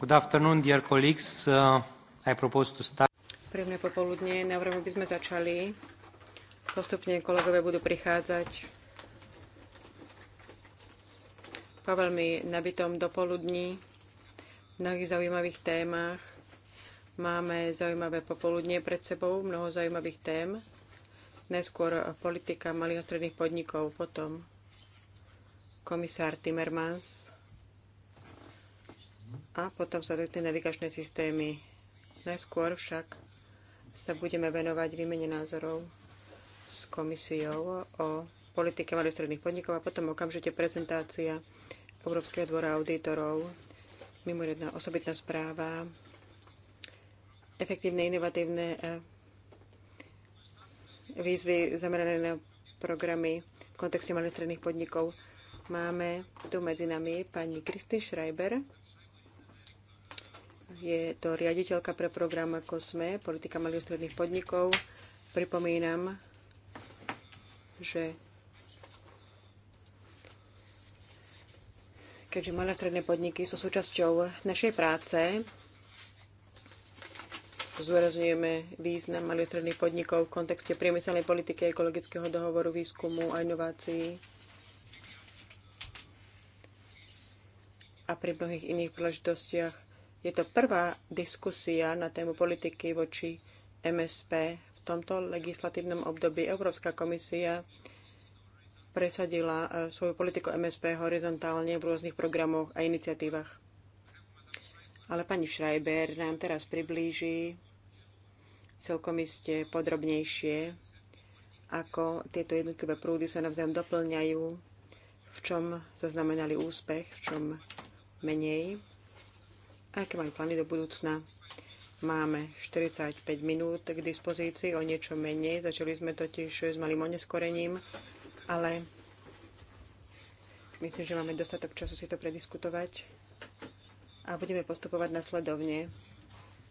Good afternoon, dear colleagues. Uh, I propose to start. Príjemné popoludne. Navrhujem, aby sme začali. Postupne kolegové budú prichádzať. Po veľmi nabitom dopoludní, mnohých zaujímavých témach. Máme zaujímavé popoludnie pred sebou, mnoho zaujímavých tém. Neskôr politika malých a stredných podnikov, potom komisár Timmermans, a potom tie navigačné systémy. Najskôr však sa budeme venovať výmene názorov s komisiou o politike malých stredných podnikov a potom okamžite prezentácia Európskeho dvora auditorov, mimoriadná osobitná správa, efektívne inovatívne e, výzvy zamerané na programy v kontexte malých stredných podnikov. Máme tu medzi nami pani Kristy Schreiber, je to riaditeľka pre program COSME, politika malých stredných podnikov. Pripomínam, že keďže malé stredné podniky sú súčasťou našej práce, zúrazňujeme význam malých stredných podnikov v kontexte priemyselnej politiky, ekologického dohovoru, výskumu a inovácií a pri mnohých iných príležitostiach je to prvá diskusia na tému politiky voči MSP. V tomto legislatívnom období Európska komisia presadila e, svoju politiku MSP horizontálne v rôznych programoch a iniciatívach. Ale pani Schreiber nám teraz priblíži celkom iste podrobnejšie, ako tieto jednotlivé prúdy sa navzájom doplňajú, v čom zaznamenali úspech, v čom menej aké majú plány do budúcna. Máme 45 minút k dispozícii, o niečo menej. Začali sme totiž s malým oneskorením, ale myslím, že máme dostatok času si to prediskutovať a budeme postupovať nasledovne.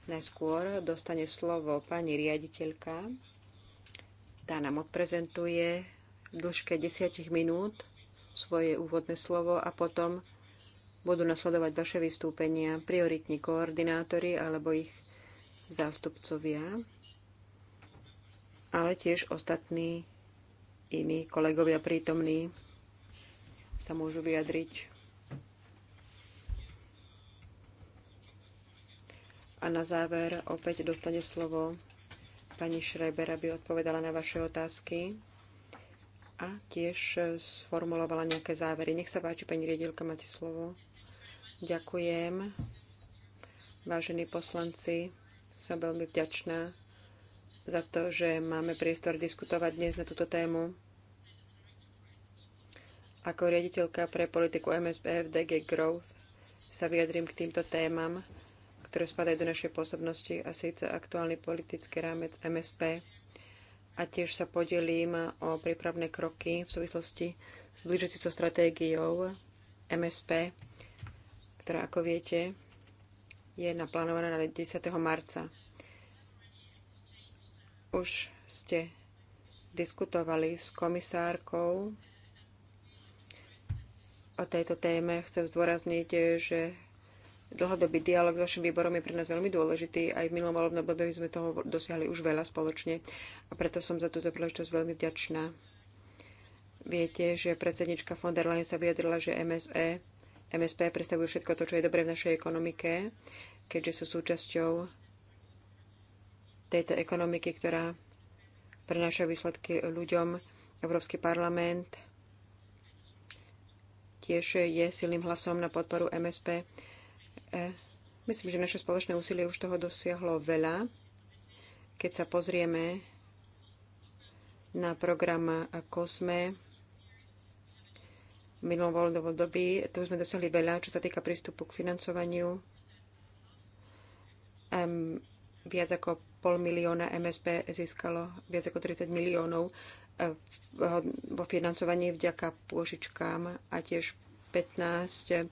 Najskôr dostane slovo pani riaditeľka. Tá nám odprezentuje v dĺžke 10 minút svoje úvodné slovo a potom budú nasledovať vaše vystúpenia, prioritní koordinátori alebo ich zástupcovia, ale tiež ostatní iní kolegovia prítomní sa môžu vyjadriť. A na záver opäť dostane slovo pani Šreber, aby odpovedala na vaše otázky a tiež sformulovala nejaké závery. Nech sa páči, pani riedilka, máte slovo. Ďakujem. Vážení poslanci, som veľmi vďačná za to, že máme priestor diskutovať dnes na túto tému. Ako riaditeľka pre politiku MSP v DG Growth sa vyjadrím k týmto témam, ktoré spadajú do našej pôsobnosti a síce aktuálny politický rámec MSP a tiež sa podelím o prípravné kroky v súvislosti s blížiacou stratégiou MSP ktorá, ako viete, je naplánovaná na 10. marca. Už ste diskutovali s komisárkou o tejto téme. Chcem zdôrazniť, že dlhodobý dialog s vašim výborom je pre nás veľmi dôležitý. Aj v minulom volebnom období sme toho dosiahli už veľa spoločne a preto som za túto príležitosť veľmi vďačná. Viete, že predsednička von der Leyen sa vyjadrila, že MSE MSP predstavujú všetko to, čo je dobré v našej ekonomike, keďže sú súčasťou tejto ekonomiky, ktorá prenáša výsledky ľuďom. Európsky parlament tiež je silným hlasom na podporu MSP. E, myslím, že naše spoločné úsilie už toho dosiahlo veľa. Keď sa pozrieme na program COSME, v minulom voľnom období. Tu sme dosiahli veľa, čo sa týka prístupu k financovaniu. Um, viac ako pol milióna MSP získalo viac ako 30 miliónov eh, vo financovaní vďaka pôžičkám a tiež 15 eh,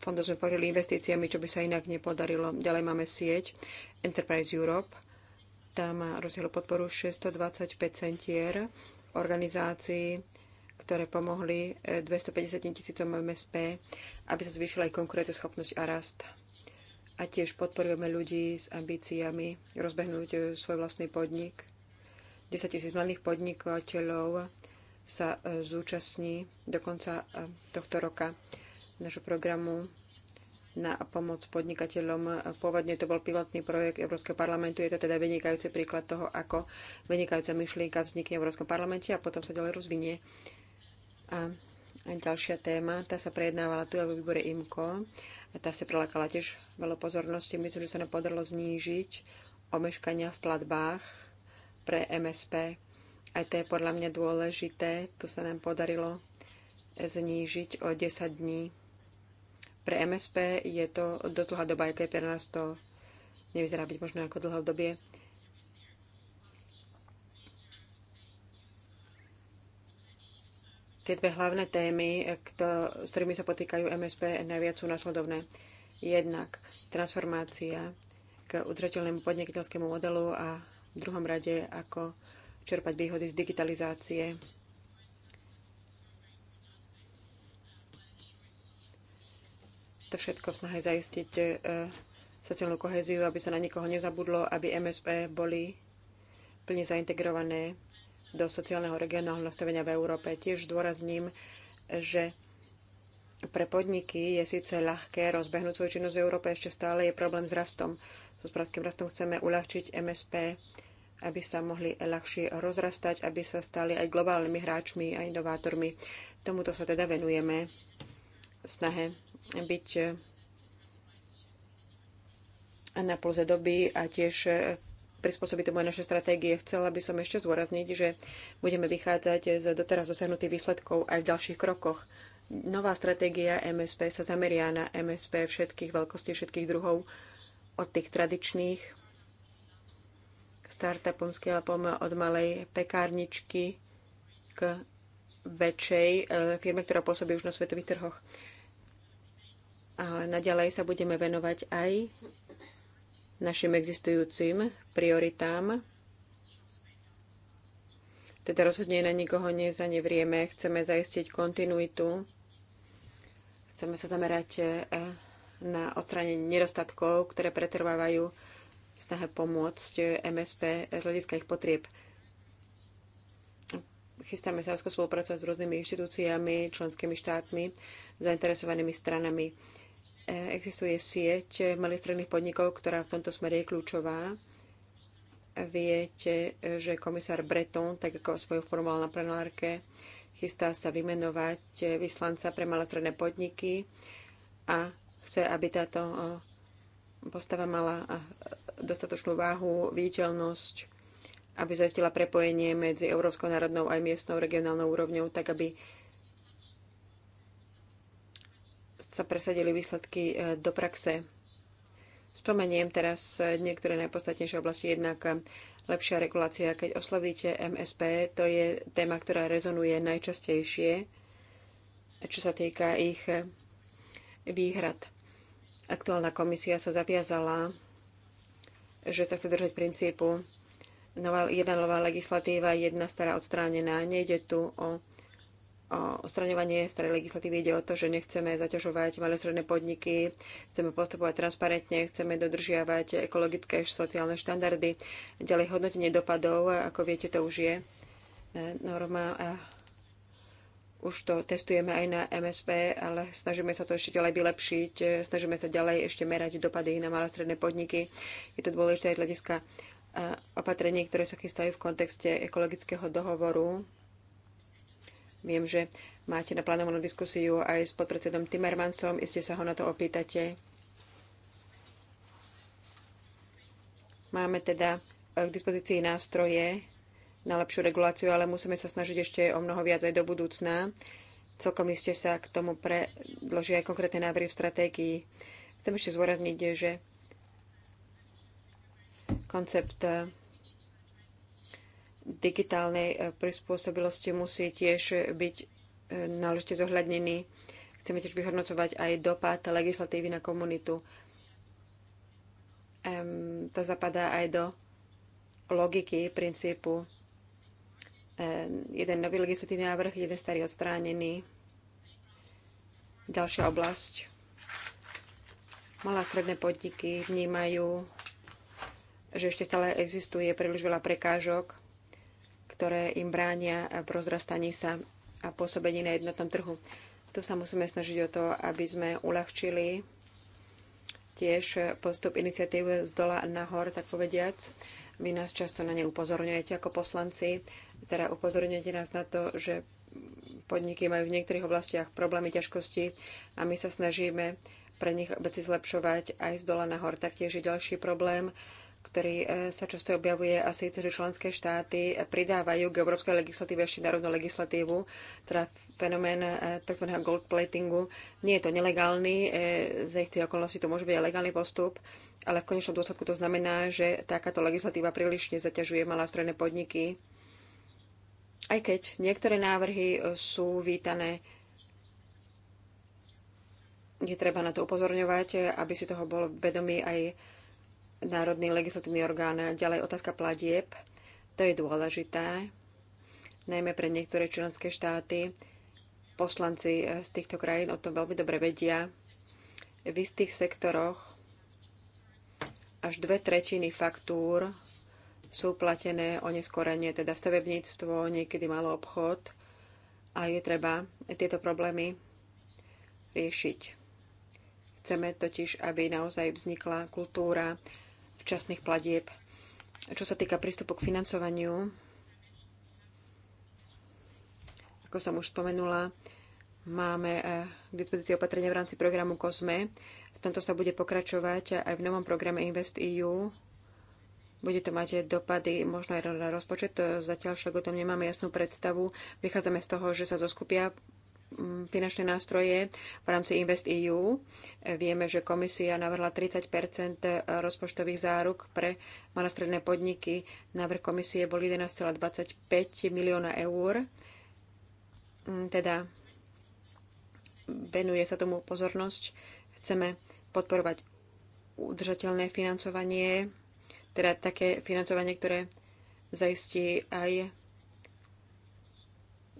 fondov sme pokryli investíciami, čo by sa inak nepodarilo. Ďalej máme sieť Enterprise Europe. Tam rozdielu podporu 625 centier organizácií ktoré pomohli 250 e, tisícom MSP, aby sa zvýšila aj konkurenceschopnosť a rast. A tiež podporujeme ľudí s ambíciami rozbehnúť e, svoj vlastný podnik. 10 tisíc mladých podnikateľov sa e, zúčastní do konca tohto roka našho programu na pomoc podnikateľom. Pôvodne to bol pilotný projekt Európskeho parlamentu. Je to teda vynikajúci príklad toho, ako vynikajúca myšlienka vznikne v Európskom parlamente a potom sa ďalej rozvinie a ďalšia téma, tá sa prejednávala tu aj vo výbore IMKO. A tá sa prelakala tiež veľa pozornosti. Myslím, že sa nám podarilo znížiť omeškania v platbách pre MSP. Aj to je podľa mňa dôležité. To sa nám podarilo znížiť o 10 dní. Pre MSP je to dosť dlhá doba, aj keď pre nás to nevyzerá byť možno ako dlhodobie. dobie Tie dve hlavné témy, kto, s ktorými sa potýkajú MSP, najviac sú nasledovné. Jednak transformácia k udržateľnému podnikateľskému modelu a v druhom rade, ako čerpať výhody z digitalizácie. To všetko v snahe zaistiť e, sociálnu koheziu, aby sa na nikoho nezabudlo, aby MSP boli plne zaintegrované do sociálneho regionálneho nastavenia v Európe. Tiež zdôrazním, že pre podniky je síce ľahké rozbehnúť svoju činnosť v Európe, ešte stále je problém s rastom. S so hospodárským rastom chceme uľahčiť MSP, aby sa mohli ľahšie rozrastať, aby sa stali aj globálnymi hráčmi a inovátormi. Tomuto sa teda venujeme v snahe byť na polze doby a tiež prispôsobiť tomu aj naše stratégie. Chcela by som ešte zdôrazniť, že budeme vychádzať z doteraz dosiahnutých výsledkov aj v ďalších krokoch. Nová stratégia MSP sa zameria na MSP všetkých veľkostí, všetkých druhov, od tých tradičných startupom, s upom od malej pekárničky k väčšej e, firme, ktorá pôsobí už na svetových trhoch. Ale naďalej sa budeme venovať aj našim existujúcim prioritám. Teda rozhodne na nikoho nezanevrieme, chceme zaistiť kontinuitu, chceme sa zamerať e, na odstránenie nedostatkov, ktoré pretrvávajú v snahe pomôcť e, MSP z hľadiska ich potrieb. Chystáme sa úzko spolupracovať s rôznymi inštitúciami, členskými štátmi, zainteresovanými stranami. Existuje sieť malých stredných podnikov, ktorá v tomto smere je kľúčová. Viete, že komisár Breton, tak ako svoju formal na plenárke, chystá sa vymenovať vyslanca pre malé stredné podniky a chce, aby táto postava mala dostatočnú váhu, viditeľnosť, aby zaistila prepojenie medzi Európskou národnou aj miestnou regionálnou úrovňou, tak aby sa presadili výsledky e, do praxe. Spomeniem teraz e, niektoré najpodstatnejšie oblasti. Jednak e, lepšia regulácia. Keď oslovíte MSP, to je téma, ktorá rezonuje najčastejšie, čo sa týka ich výhrad. Aktuálna komisia sa zaviazala, že sa chce držať princípu nová, jedna nová legislatíva, jedna stará odstránená. Nejde tu o odstraňovanie starej legislatívy ide o to, že nechceme zaťažovať malé stredné podniky, chceme postupovať transparentne, chceme dodržiavať ekologické a sociálne štandardy. Ďalej hodnotenie dopadov, ako viete, to už je e, norma a už to testujeme aj na MSP, ale snažíme sa to ešte ďalej vylepšiť, e, snažíme sa ďalej ešte merať dopady na malé stredné podniky. Je to dôležité aj hľadiska e, opatrení, ktoré sa chystajú v kontexte ekologického dohovoru Viem, že máte naplánovanú diskusiu aj s podpredsedom Timmermansom, iste sa ho na to opýtate. Máme teda eh, k dispozícii nástroje na lepšiu reguláciu, ale musíme sa snažiť ešte o mnoho viac aj do budúcna. Celkom iste sa k tomu predložia aj konkrétne návrhy v stratégii. Chcem ešte zúrazniť, že koncept eh, digitálnej eh, prispôsobilosti musí tiež byť eh, náležite zohľadnený. Chceme tiež vyhodnocovať aj dopad legislatívy na komunitu. To zapadá aj do logiky princípu jeden nový legislatívny návrh, jeden starý odstránený. Ďalšia oblasť. Malé a stredné podniky vnímajú, že ešte stále existuje príliš veľa prekážok ktoré im bránia v eh, rozrastaní sa a pôsobení na jednotnom trhu. Tu sa musíme snažiť o to, aby sme uľahčili tiež eh, postup iniciatív z dola nahor, tak povediac. Vy nás často na ne upozorňujete ako poslanci, teda upozorňujete nás na to, že podniky majú v niektorých oblastiach problémy, ťažkosti a my sa snažíme pre nich veci zlepšovať aj z dola nahor. Taktiež je ďalší problém, ktorý e, sa často objavuje a síce, že členské štáty pridávajú k európskej legislatíve ešte národnú legislatívu, teda fenomén e, tzv. gold platingu. Nie je to nelegálny, e, z ich okolností to môže byť aj legálny postup, ale v konečnom dôsledku to znamená, že takáto legislatíva príliš nezaťažuje malé a stredné podniky. Aj keď niektoré návrhy sú vítané, je treba na to upozorňovať, aby si toho bol vedomý aj národný legislatívny orgán. Ďalej otázka platieb. To je dôležité, najmä pre niektoré členské štáty. Poslanci eh, z týchto krajín o tom veľmi dobre vedia. V istých sektoroch až dve tretiny faktúr sú platené o neskorenie, teda stavebníctvo, niekedy malo obchod a je treba tieto problémy riešiť. Chceme totiž, aby naozaj vznikla kultúra včasných platieb. Čo sa týka prístupu k financovaniu, ako som už spomenula, máme eh, k dispozícii opatrenia v rámci programu COSME. V tomto sa bude pokračovať aj v novom programe InvestEU. Bude to mať dopady možno aj na rozpočet, zatiaľ však o tom nemáme jasnú predstavu. Vychádzame z toho, že sa zoskupia finančné nástroje v rámci Invest EU. Vieme, že komisia navrhla 30 rozpočtových záruk pre malostredné podniky. Návrh komisie bol 11,25 milióna eur. Teda venuje sa tomu pozornosť. Chceme podporovať udržateľné financovanie, teda také financovanie, ktoré zaistí aj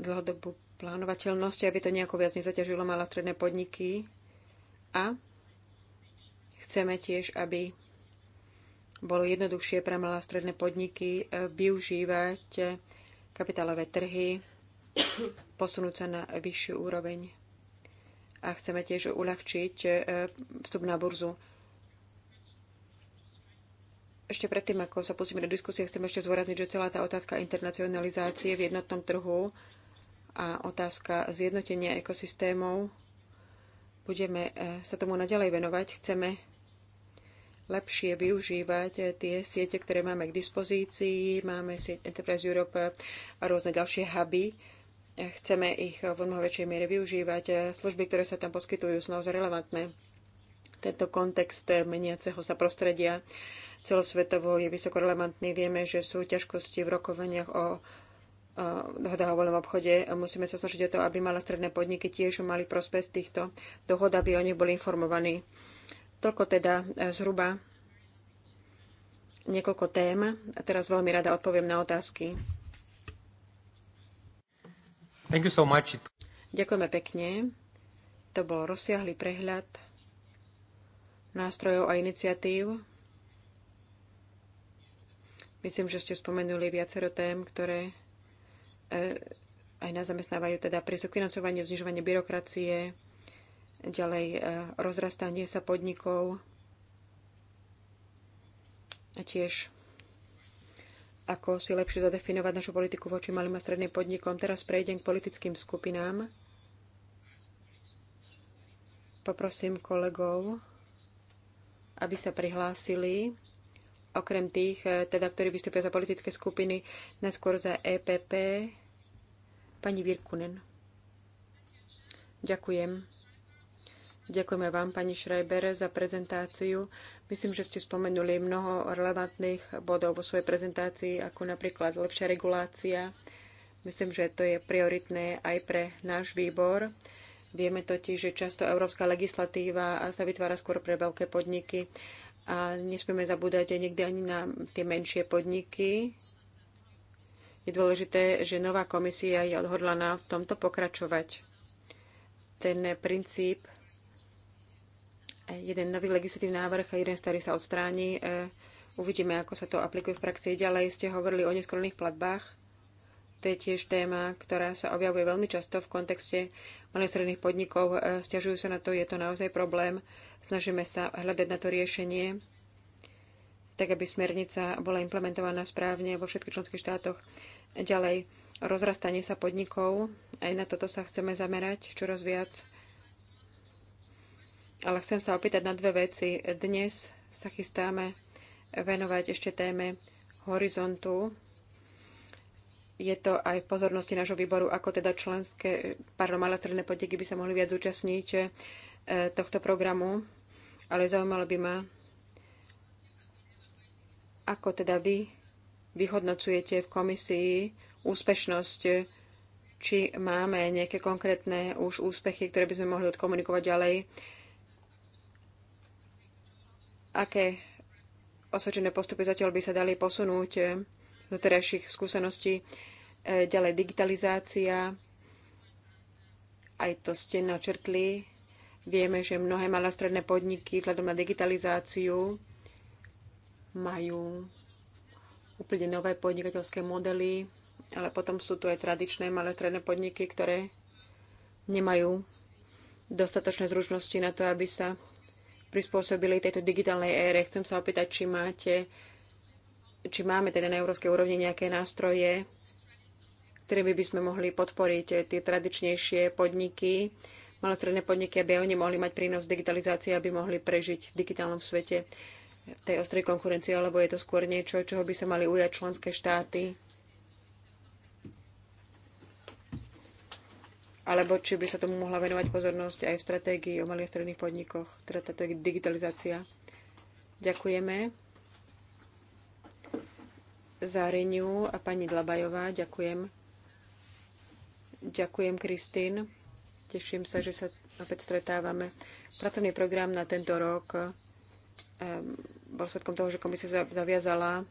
dlhodobú plánovateľnosti, aby to nejako viac nezaťažilo malé stredné podniky. A chceme tiež, aby bolo jednoduchšie pre malé stredné podniky eh, využívať eh, kapitálové trhy, posunúť sa na vyššiu úroveň. A chceme tiež uľahčiť eh, vstup na burzu. Ešte predtým, ako sa pustíme do diskusie, chcem ešte zúrazniť, že celá tá otázka internacionalizácie v jednotnom trhu a otázka zjednotenia ekosystémov. Budeme eh, sa tomu naďalej venovať. Chceme lepšie využívať eh, tie siete, ktoré máme k dispozícii. Máme sieť Enterprise Europe a rôzne ďalšie huby. Eh, chceme ich v mnoho väčšej miere využívať. Služby, ktoré sa tam poskytujú, sú naozaj relevantné. Tento kontext meniaceho sa prostredia celosvetovo je vysoko relevantný. Vieme, že sú ťažkosti v rokovaniach o Eh, dohoda o voľnom obchode. Musíme sa snažiť o to, aby malé stredné podniky tiež mali prospech z týchto dohod, aby o nich boli informovaní. Toľko teda eh, zhruba niekoľko tém a teraz veľmi rada odpoviem na otázky. Thank you so much. Ďakujeme pekne. To bol rozsiahly prehľad nástrojov a iniciatív. Myslím, že ste spomenuli viacero tém, ktoré E, aj na zamestnávajú teda prístup k znižovanie byrokracie, ďalej e, rozrastanie sa podnikov a tiež ako si lepšie zadefinovať našu politiku voči malým a stredným podnikom. Teraz prejdem k politickým skupinám. Poprosím kolegov, aby sa prihlásili okrem tých, e, teda, ktorí vystúpia za politické skupiny, najskôr za EPP, pani Virkunen. Ďakujem. Ďakujeme vám, pani Schreiber, za prezentáciu. Myslím, že ste spomenuli mnoho relevantných bodov vo svojej prezentácii, ako napríklad lepšia regulácia. Myslím, že to je prioritné aj pre náš výbor. Vieme totiž, že často európska legislatíva sa vytvára skôr pre veľké podniky a nesmieme zabúdať aj niekde ani na tie menšie podniky. Je dôležité, že nová komisia je odhodlaná v tomto pokračovať. Ten princíp, jeden nový legislatívny návrh a jeden starý sa odstráni, e, uvidíme, ako sa to aplikuje v praxi. Ďalej ste hovorili o neskorných platbách to je tiež téma, ktorá sa objavuje veľmi často v kontexte malých stredných podnikov. E, Sťažujú sa na to, je to naozaj problém. Snažíme sa hľadať na to riešenie, tak aby smernica bola implementovaná správne vo všetkých členských štátoch. Ďalej, rozrastanie sa podnikov. Aj na toto sa chceme zamerať čoraz viac. Ale chcem sa opýtať na dve veci. Dnes sa chystáme venovať ešte téme horizontu je to aj v pozornosti nášho výboru, ako teda členské, pardon, malé stredné podniky by sa mohli viac zúčastniť e, tohto programu. Ale zaujímalo by ma, ako teda vy vyhodnocujete v komisii úspešnosť, či máme nejaké konkrétne už úspechy, ktoré by sme mohli odkomunikovať ďalej, aké osvedčené postupy zatiaľ by sa dali posunúť doterajších skúseností. E, ďalej digitalizácia, aj to ste načrtli. Vieme, že mnohé malé stredné podniky vzhľadom na digitalizáciu majú úplne nové podnikateľské modely, ale potom sú tu aj tradičné malé stredné podniky, ktoré nemajú dostatočné zručnosti na to, aby sa prispôsobili tejto digitálnej ére. Chcem sa opýtať, či máte či máme teda na európskej úrovni nejaké nástroje, ktorými by sme mohli podporiť eh, tie tradičnejšie podniky, malé stredné podniky, aby oni mohli mať prínos digitalizácie, aby mohli prežiť v digitálnom svete eh, tej ostrej konkurencie, alebo je to skôr niečo, čoho by sa mali ujať členské štáty? Alebo či by sa tomu mohla venovať pozornosť aj v stratégii o malých a stredných podnikoch, teda táto digitalizácia. Ďakujeme. Záriňu a pani Dlabajová. Ďakujem. Ďakujem, Kristín. Teším sa, že sa opäť stretávame. Pracovný program na tento rok eh, bol svetkom toho, že komisia zaviazala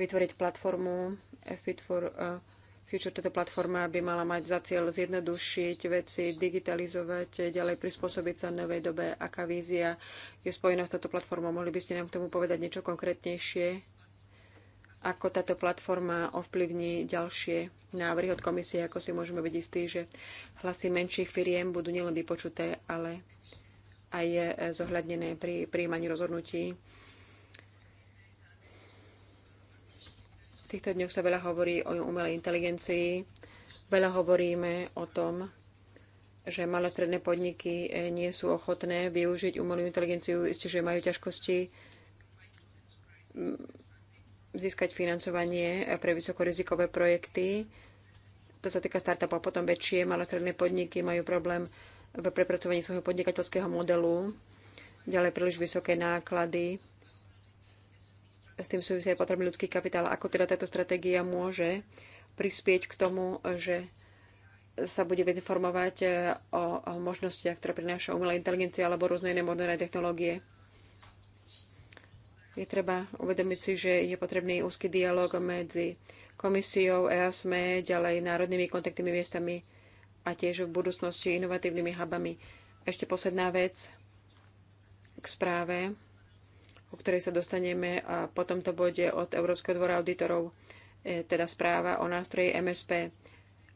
vytvoriť platformu eh, Fit for eh, Future. Táto platforma by mala mať za cieľ zjednodušiť veci, digitalizovať, ďalej prispôsobiť sa novej dobe. Aká vízia je spojená s touto platformou? Mohli by ste nám k tomu povedať niečo konkrétnejšie? ako táto platforma ovplyvní ďalšie návrhy od komisie, ako si môžeme byť istí, že hlasy menších firiem budú nielen vypočuté, ale aj e, zohľadnené pri príjmaní rozhodnutí. V týchto dňoch sa veľa hovorí o umelej inteligencii, veľa hovoríme o tom, že malé stredné podniky e, nie sú ochotné využiť umelú inteligenciu, isté, že majú ťažkosti získať financovanie pre vysokorizikové projekty. To sa týka startupov. Potom väčšie malé stredné podniky majú problém v prepracovaní svojho podnikateľského modelu. Ďalej príliš vysoké náklady. S tým súvisia aj potreby ľudský kapitál. Ako teda táto stratégia môže prispieť k tomu, že sa bude viac informovať o, o možnostiach, ktoré prináša umelá inteligencia alebo rôzne iné moderné technológie je treba uvedomiť si, že je potrebný úzky dialog medzi komisiou, EASME, e, ďalej národnými kontaktnými miestami a tiež v budúcnosti inovatívnymi hubami. Ešte posledná vec k správe, o ktorej sa dostaneme a po tomto bode od Európskeho dvora auditorov, e, teda správa o nástroji MSP.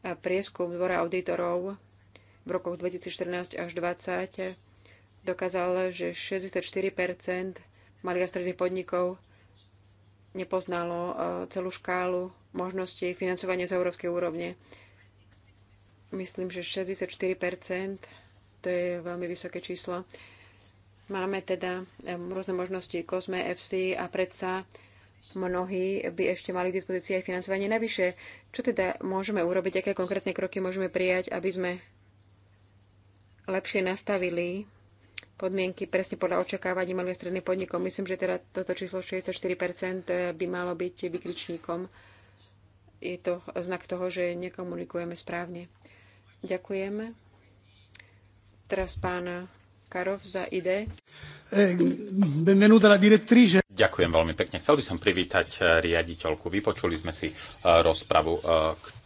A prieskum dvora auditorov v rokoch 2014 až 2020 dokázal, že 64 malých a stredných podnikov nepoznalo e, celú škálu možností financovania z európskej úrovne. Myslím, že 64 to je veľmi vysoké číslo. Máme teda e, rôzne možnosti COSME, FC a predsa mnohí by ešte mali k dispozícii aj financovanie navyše. Čo teda môžeme urobiť, aké konkrétne kroky môžeme prijať, aby sme lepšie nastavili podmienky presne podľa očakávaní malých a stredných podnikov. Myslím, že teda toto číslo 64% by malo byť vykričníkom. Je to znak toho, že nekomunikujeme správne. Ďakujem. Teraz pán Karov za ide. Eh, Ďakujem veľmi pekne. Chcel by som privítať eh, riaditeľku. Vypočuli sme si eh, rozpravu,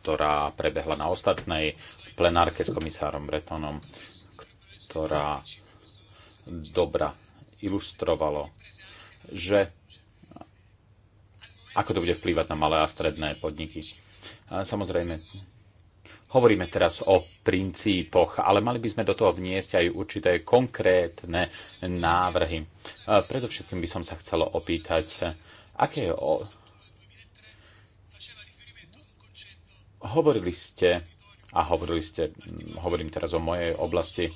ktorá prebehla na ostatnej plenárke s komisárom Bretonom, ktorá dobra ilustrovalo, že ako to bude vplývať na malé a stredné podniky. samozrejme, hovoríme teraz o princípoch, ale mali by sme do toho vniesť aj určité konkrétne návrhy. predovšetkým by som sa chcel opýtať, aké je o... Hovorili ste, a hovorili ste, mm, hovorím teraz o mojej oblasti,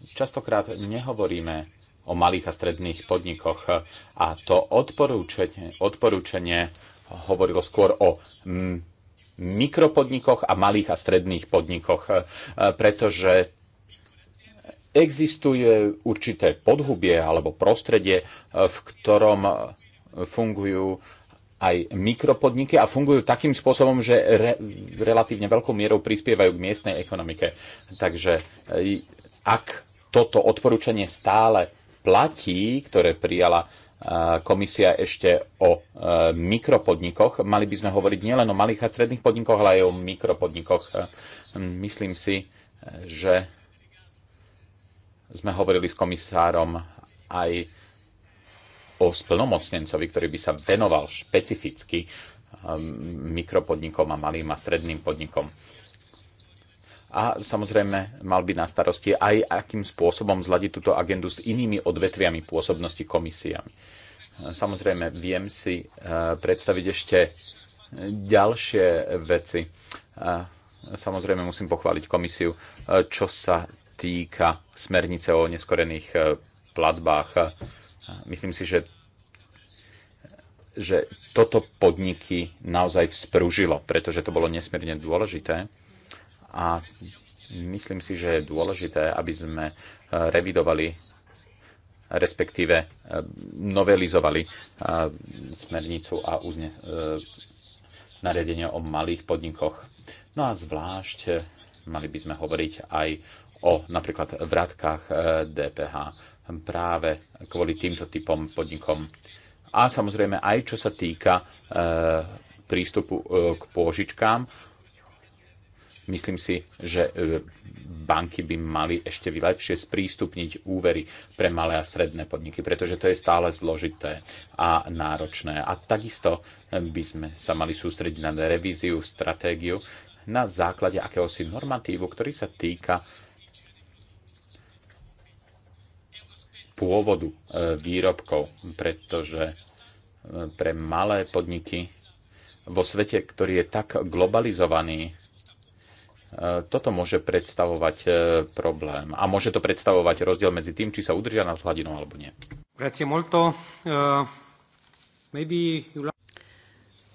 častokrát nehovoríme o malých a stredných podnikoch a to odporúčanie, odporúčanie hovorilo skôr o mikropodnikoch a malých a stredných podnikoch, e, pretože existuje určité podhubie alebo prostredie, e, v ktorom fungujú aj mikropodniky a fungujú takým spôsobom, že re, relatívne veľkou mierou prispievajú k miestnej ekonomike. Takže e, ak toto odporúčanie stále platí, ktoré prijala e, komisia ešte o e, mikropodnikoch. Mali by sme hovoriť nielen o malých a stredných podnikoch, ale aj o mikropodnikoch. E, myslím si, že sme hovorili s komisárom aj o splnomocnencovi, ktorý by sa venoval špecificky mikropodnikom a malým a stredným podnikom a samozrejme mal by na starosti aj, akým spôsobom zladiť túto agendu s inými odvetviami pôsobnosti komisiami. Samozrejme, viem si e, predstaviť ešte ďalšie veci. Samozrejme, musím pochváliť komisiu, e, čo sa týka smernice o neskorených e, platbách. Myslím si, že že toto podniky naozaj vzprúžilo, pretože to bolo nesmierne dôležité a myslím si, že je dôležité, aby sme e, revidovali respektíve e, novelizovali e, smernicu a uzne, nariadenie o malých podnikoch. No a zvlášť mali by sme hovoriť aj o napríklad vratkách DPH práve kvôli týmto typom podnikom. A samozrejme aj čo sa týka prístupu k pôžičkám Myslím si, že e, banky by mali ešte lepšie sprístupniť úvery pre malé a stredné podniky, pretože to je stále zložité a náročné. A takisto e, by sme sa mali sústrediť na revíziu, stratégiu na základe akéhosi normatívu, ktorý sa týka pôvodu e, výrobkov, pretože pre malé podniky vo svete, ktorý je tak globalizovaný, E, toto môže predstavovať e, problém a môže to predstavovať rozdiel medzi tým, či sa udržia nad hladinou alebo nie. E,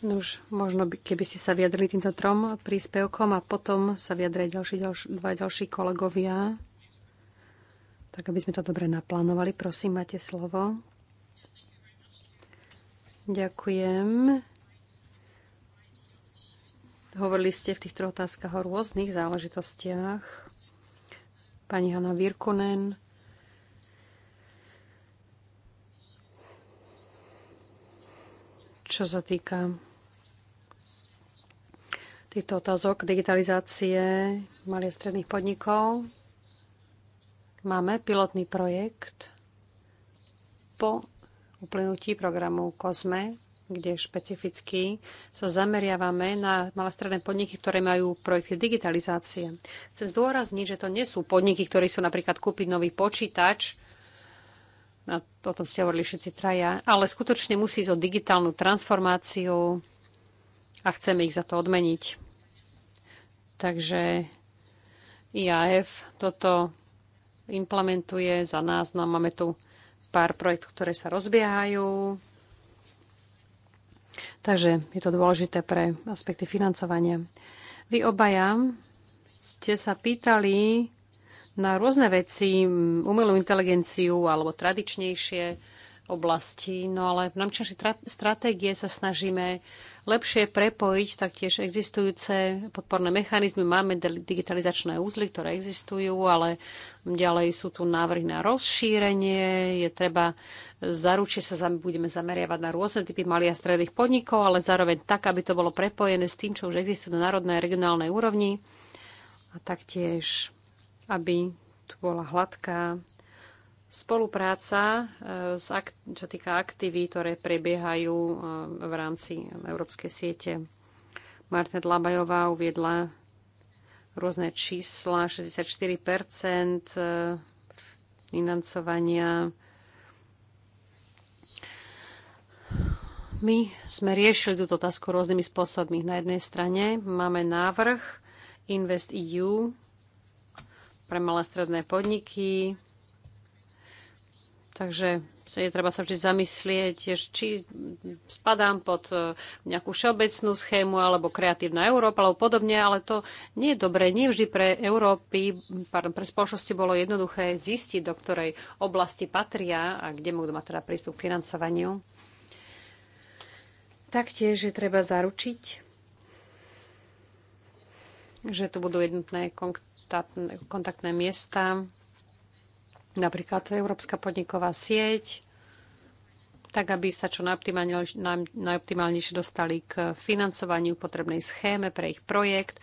no už možno, by, keby ste sa vyjadrili týmto trom príspevkom a potom sa vyjadria ďalší, ďalší, dva ďalší kolegovia, tak aby sme to dobre naplánovali. Prosím, máte slovo. Ďakujem. Hovorili ste v týchto otázkach o rôznych záležitostiach. Pani Hanna Virkonen. Čo sa týka týchto otázok digitalizácie malých a stredných podnikov, máme pilotný projekt po uplynutí programu COSME kde špecificky sa zameriavame na malé stredné podniky, ktoré majú projekty digitalizácie. Chcem zdôrazniť, že to nie sú podniky, ktorí sú napríklad kúpiť nový počítač, na o tom ste hovorili všetci traja, ale skutočne musí ísť o digitálnu transformáciu a chceme ich za to odmeniť. Takže IAF toto implementuje za nás, no a máme tu pár projektov, ktoré sa rozbiehajú. Takže je to dôležité pre aspekty financovania. Vy obaja ste sa pýtali na rôzne veci, umelú inteligenciu alebo tradičnejšie oblasti, no ale v rámci stratégie sa snažíme lepšie prepojiť taktiež existujúce podporné mechanizmy. Máme digitalizačné úzly, ktoré existujú, ale ďalej sú tu návrhy na rozšírenie. Je treba zaručiť sa, budeme zameriavať na rôzne typy malých a stredných podnikov, ale zároveň tak, aby to bolo prepojené s tým, čo už existuje na národnej a regionálnej úrovni. A taktiež, aby tu bola hladká Spolupráca, e, čo týka aktiví, ktoré prebiehajú e, v rámci Európskej siete. Martina Dlabajová uviedla rôzne čísla, 64% e, financovania. My sme riešili túto otázku rôznymi spôsobmi. Na jednej strane máme návrh Invest EU pre malé stredné podniky, Takže sa je treba sa vždy zamyslieť, či spadám pod e, nejakú všeobecnú schému alebo kreatívna Európa alebo podobne, ale to nie je dobré. Nie vždy pre Európy, pardon, pre spoločnosti bolo jednoduché zistiť, do ktorej oblasti patria a kde kto mať teda prístup k financovaniu. Taktiež je treba zaručiť, že tu budú jednotné kontaktné miesta napríklad Európska podniková sieť, tak aby sa čo najoptimálnejšie dostali k financovaniu potrebnej schéme pre ich projekt.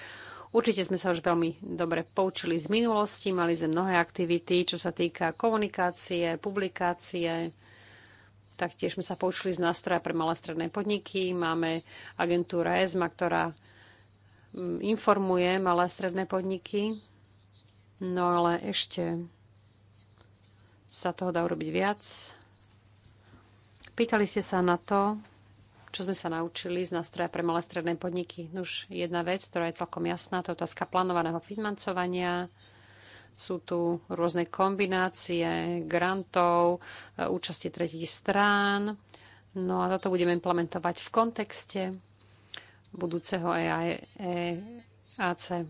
Určite sme sa už veľmi dobre poučili z minulosti, mali sme mnohé aktivity, čo sa týka komunikácie, publikácie. Taktiež sme sa poučili z nástroja pre malé stredné podniky. Máme agentúra ESMA, ktorá mm, informuje malé stredné podniky. No ale ešte sa toho dá urobiť viac. Pýtali ste sa na to, čo sme sa naučili z nástroja pre malé stredné podniky. Už jedna vec, ktorá je celkom jasná, to je otázka plánovaného financovania. Sú tu rôzne kombinácie grantov, e, účasti tretich strán. No a toto budeme implementovať v kontexte budúceho EAC.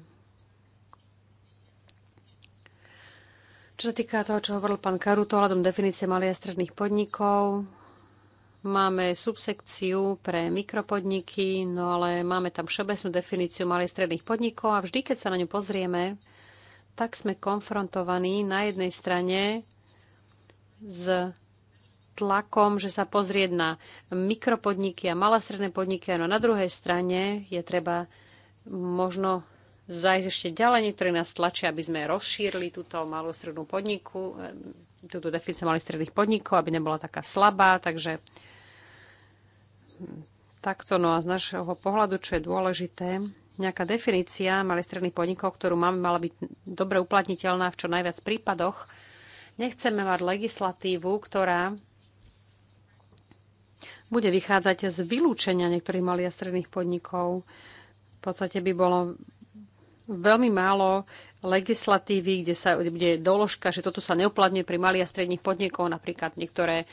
Čo sa týka toho, čo hovoril pán Karuto hľadom definície malých a stredných podnikov, máme subsekciu pre mikropodniky, no ale máme tam všeobecnú definíciu malých stredných podnikov a vždy, keď sa na ňu pozrieme, tak sme konfrontovaní na jednej strane s tlakom, že sa pozrieť na mikropodniky a malé stredné podniky, no na druhej strane je treba možno zajsť ešte ďalej. Niektorí nás tlačia, aby sme rozšírili túto malú strednú podniku, túto deficit malých stredných podnikov, aby nebola taká slabá, takže mm, takto. No a z našeho pohľadu, čo je dôležité, nejaká definícia malých stredných podnikov, ktorú máme, mala byť dobre uplatniteľná v čo najviac prípadoch. Nechceme mať legislatívu, ktorá bude vychádzať z vylúčenia niektorých malých a stredných podnikov. V podstate by bolo veľmi málo legislatívy, kde sa bude doložka, že toto sa neuplatňuje pri malých a stredných podnikov, napríklad niektoré e,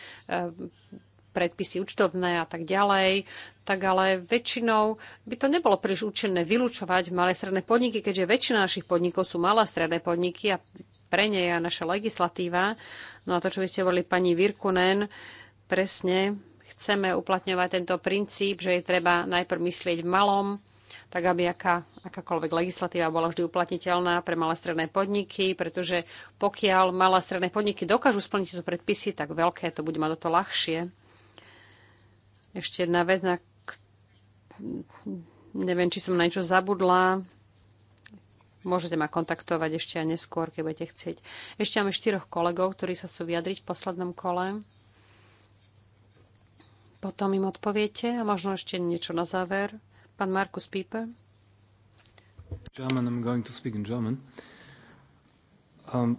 predpisy účtovné a tak ďalej, tak ale väčšinou by to nebolo príliš účinné vylúčovať malé stredné podniky, keďže väčšina našich podnikov sú malé stredné podniky a pre ne je naša legislatíva. No a to, čo vy ste hovorili pani Virkunen, presne chceme uplatňovať tento princíp, že je treba najprv myslieť v malom, tak aby aká, akákoľvek legislatíva bola vždy uplatniteľná pre malé stredné podniky, pretože pokiaľ malé stredné podniky dokážu splniť tieto predpisy, tak veľké to bude mať o to ľahšie. Ešte jedna vec, na neviem, či som na niečo zabudla. Môžete ma kontaktovať ešte aj neskôr, keď budete chcieť. Ešte máme štyroch kolegov, ktorí sa chcú vyjadriť v poslednom kole. Potom im odpoviete a možno ešte niečo na záver. Pán Markus Pieper. German, I'm going to speak in German. Um,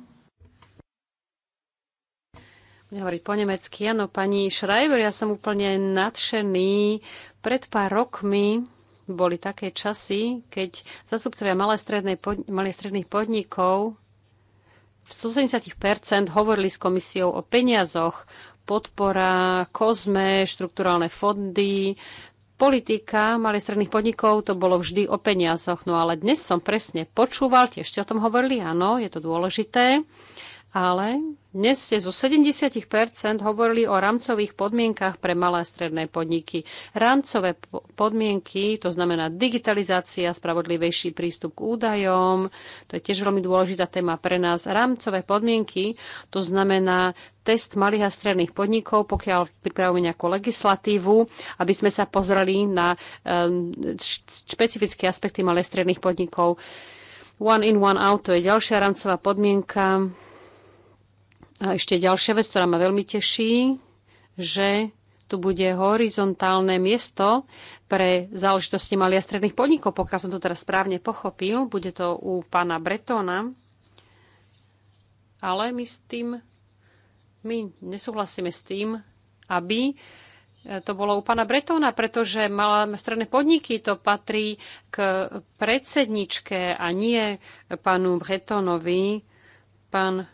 budem hovoriť po nemecky. Áno, pani Schreiber, ja som úplne nadšený. Pred pár rokmi boli také časy, keď zastupcovia malých stredných podnikov v 80% hovorili s komisiou o peniazoch, podpora, kozme, štruktúrálne fondy, politika malých stredných podnikov to bolo vždy o peniazoch. No ale dnes som presne počúval, tiež ste o tom hovorili, áno, je to dôležité ale dnes ste zo 70 hovorili o rámcových podmienkach pre malé a stredné podniky. Rámcové podmienky, to znamená digitalizácia, spravodlivejší prístup k údajom, to je tiež veľmi dôležitá téma pre nás. Rámcové podmienky, to znamená test malých a stredných podnikov, pokiaľ pripravujeme nejakú legislatívu, aby sme sa pozreli na ehm, špecifické aspekty malých a stredných podnikov. One in, one out, to je ďalšia rámcová podmienka a ešte ďalšia vec, ktorá ma veľmi teší, že tu bude horizontálne miesto pre záležitosti malých a stredných podnikov, pokiaľ som to teraz správne pochopil. Bude to u pána Bretona. Ale my s tým, my nesúhlasíme s tým, aby e, to bolo u pána Bretona, pretože malé stredné podniky to patrí k predsedničke a nie pánu Bretonovi pán,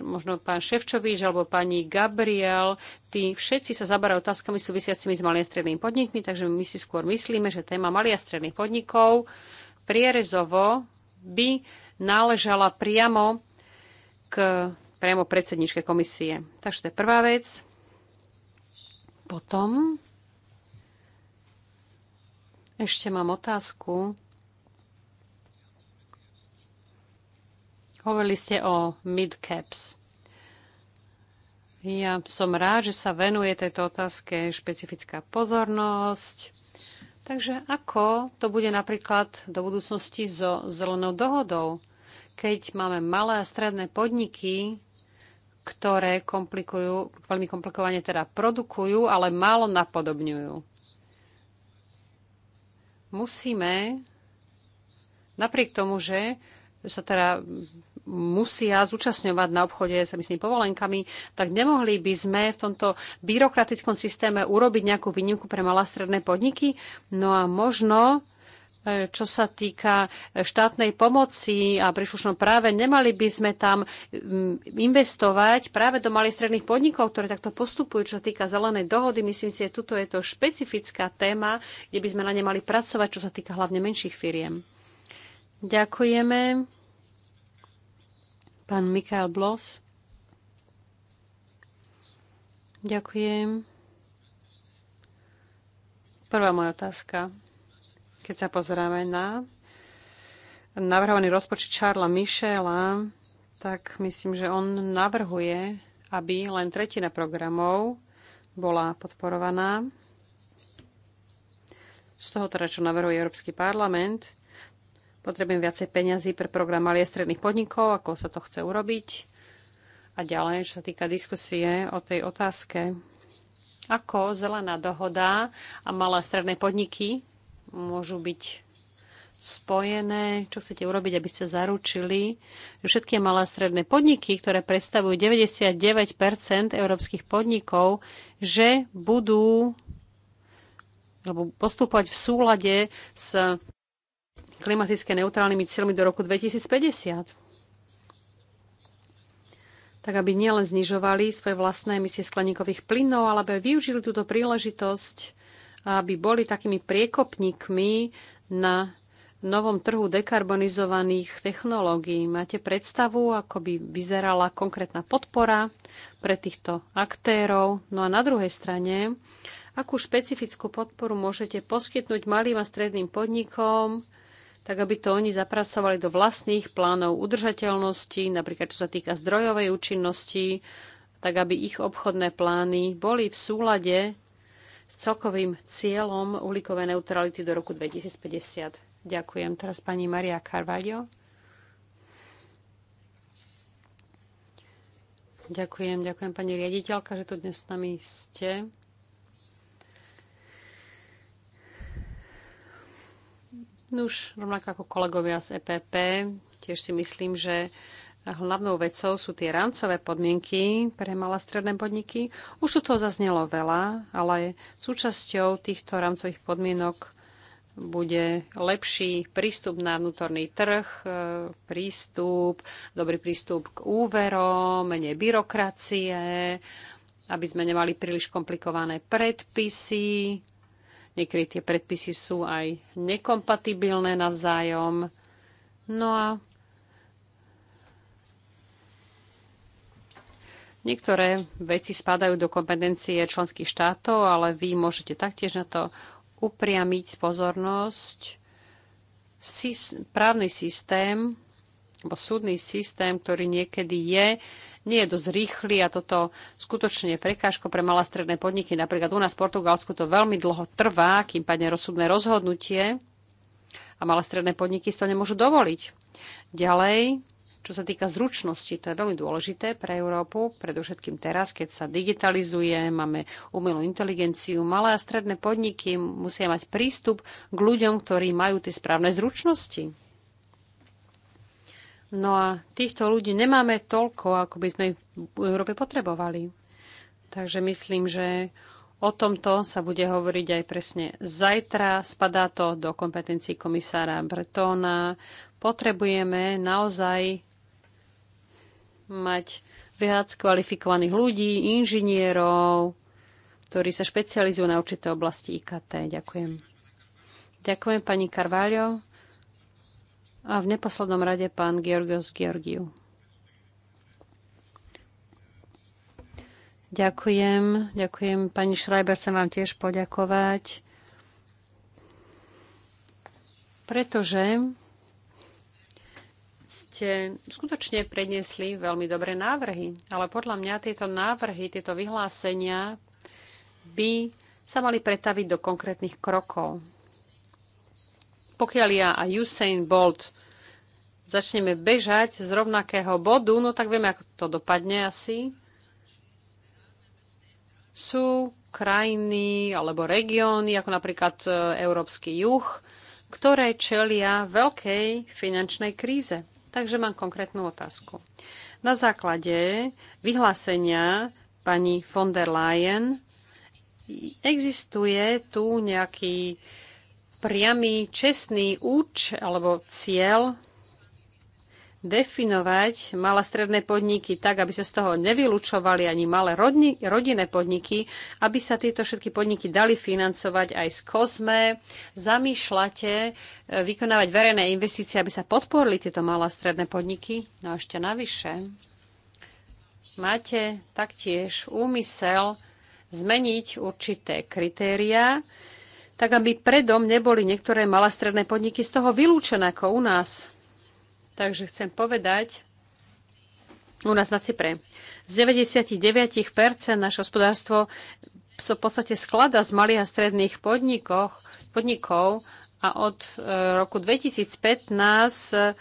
možno pán Ševčovič alebo pani Gabriel, tí všetci sa zaberajú otázkami súvisiacimi s malými a strednými podnikmi, takže my si skôr myslíme, že téma malých a stredných podnikov prierezovo by náležala priamo k priamo predsedničke komisie. Takže to je prvá vec. Potom ešte mám otázku Hovorili ste o mid caps. Ja som rád, že sa venuje tejto otázke špecifická pozornosť. Takže ako to bude napríklad do budúcnosti so zelenou dohodou? Keď máme malé a stredné podniky, ktoré komplikujú, veľmi komplikovane teda produkujú, ale málo napodobňujú. Musíme, napriek tomu, že sa teda musia zúčastňovať na obchode s emisnými povolenkami, tak nemohli by sme v tomto byrokratickom systéme urobiť nejakú výnimku pre malé stredné podniky. No a možno e, čo sa týka štátnej pomoci a príslušnom práve, nemali by sme tam investovať práve do malých stredných podnikov, ktoré takto postupujú, čo sa týka zelenej dohody. Myslím si, že tuto je to špecifická téma, kde by sme na ne mali pracovať, čo sa týka hlavne menších firiem. Ďakujeme. Pán Mikael Blos. Ďakujem. Prvá moja otázka. Keď sa pozeráme na navrhovaný rozpočet Charlesa Michela, tak myslím, že on navrhuje, aby len tretina programov bola podporovaná. Z toho teda, čo navrhuje Európsky parlament, Potrebujem viacej peňazí pre program malých stredných podnikov, ako sa to chce urobiť. A ďalej, čo sa týka diskusie o tej otázke, ako zelená dohoda a malé stredné podniky môžu byť spojené, čo chcete urobiť, aby ste zaručili, že všetky malé stredné podniky, ktoré predstavujú 99 európskych podnikov, že budú alebo postupovať v súlade s klimatické neutrálnymi cieľmi do roku 2050. Tak, aby nielen znižovali svoje vlastné emisie skleníkových plynov, ale aby využili túto príležitosť, aby boli takými priekopníkmi na novom trhu dekarbonizovaných technológií. Máte predstavu, ako by vyzerala konkrétna podpora pre týchto aktérov? No a na druhej strane, Akú špecifickú podporu môžete poskytnúť malým a stredným podnikom, tak aby to oni zapracovali do vlastných plánov udržateľnosti, napríklad čo sa týka zdrojovej účinnosti, tak aby ich obchodné plány boli v súlade s celkovým cieľom uhlíkovej neutrality do roku 2050. Ďakujem. Teraz pani Maria Carvalho. Ďakujem, ďakujem pani riaditeľka, že tu dnes s nami ste. Nuž, no už rovnako ako kolegovia z EPP, tiež si myslím, že hlavnou vecou sú tie rámcové podmienky pre malé stredné podniky. Už tu toho zaznelo veľa, ale súčasťou týchto rámcových podmienok bude lepší prístup na vnútorný trh, e, prístup, dobrý prístup k úverom, menej byrokracie, aby sme nemali príliš komplikované predpisy, Niekedy tie predpisy sú aj nekompatibilné navzájom. No a niektoré veci spadajú do kompetencie členských štátov, ale vy môžete taktiež na to upriamiť pozornosť. Sys- právny systém alebo súdny systém, ktorý niekedy je nie je dosť rýchly a toto skutočne je prekážko pre malé stredné podniky. Napríklad u nás v Portugalsku to veľmi dlho trvá, kým padne rozsudné rozhodnutie a malé stredné podniky si to nemôžu dovoliť. Ďalej, čo sa týka zručnosti, to je veľmi dôležité pre Európu, predovšetkým teraz, keď sa digitalizuje, máme umelú inteligenciu. Malé a stredné podniky musia mať prístup k ľuďom, ktorí majú tie správne zručnosti. No a týchto ľudí nemáme toľko, ako by sme v Európe potrebovali. Takže myslím, že o tomto sa bude hovoriť aj presne zajtra. Spadá to do kompetencií komisára Bretona. Potrebujeme naozaj mať viac kvalifikovaných ľudí, inžinierov, ktorí sa špecializujú na určité oblasti IKT. Ďakujem. Ďakujem pani Carvalho. A v neposlednom rade pán Georgios Georgiou. Ďakujem, ďakujem. Pani Schreiber, chcem vám tiež poďakovať, pretože ste skutočne predniesli veľmi dobré návrhy, ale podľa mňa tieto návrhy, tieto vyhlásenia by sa mali pretaviť do konkrétnych krokov. Pokiaľ ja a Usain Bolt začneme bežať z rovnakého bodu, no tak vieme, ako to dopadne asi. Sú krajiny alebo regióny, ako napríklad e, Európsky juh, ktoré čelia veľkej finančnej kríze. Takže mám konkrétnu otázku. Na základe vyhlásenia pani von der Leyen existuje tu nejaký priamy, čestný úč alebo cieľ definovať malé stredné podniky tak, aby sa z toho nevylučovali ani malé rodni, rodinné podniky, aby sa tieto všetky podniky dali financovať aj z kozme. Zamýšľate e, vykonávať verejné investície, aby sa podporili tieto malé stredné podniky? No a ešte navyše, máte taktiež úmysel zmeniť určité kritéria, tak aby predom neboli niektoré malé stredné podniky z toho vylúčené ako u nás. Takže chcem povedať, u nás na Cypre, z 99% naše hospodárstvo sa v podstate sklada z malých a stredných podnikoch, podnikov a od e, roku 2015 e,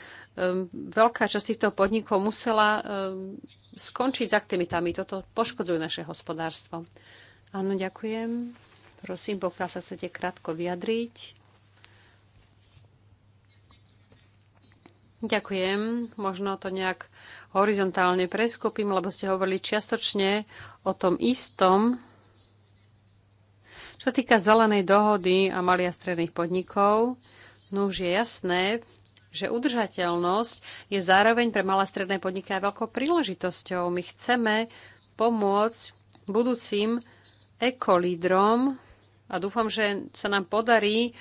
veľká časť týchto podnikov musela e, skončiť s aktivitami. Toto poškodzuje naše hospodárstvo. Áno, ďakujem. Prosím, pokiaľ sa chcete krátko vyjadriť. Ďakujem. Možno to nejak horizontálne preskupím, lebo ste hovorili čiastočne o tom istom. Čo týka zelenej dohody a malých a stredných podnikov, no už je jasné, že udržateľnosť je zároveň pre malé a stredné podniky aj veľkou príležitosťou. My chceme pomôcť budúcim ekolídrom a dúfam, že sa nám podarí e,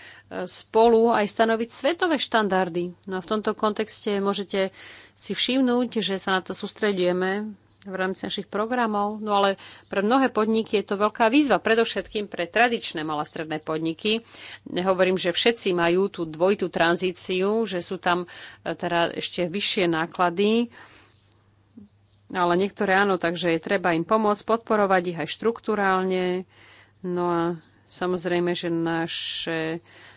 spolu aj stanoviť svetové štandardy. No a v tomto kontexte môžete si všimnúť, že sa na to sústredujeme v rámci našich programov, no ale pre mnohé podniky je to veľká výzva, predovšetkým pre tradičné malé stredné podniky. Nehovorím, že všetci majú tú dvojitú tranzíciu, že sú tam e, teda ešte vyššie náklady, ale niektoré áno, takže je treba im pomôcť, podporovať ich aj štruktúrálne. No a Samozrejme, že naše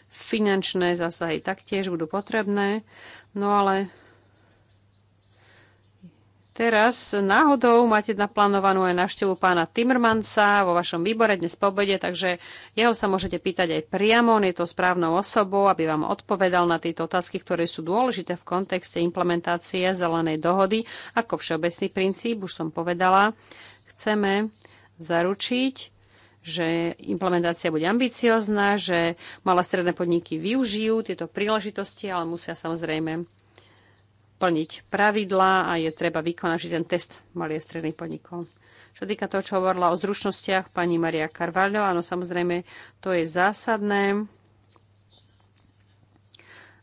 finančné zásahy taktiež budú potrebné, no ale Teraz náhodou máte naplánovanú aj návštevu pána Timmermansa vo vašom výbore dnes po obede, takže jeho sa môžete pýtať aj priamo, on je to správnou osobou, aby vám odpovedal na tieto otázky, ktoré sú dôležité v kontexte implementácie zelenej dohody. Ako všeobecný princíp, už som povedala, chceme zaručiť, že implementácia bude ambiciozná, že malé stredné podniky využijú tieto príležitosti, ale musia samozrejme plniť pravidlá a je treba vykonať ten test malých stredných podnikov. Čo týka toho, čo hovorila o zručnostiach pani Maria Carvalho, áno, samozrejme, to je zásadné.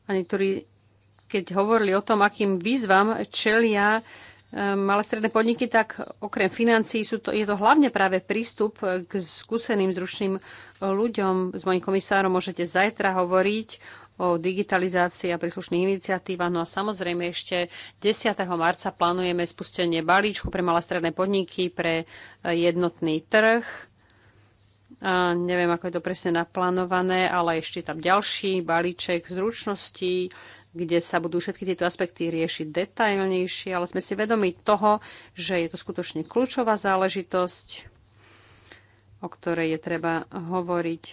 A niektorí, keď hovorili o tom, akým výzvam čelia Ehm, malé stredné podniky, tak okrem financií sú to, je to hlavne práve prístup eh, k skúseným, zručným eh, ľuďom. S mojim komisárom môžete zajtra hovoriť o digitalizácii a príslušných iniciatívach. No a samozrejme ešte 10. marca plánujeme spustenie balíčku pre malé stredné podniky, pre eh, jednotný trh. A neviem, ako je to presne naplánované, ale ešte tam ďalší balíček zručností, kde sa budú všetky tieto aspekty riešiť detailnejšie, ale sme si vedomi toho, že je to skutočne kľúčová záležitosť, o ktorej je treba hovoriť.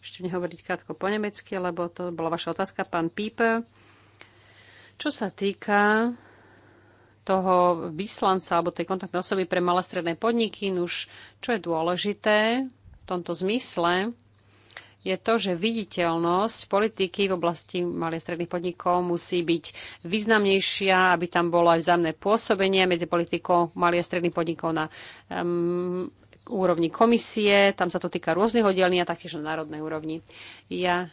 Ešte nehovoriť krátko po nemecky, lebo to bola vaša otázka, pán Pípe. Čo sa týka toho vyslanca alebo tej kontaktnej osoby pre malé stredné podniky, už čo je dôležité v tomto zmysle, je to, že viditeľnosť politiky v oblasti malých stredných podnikov musí byť významnejšia, aby tam bolo aj vzájomné pôsobenie medzi politikou malých stredných podnikov na um, úrovni komisie, tam sa to týka rôznych oddelení a taktiež na národnej úrovni. Ja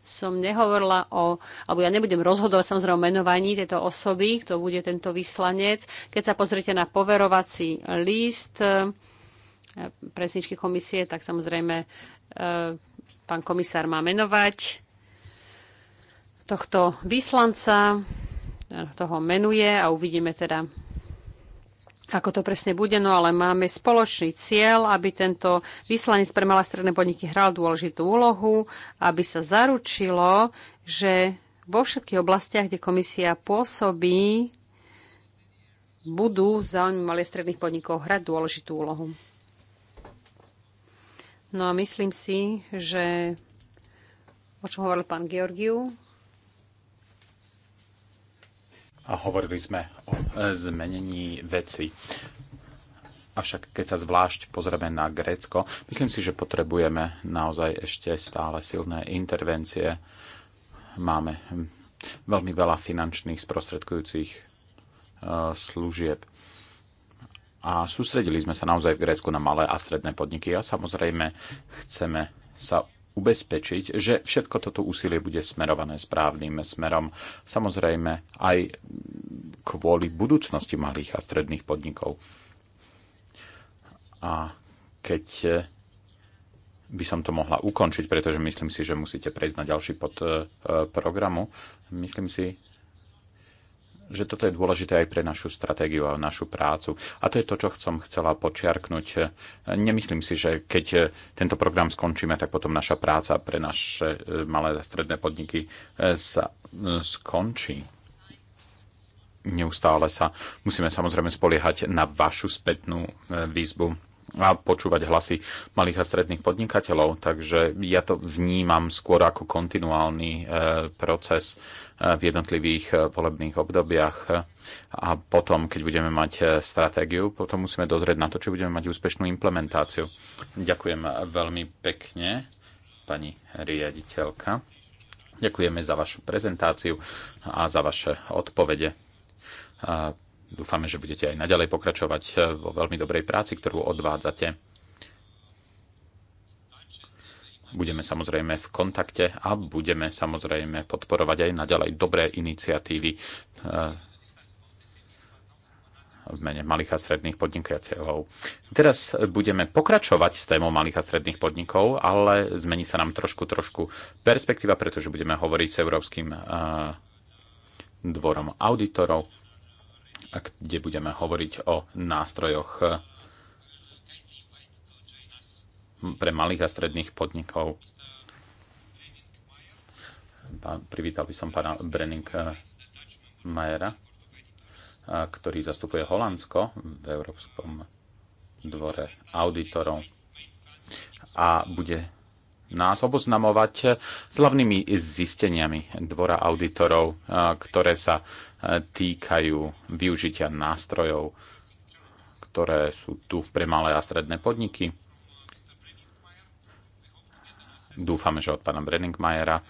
som nehovorila o, alebo ja nebudem rozhodovať samozrejme o menovaní tejto osoby, kto bude tento vyslanec. Keď sa pozrite na poverovací list eh, presničky komisie, tak samozrejme eh, Pán komisár má menovať tohto vyslanca, toho menuje a uvidíme teda, ako to presne bude, no ale máme spoločný cieľ, aby tento vyslanec pre malé stredné podniky hral dôležitú úlohu, aby sa zaručilo, že vo všetkých oblastiach, kde komisia pôsobí, budú záujmy malých stredných podnikov hrať dôležitú úlohu. No a myslím si, že o čom hovoril pán Georgiu. A hovorili sme o e, zmenení veci. Avšak keď sa zvlášť pozrieme na Grécko, myslím si, že potrebujeme naozaj ešte stále silné intervencie. Máme hm, veľmi veľa finančných sprostredkujúcich e, služieb a sústredili sme sa naozaj v Grécku na malé a stredné podniky a samozrejme chceme sa ubezpečiť, že všetko toto úsilie bude smerované správnym smerom. Samozrejme aj kvôli budúcnosti malých a stredných podnikov. A keď by som to mohla ukončiť, pretože myslím si, že musíte prejsť na ďalší pod eh, programu. Myslím si, že toto je dôležité aj pre našu stratégiu a našu prácu. A to je to, čo som chcela počiarknúť. Nemyslím si, že keď tento program skončíme, tak potom naša práca pre naše e, malé a stredné podniky e, sa e, skončí neustále sa musíme samozrejme spoliehať na vašu spätnú výzbu a počúvať hlasy malých a stredných podnikateľov. Takže ja to vnímam skôr ako kontinuálny e, proces e, v jednotlivých e, volebných obdobiach. A potom, keď budeme mať stratégiu, potom musíme dozrieť na to, či budeme mať úspešnú implementáciu. Ďakujem veľmi pekne, pani riaditeľka. Ďakujeme za vašu prezentáciu a za vaše odpovede Dúfame, že budete aj naďalej pokračovať eh, vo veľmi dobrej práci, ktorú odvádzate. Budeme samozrejme v kontakte a budeme samozrejme podporovať aj naďalej dobré iniciatívy eh, v mene malých a stredných podnikateľov. Teraz budeme pokračovať s témou malých a stredných podnikov, ale zmení sa nám trošku, trošku perspektíva, pretože budeme hovoriť s Európskym eh, dvorom auditorov kde budeme hovoriť o nástrojoch eh, pre malých a stredných podnikov. Privítal by som pána Brenning eh, Majera, eh, ktorý zastupuje Holandsko v Európskom dvore auditorov a bude nás oboznamovať s hlavnými zisteniami Dvora auditorov, eh, ktoré sa eh, týkajú využitia nástrojov, ktoré sú tu pre malé a stredné podniky. Dúfame, že od pána Brenningmajera eh,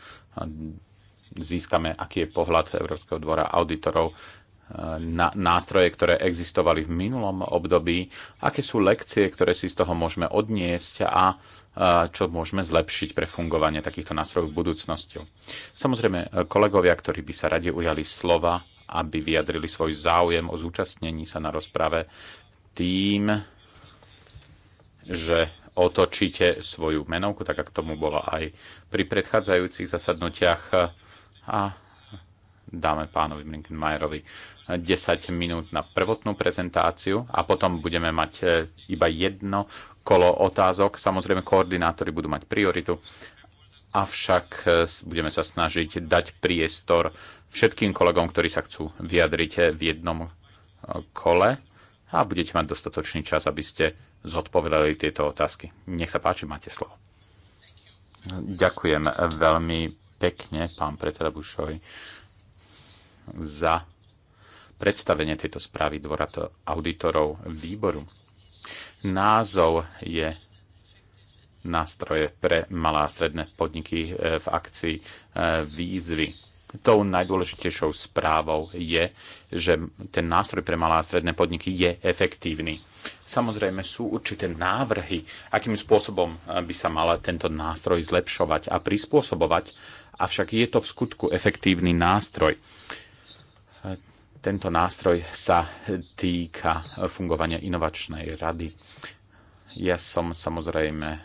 získame, aký je pohľad Európskeho dvora auditorov na nástroje, ktoré existovali v minulom období, aké sú lekcie, ktoré si z toho môžeme odniesť a čo môžeme zlepšiť pre fungovanie takýchto nástrojov v budúcnosti. Samozrejme, kolegovia, ktorí by sa radi ujali slova, aby vyjadrili svoj záujem o zúčastnení sa na rozprave tým, že otočíte svoju menovku, tak ako tomu bolo aj pri predchádzajúcich zasadnutiach a dáme pánovi Brinkenmajerovi 10 eh, minút na prvotnú prezentáciu a potom budeme mať eh, iba jedno kolo otázok. Samozrejme, koordinátori budú mať prioritu, avšak eh, budeme sa snažiť dať priestor všetkým kolegom, ktorí sa chcú vyjadriť v jednom kole a budete mať dostatočný čas, aby ste zodpovedali tieto otázky. Nech sa páči, máte slovo. Ďakujem veľmi pekne, pán predseda Bušovi za predstavenie tejto správy dvora auditorov výboru. Názov je nástroje pre malé a stredné podniky e, v akcii e, výzvy. Tou najdôležitejšou správou je, že ten nástroj pre malé a stredné podniky je efektívny. Samozrejme sú určité návrhy, akým spôsobom e, by sa mal tento nástroj zlepšovať a prispôsobovať, avšak je to v skutku efektívny nástroj. Tento nástroj sa týka fungovania inovačnej rady. Ja som samozrejme e,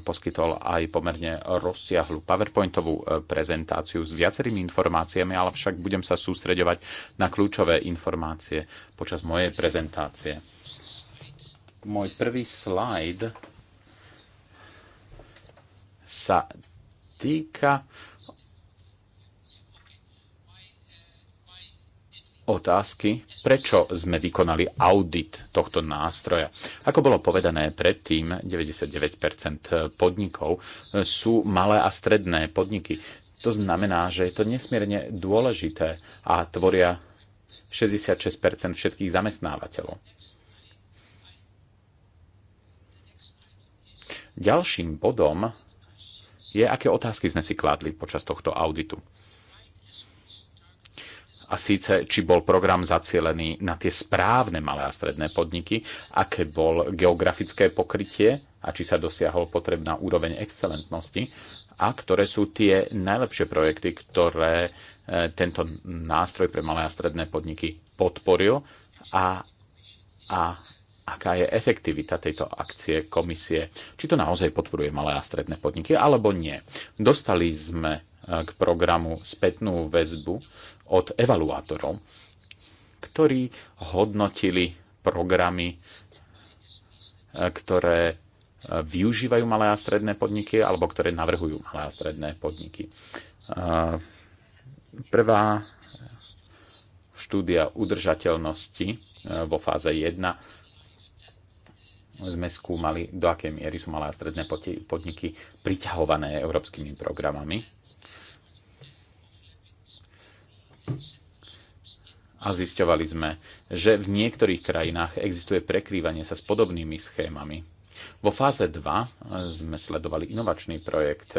poskytol aj pomerne rozsiahlu PowerPointovú e, prezentáciu s viacerými informáciami, ale však budem sa sústreďovať na kľúčové informácie počas mojej prezentácie. Môj prvý slajd sa týka otázky, prečo sme vykonali audit tohto nástroja. Ako bolo povedané predtým, 99% podnikov sú malé a stredné podniky. To znamená, že je to nesmierne dôležité a tvoria 66 všetkých zamestnávateľov. Ďalším bodom je, aké otázky sme si kládli počas tohto auditu a síce, či bol program zacielený na tie správne malé a stredné podniky, aké bol geografické pokrytie a či sa dosiahol potrebná úroveň excelentnosti a ktoré sú tie najlepšie projekty, ktoré e, tento nástroj pre malé a stredné podniky podporil a, a aká je efektivita tejto akcie komisie, či to naozaj podporuje malé a stredné podniky alebo nie. Dostali sme e, k programu spätnú väzbu od evaluátorov, ktorí hodnotili programy, e, ktoré e, využívajú malé a stredné podniky alebo ktoré navrhujú malé a stredné podniky. E, prvá štúdia udržateľnosti vo fáze 1 sme skúmali, do akej miery sú malé a stredné podniky priťahované európskymi programami a zisťovali sme, že v niektorých krajinách existuje prekrývanie sa s podobnými schémami. Vo fáze 2 sme sledovali inovačný projekt.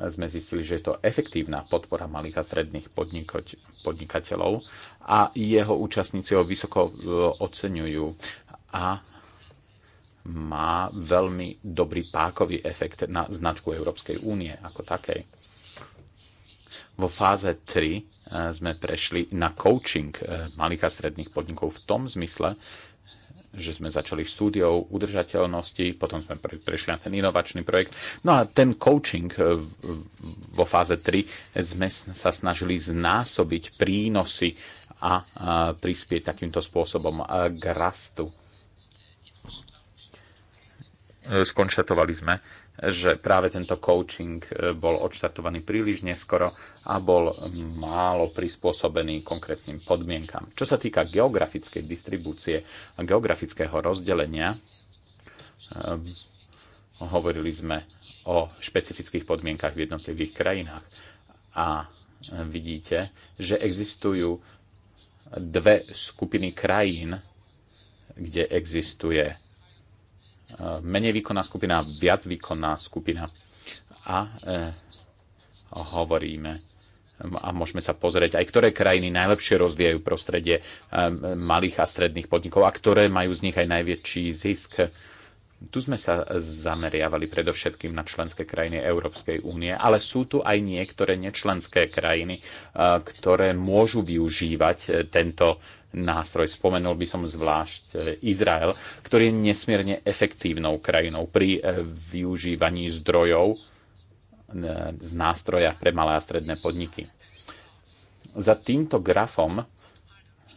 Sme zistili, že je to efektívna podpora malých a stredných podnikateľov a jeho účastníci ho vysoko e, oceňujú a má veľmi dobrý pákový efekt na značku Európskej únie ako takej. Vo fáze 3 sme prešli na coaching eh, malých a stredných podnikov v tom zmysle, že sme začali štúdiou udržateľnosti, potom sme pre, prešli na ten inovačný projekt. No a ten coaching eh, vo fáze 3 sme sa snažili znásobiť prínosy a, a prispieť takýmto spôsobom eh, k rastu. Skonštatovali sme, že práve tento coaching e, bol odštartovaný príliš neskoro a bol málo prispôsobený konkrétnym podmienkam. Čo sa týka geografickej distribúcie a geografického rozdelenia, e, hovorili sme o špecifických podmienkach v jednotlivých krajinách a vidíte, že existujú dve skupiny krajín, kde existuje menej výkonná skupina, viac výkonná skupina. A e, hovoríme a môžeme sa pozrieť aj, ktoré krajiny najlepšie rozvíjajú prostredie e, malých a stredných podnikov a ktoré majú z nich aj najväčší zisk tu sme sa zameriavali predovšetkým na členské krajiny Európskej únie, ale sú tu aj niektoré nečlenské krajiny, e, ktoré môžu využívať e, tento nástroj. Spomenul by som zvlášť e, Izrael, ktorý je nesmierne efektívnou krajinou pri využívaní zdrojov z nástroja pre malé a stredné podniky. Za týmto grafom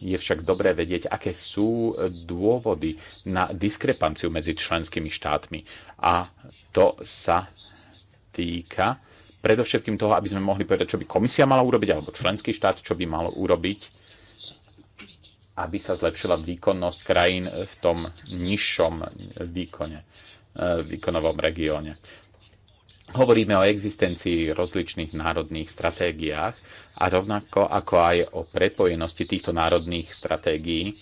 je však dobré vedieť, aké sú dôvody na diskrepanciu medzi členskými štátmi. A to sa týka predovšetkým toho, aby sme mohli povedať, čo by komisia mala urobiť, alebo členský štát, čo by mal urobiť, aby sa zlepšila výkonnosť krajín v tom nižšom výkone, e, výkonovom regióne. Hovoríme o existencii rozličných národných stratégiách a rovnako ako aj o prepojenosti týchto národných stratégií.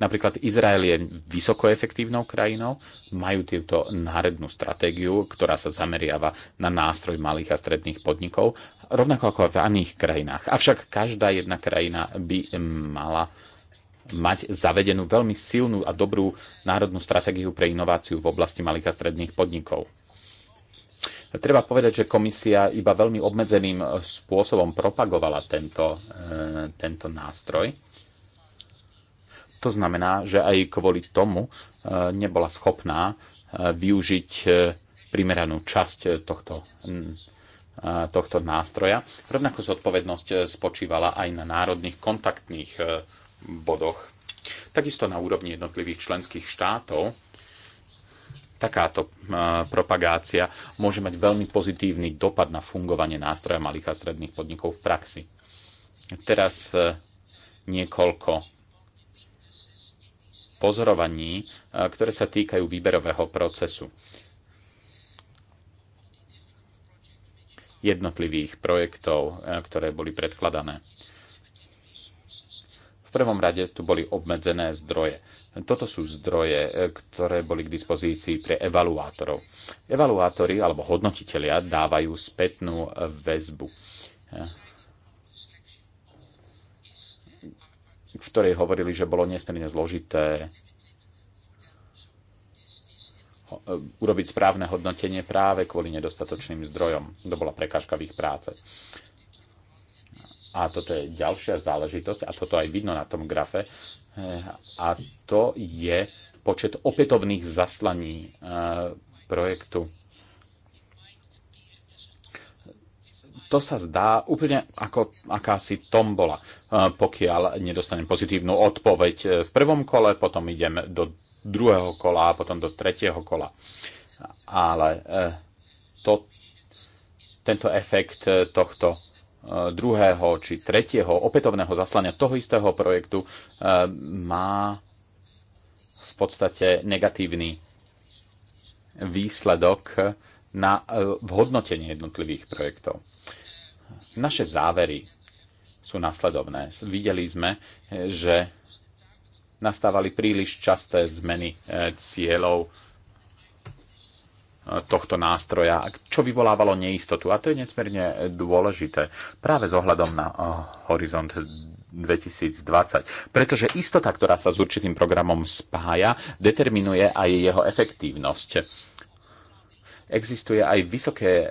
Napríklad Izrael je vysokoefektívnou krajinou, majú túto národnú stratégiu, ktorá sa zameriava na nástroj malých a stredných podnikov, rovnako ako v iných krajinách. Avšak každá jedna krajina by mala uh, mať zavedenú veľmi silnú a dobrú národnú stratégiu pre inováciu v oblasti malých a stredných podnikov. Treba povedať, že komisia iba veľmi obmedzeným e, spôsobom propagovala tento, e, tento nástroj. To znamená, že aj kvôli tomu e, nebola schopná využiť primeranú časť tohto, tohto nástroja. Rovnako zodpovednosť spočívala aj na národných kontaktných bodoch. Takisto na úrovni jednotlivých členských štátov takáto propagácia môže mať veľmi pozitívny dopad na fungovanie nástroja malých a stredných podnikov v praxi. Teraz e, niekoľko pozorovaní, e, ktoré sa týkajú výberového procesu jednotlivých projektov, e, ktoré boli predkladané prvom rade tu boli obmedzené zdroje. Toto sú zdroje, e, ktoré boli k dispozícii pre evaluátorov. Evaluátori alebo hodnotitelia dávajú spätnú väzbu, e, v ktorej hovorili, že bolo nesmierne zložité e, urobiť správne hodnotenie práve kvôli nedostatočným zdrojom. To bola prekážka v ich práce. A toto je ďalšia záležitosť, a toto aj vidno na tom grafe, a to je počet opätovných zaslaní e, projektu. To sa zdá úplne ako akási tombola. E, pokiaľ nedostanem pozitívnu odpoveď e, v prvom kole, potom idem do druhého kola a potom do tretieho kola. Ale to, tento efekt tohto Eh, druhého či tretieho opätovného zaslania toho istého projektu eh, má v podstate negatívny výsledok na eh, hodnotenie jednotlivých projektov. Naše závery sú nasledovné. Videli sme, že nastávali príliš časté zmeny cieľov tohto nástroja, čo vyvolávalo neistotu. A to je nesmierne dôležité práve s ohľadom na eh, horizont 2020. Pretože istota, ktorá sa s určitým programom spája, determinuje aj jeho efektívnosť. Existuje aj vysoké eh, eh,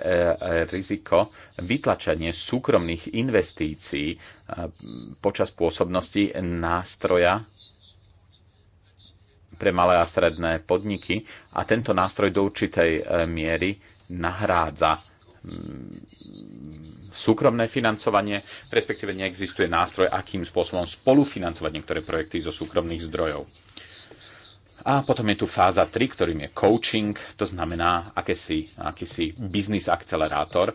riziko vytlačenie súkromných investícií počas pôsobnosti nástroja pre malé a stredné podniky a tento nástroj do určitej e, miery nahrádza mm, súkromné financovanie, respektíve neexistuje nástroj, akým spôsobom spolufinancovať niektoré projekty zo súkromných zdrojov. A potom je tu fáza 3, ktorým je coaching, to znamená akési, akýsi biznis akcelerátor, e,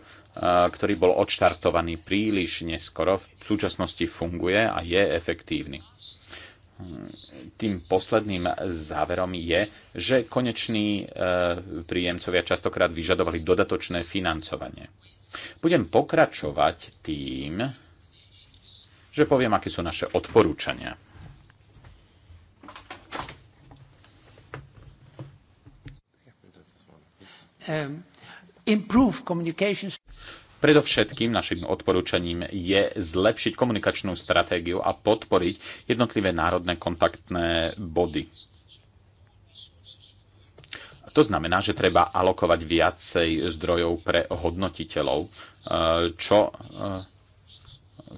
ktorý bol odštartovaný príliš neskoro, v súčasnosti funguje a je efektívny tým posledným záverom je, že koneční e, príjemcovia častokrát vyžadovali dodatočné financovanie. Budem pokračovať tým, že poviem, aké sú naše odporúčania. Um, improve communications Predovšetkým našim odporúčaním je zlepšiť komunikačnú stratégiu a podporiť jednotlivé národné kontaktné body. To znamená, že treba alokovať viacej zdrojov pre hodnotiteľov, e, čo e,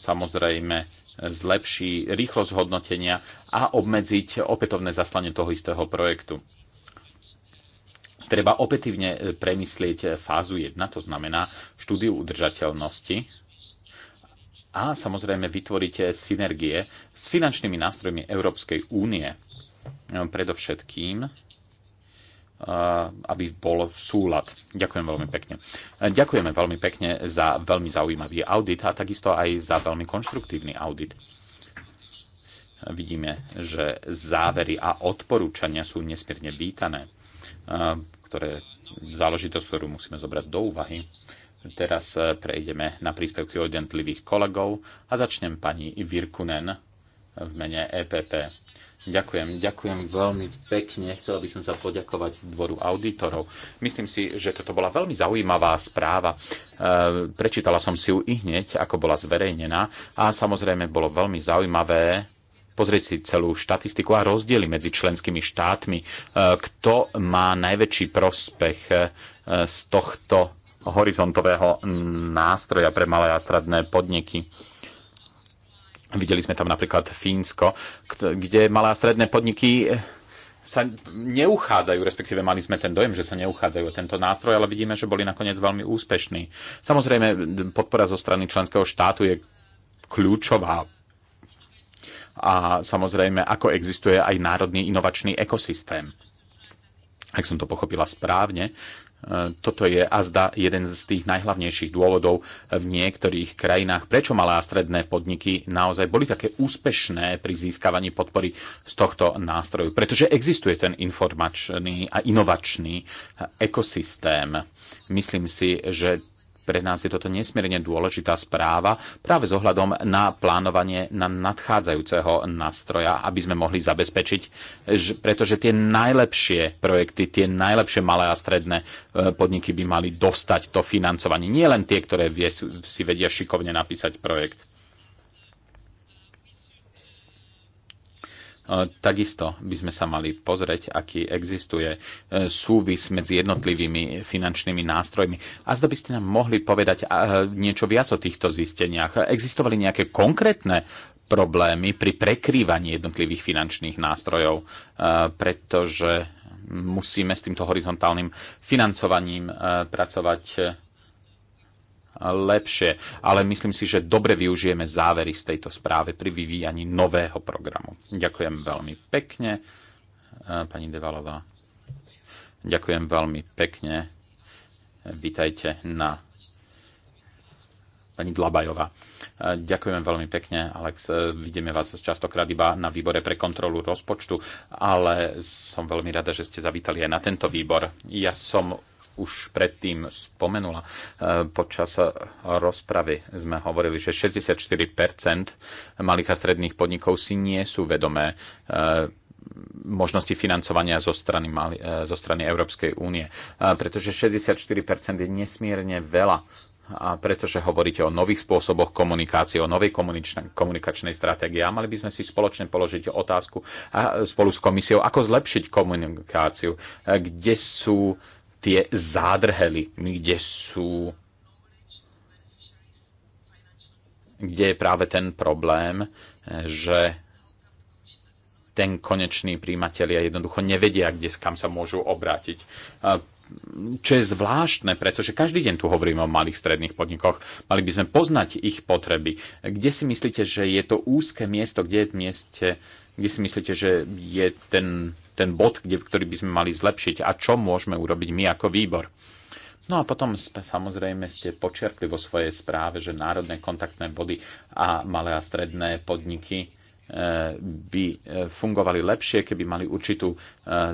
samozrejme zlepší rýchlosť hodnotenia a obmedziť opätovné zaslanie toho istého projektu treba opätivne e, premyslieť e, fázu 1, to znamená štúdiu udržateľnosti a samozrejme vytvoriť e, synergie s finančnými nástrojmi Európskej únie. Predovšetkým aby bol súlad. Ďakujem veľmi pekne. Ďakujeme veľmi pekne za veľmi zaujímavý audit a takisto aj za veľmi konštruktívny audit. Vidíme, že závery a odporúčania sú nesmierne vítané ktoré záležitosť, ktorú musíme zobrať do úvahy. Teraz e, prejdeme na príspevky od jednotlivých kolegov a začnem pani Virkunen v mene EPP. Ďakujem, ďakujem veľmi pekne. Chcela by som sa poďakovať dvoru auditorov. Myslím si, že toto bola veľmi zaujímavá správa. E, prečítala som si ju i hneď, ako bola zverejnená a samozrejme bolo veľmi zaujímavé pozrieť si celú štatistiku a rozdiely medzi členskými štátmi, e, kto má najväčší prospech e, z tohto horizontového nástroja pre malé a stredné podniky. Videli sme tam napríklad Fínsko, kde malé a stredné podniky e, sa neuchádzajú, respektíve mali sme ten dojem, že sa neuchádzajú o tento nástroj, ale vidíme, že boli nakoniec veľmi úspešní. Samozrejme, podpora zo strany členského štátu je kľúčová a samozrejme, ako existuje aj národný inovačný ekosystém. Ak som to pochopila správne, e, toto je azda jeden z tých najhlavnejších dôvodov v niektorých krajinách, prečo malé a stredné podniky naozaj boli také úspešné pri získavaní podpory z tohto nástroju. Pretože existuje ten informačný a inovačný e, ekosystém. Myslím si, že pre nás je toto nesmierne dôležitá správa práve s ohľadom na plánovanie na nadchádzajúceho nástroja, aby sme mohli zabezpečiť, pretože tie najlepšie projekty, tie najlepšie malé a stredné e, podniky by mali dostať to financovanie. Nie len tie, ktoré si vedia šikovne napísať projekt. E, takisto by sme sa mali pozrieť, aký existuje e, súvis medzi jednotlivými finančnými nástrojmi. A zda by ste nám mohli povedať e, niečo viac o týchto zisteniach. Existovali nejaké konkrétne problémy pri prekrývaní jednotlivých finančných nástrojov, pretože musíme s týmto horizontálnym financovaním pracovať lepšie, ale myslím si, že dobre využijeme závery z tejto správy pri vyvíjaní nového programu. Ďakujem veľmi pekne, e, pani Devalová. Ďakujem veľmi pekne. Vítajte na pani Dlabajová. E, ďakujem veľmi pekne, Alex. E, vidíme vás častokrát iba na výbore pre kontrolu rozpočtu, ale som veľmi rada, že ste zavítali aj na tento výbor. Ja som už predtým spomenula, eh, počas rozpravy sme hovorili, že 64% malých a stredných podnikov si nie sú vedomé eh, možnosti financovania zo strany, mali, eh, zo strany Európskej únie. Pretože 64% je nesmierne veľa a pretože hovoríte o nových spôsoboch komunikácie, o novej komunikačnej, komunikačnej stratégii a mali by sme si spoločne položiť otázku a, spolu s komisiou, ako zlepšiť komunikáciu, kde sú tie zádrhely, kde sú kde je práve ten problém, že ten konečný príjmatelia jednoducho nevedia, kde kam sa môžu obrátiť čo je zvláštne, pretože každý deň tu hovoríme o malých stredných podnikoch. Mali by sme poznať ich potreby. Kde si myslíte, že je to úzke miesto, kde, je mieste, kde si myslíte, že je ten ten bod, kde, ktorý by sme mali zlepšiť a čo môžeme urobiť my ako výbor. No a potom samozrejme ste počerpli vo svojej správe, že národné kontaktné body a malé a stredné podniky e, by e, fungovali lepšie, keby mali určitú e,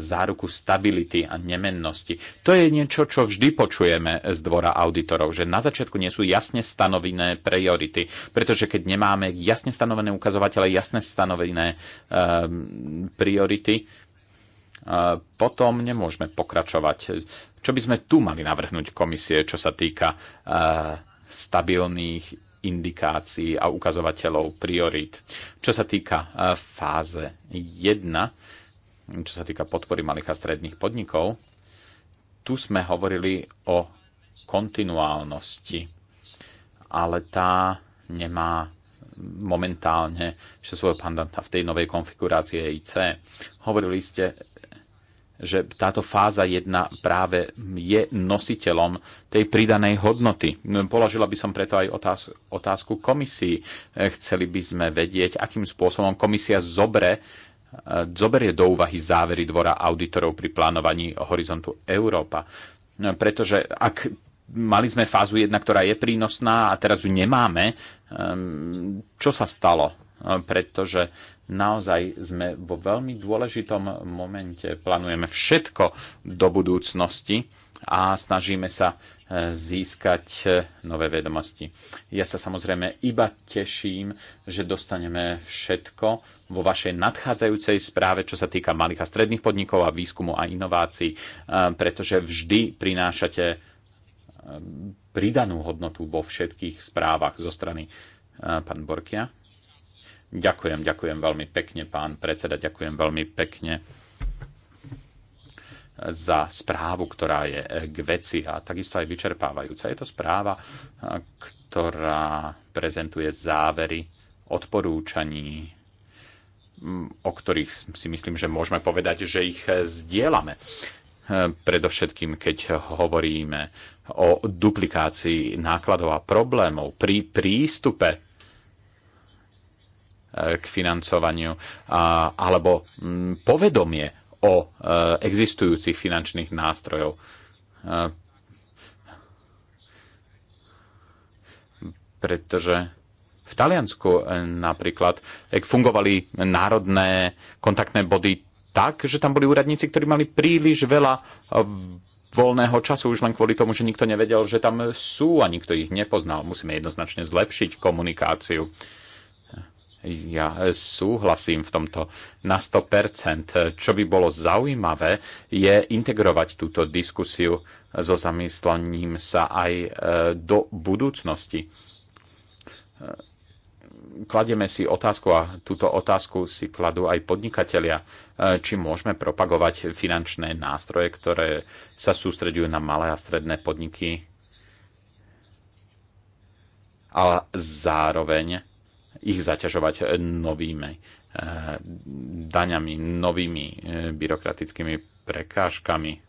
záruku stability a nemennosti. To je niečo, čo vždy počujeme z dvora auditorov, že na začiatku nie sú jasne stanovené priority, pretože keď nemáme jasne stanovené ukazovatele, jasne stanovené um, priority, potom nemôžeme pokračovať. Čo by sme tu mali navrhnúť komisie, čo sa týka e, stabilných indikácií a ukazovateľov priorít. Čo sa týka e, fáze 1, čo sa týka podpory malých a stredných podnikov, tu sme hovorili o kontinuálnosti, ale tá nemá momentálne že svojho pandanta v tej novej konfigurácii EIC. Hovorili ste že táto fáza 1 práve je nositeľom tej pridanej hodnoty. Položila by som preto aj otázku, komisii. Chceli by sme vedieť, akým spôsobom komisia zobre e, zoberie do úvahy závery dvora auditorov pri plánovaní horizontu Európa. E, pretože ak mali sme fázu 1, ktorá je prínosná a teraz ju nemáme, e, čo sa stalo? Pretože Naozaj sme vo veľmi dôležitom momente, plánujeme všetko do budúcnosti a snažíme sa e, získať e, nové vedomosti. Ja sa samozrejme iba teším, že dostaneme všetko vo vašej nadchádzajúcej správe, čo sa týka malých a stredných podnikov a výskumu a inovácií, e, pretože vždy prinášate pridanú hodnotu vo všetkých správach zo strany pán Borkia. Ďakujem, ďakujem veľmi pekne, pán predseda, ďakujem veľmi pekne za správu, ktorá je k veci a takisto aj vyčerpávajúca. Je to správa, ktorá prezentuje závery odporúčaní, o ktorých si myslím, že môžeme povedať, že ich zdieľame. Predovšetkým, keď hovoríme o duplikácii nákladov a problémov pri prístupe k financovaniu alebo mm, povedomie o e, existujúcich finančných nástrojov. E, pretože v Taliansku e, napríklad fungovali národné kontaktné body tak, že tam boli úradníci, ktorí mali príliš veľa voľného času už len kvôli tomu, že nikto nevedel, že tam sú a nikto ich nepoznal. Musíme jednoznačne zlepšiť komunikáciu. Ja súhlasím v tomto na 100%. Čo by bolo zaujímavé, je integrovať túto diskusiu so zamyslením sa aj e, do budúcnosti. Kladieme si otázku a túto otázku si kladú aj podnikatelia, e, či môžeme propagovať finančné nástroje, ktoré sa sústredujú na malé a stredné podniky, ale zároveň ich zaťažovať novými eh, daňami, novými eh, byrokratickými prekážkami.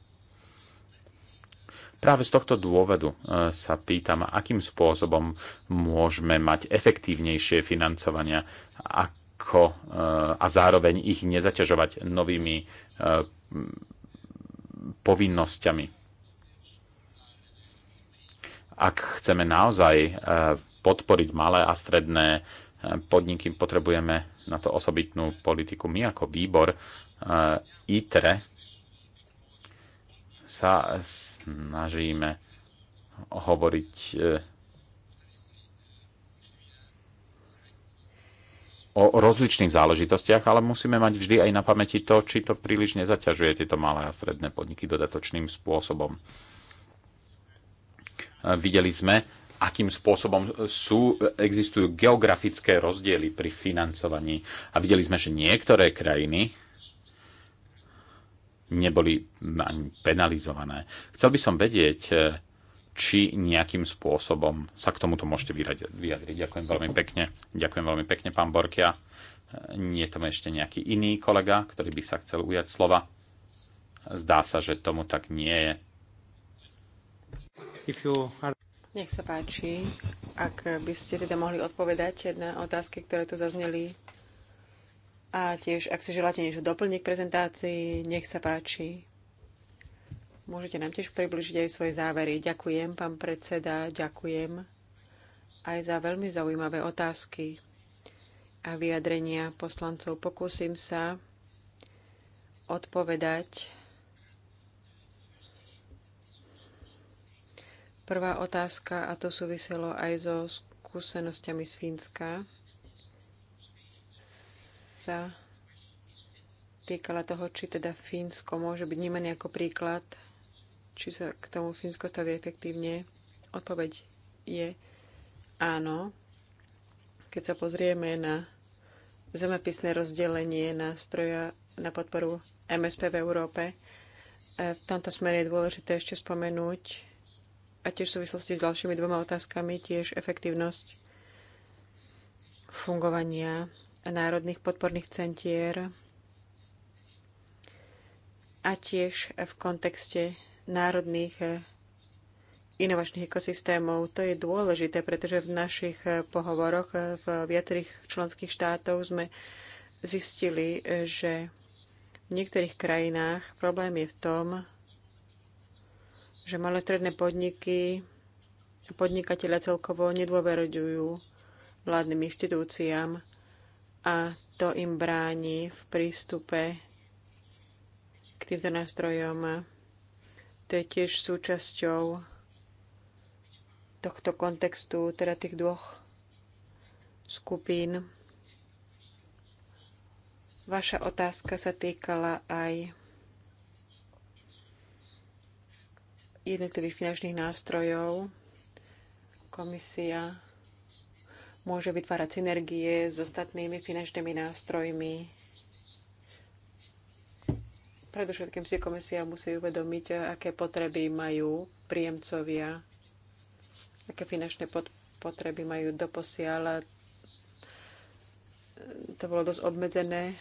Práve z tohto dôvodu eh, sa pýtam, akým spôsobom môžeme mať efektívnejšie financovania ako, a zároveň ich nezaťažovať novými povinnosťami. Ak chceme naozaj podporiť malé a stredné podniky potrebujeme na to osobitnú politiku. My ako výbor eh, ITRE sa snažíme hovoriť eh, o rozličných záležitostiach, ale musíme mať vždy aj na pamäti to, či to príliš nezaťažuje tieto malé a stredné podniky dodatočným spôsobom. Eh, videli sme, akým spôsobom sú, existujú geografické rozdiely pri financovaní. A videli sme, že niektoré krajiny neboli ani penalizované. Chcel by som vedieť, e, či nejakým spôsobom sa k tomuto môžete vyjadriť. Ďakujem veľmi pekne. Ďakujem veľmi pekne, pán Borkia. E, nie je tam ešte nejaký iný kolega, ktorý by sa chcel ujať slova. Zdá sa, že tomu tak nie je. If you are... Nech sa páči, ak by ste teda mohli odpovedať na otázky, ktoré tu zazneli. A tiež, ak si želáte niečo doplniť k prezentácii, nech sa páči. Môžete nám tiež približiť aj svoje závery. Ďakujem, pán predseda, ďakujem aj za veľmi zaujímavé otázky a vyjadrenia poslancov. Pokúsim sa odpovedať Prvá otázka, a to súviselo aj so skúsenostiami z Fínska, sa týkala toho, či teda Fínsko môže byť vnímané ako príklad, či sa k tomu Fínsko staví efektívne. Odpoveď je áno. Keď sa pozrieme na zemepisné rozdelenie na stroja na podporu MSP v Európe, v tomto smere je dôležité ešte spomenúť a tiež v súvislosti s ďalšími dvoma otázkami, tiež efektívnosť fungovania národných podporných centier a tiež v kontexte národných inovačných ekosystémov. To je dôležité, pretože v našich pohovoroch v viacerých členských štátoch sme zistili, že v niektorých krajinách problém je v tom, že malé stredné podniky a podnikatelia celkovo nedôverujú vládnym inštitúciám a to im bráni v prístupe k týmto nástrojom. To je tiež súčasťou tohto kontextu, teda tých dvoch skupín. Vaša otázka sa týkala aj jednotlivých finančných nástrojov komisia môže vytvárať synergie s ostatnými finančnými nástrojmi. Predovšetkým si komisia musí uvedomiť, aké potreby majú príjemcovia, aké finančné potreby majú doposiaľ. To bolo dosť obmedzené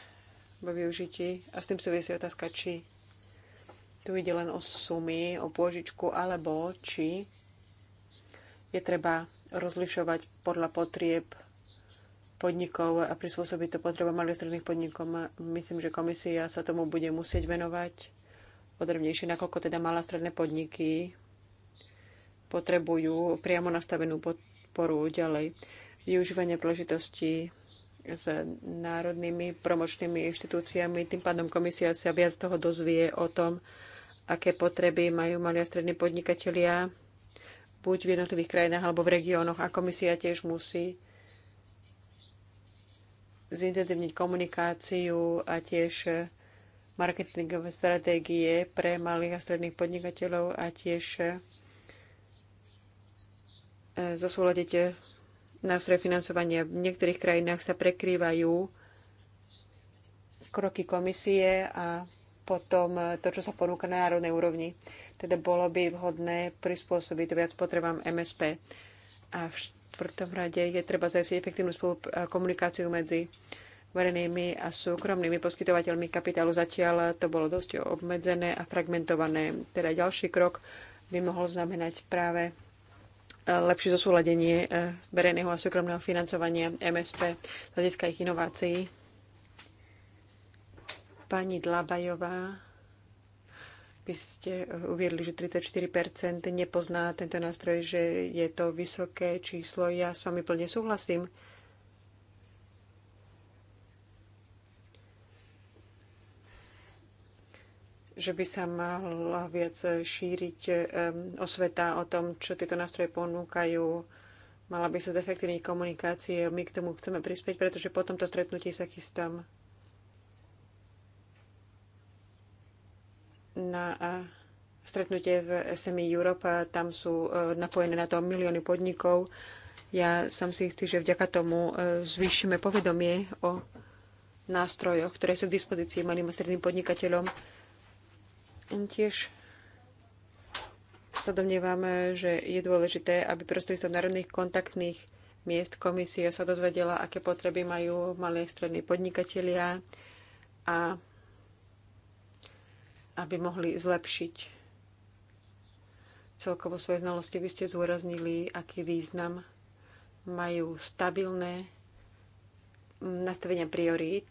vo využití. A s tým súvisí otázka, či tu ide len o sumy, o pôžičku, alebo či je treba rozlišovať podľa potrieb podnikov a prispôsobiť to potreba malých stredných podnikov. Myslím, že komisia sa tomu bude musieť venovať podrobnejšie, nakoľko teda malé stredné podniky potrebujú priamo nastavenú podporu ďalej. Využívanie príležitosti s národnými promočnými inštitúciami. Tým pádom komisia sa viac toho dozvie o tom, aké potreby majú mali a strední podnikatelia buď v jednotlivých krajinách alebo v regiónoch a komisia tiež musí zintenzívniť komunikáciu a tiež marketingové stratégie pre malých a stredných podnikateľov a tiež e, zosúľadiť nástroje financovania. V niektorých krajinách sa prekrývajú kroky komisie a potom e, to, čo sa ponúka na národnej úrovni. Teda bolo by vhodné prispôsobiť viac potrebám MSP. A v štvrtom rade je treba zajistiť efektívnu e, komunikáciu medzi verejnými a súkromnými poskytovateľmi kapitálu. Zatiaľ to bolo dosť obmedzené a fragmentované. Teda ďalší krok by mohol znamenať práve e, lepšie zosúladenie verejného a súkromného financovania MSP z hľadiska ich inovácií Pani Dlabajová, vy ste eh, uviedli, že 34% nepozná tento nástroj, že je to vysoké číslo. Ja s vami plne súhlasím. že by sa mala viac šíriť osveta o tom, čo tieto nástroje ponúkajú. Mala by sa zefektívniť komunikácie. My k tomu chceme prispieť, pretože po tomto stretnutí sa chystám na stretnutie v SMI e Europe. Tam sú e, napojené na to milióny podnikov. Ja som si istý, že vďaka tomu e, zvýšime povedomie o nástrojoch, ktoré sú k dispozícii malým a stredným podnikateľom. Tiež sa domnievame, že je dôležité, aby prostredstvom národných kontaktných miest komisia sa dozvedela, aké potreby majú malé a strední podnikatelia a aby mohli zlepšiť celkovo svoje znalosti. Vy ste zúraznili, aký význam majú stabilné nastavenia priorít.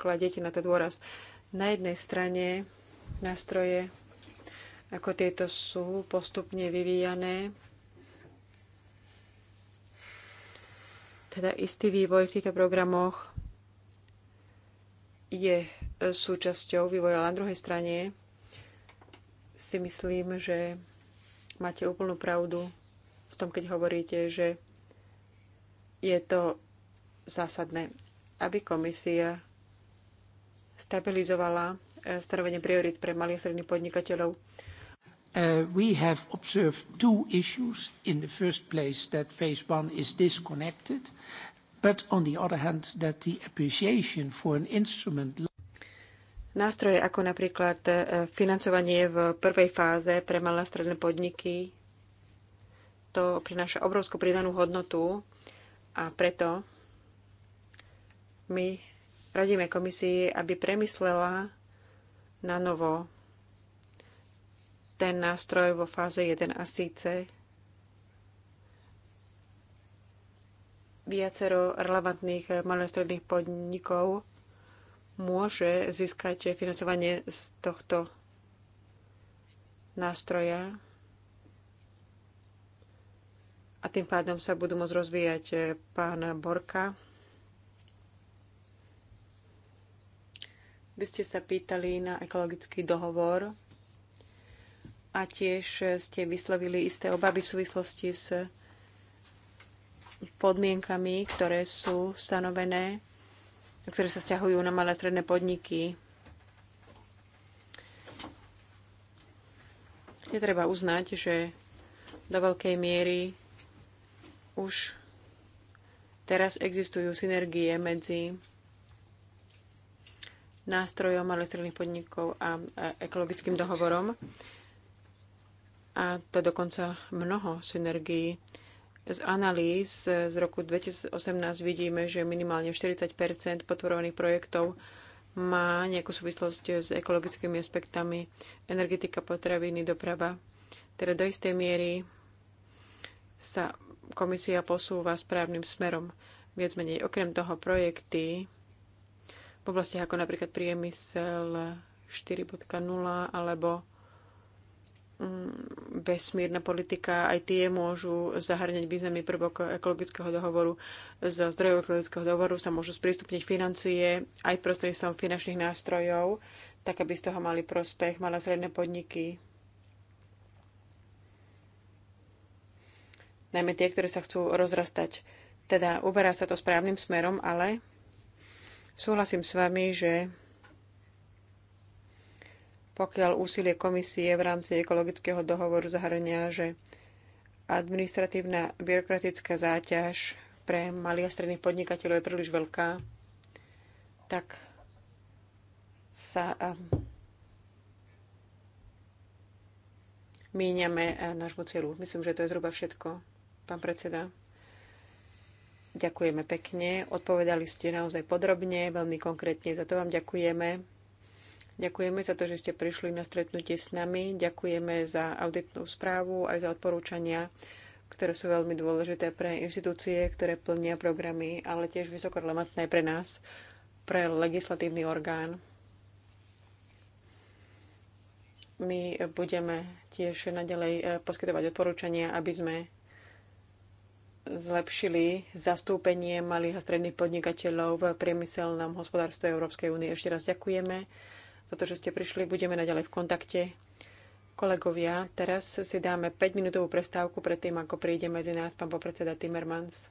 Kladete na to dôraz. Na jednej strane nástroje ako tieto sú postupne vyvíjané. Teda istý vývoj v týchto programoch je súčasťou vývoja. na druhej strane si myslím, že máte úplnú pravdu v tom, keď hovoríte, že je to zásadné, aby komisia stabilizovala eh, stanovenie priorit pre malých a stredných podnikateľov. Uh, we have observed two issues. In the first place, that phase one is disconnected, but on the other hand, that the appreciation for an instrument Like Nástroje ako napríklad e, financovanie v prvej fáze pre malé a stredné podniky, to prináša obrovskú pridanú hodnotu a preto my radíme komisii, aby premyslela na novo ten nástroj vo fáze 1 a síce viacero relevantných malostredných podnikov môže získať financovanie z tohto nástroja a tým pádom sa budú môcť rozvíjať e, pán Borka. Vy ste sa pýtali na ekologický dohovor a tiež ste vyslovili isté obavy v súvislosti s podmienkami, ktoré sú stanovené ktoré sa stiahujú na malé a stredné podniky. Je treba uznať, že do veľkej miery už teraz existujú synergie medzi nástrojom malých stredných podnikov a ekologickým dohovorom. A to dokonca mnoho synergií. Z analýz z roku 2018 vidíme, že minimálne 40 podporovaných projektov má nejakú súvislosť s ekologickými aspektami energetika, potraviny, doprava. Teda do istej miery sa komisia posúva správnym smerom. Viac menej okrem toho projekty v oblastiach ako napríklad priemysel 4.0 alebo Mm, vesmírna politika, aj tie môžu zahrňať významný prvok ekologického dohovoru. Z zdrojov ekologického dohovoru sa môžu sprístupniť financie aj prostredníctvom finančných nástrojov, tak aby z toho mali prospech malé stredné podniky. Najmä tie, ktoré sa chcú rozrastať. Teda uberá sa to správnym smerom, ale súhlasím s vami, že pokiaľ úsilie komisie v rámci ekologického dohovoru zahrania, že administratívna byrokratická záťaž pre malých a stredných podnikateľov je príliš veľká, tak sa ehm, míňame e, nášmu cieľu. Myslím, že to je zhruba všetko, pán predseda. Ďakujeme pekne. Odpovedali ste naozaj podrobne, veľmi konkrétne. Za to vám ďakujeme. Ďakujeme za to, že ste prišli na stretnutie s nami. Ďakujeme za auditnú správu aj za odporúčania, ktoré sú veľmi dôležité pre inštitúcie, ktoré plnia programy, ale tiež vysoko relevantné pre nás, pre legislatívny orgán. My budeme tiež naďalej eh, poskytovať odporúčania, aby sme zlepšili zastúpenie malých a stredných podnikateľov v priemyselnom hospodárstve Európskej únie. Ešte raz ďakujeme za to, že ste prišli. Budeme naďalej v kontakte. Kolegovia, teraz si dáme 5-minútovú prestávku pred tým, ako príde medzi nás pán popredseda Timmermans.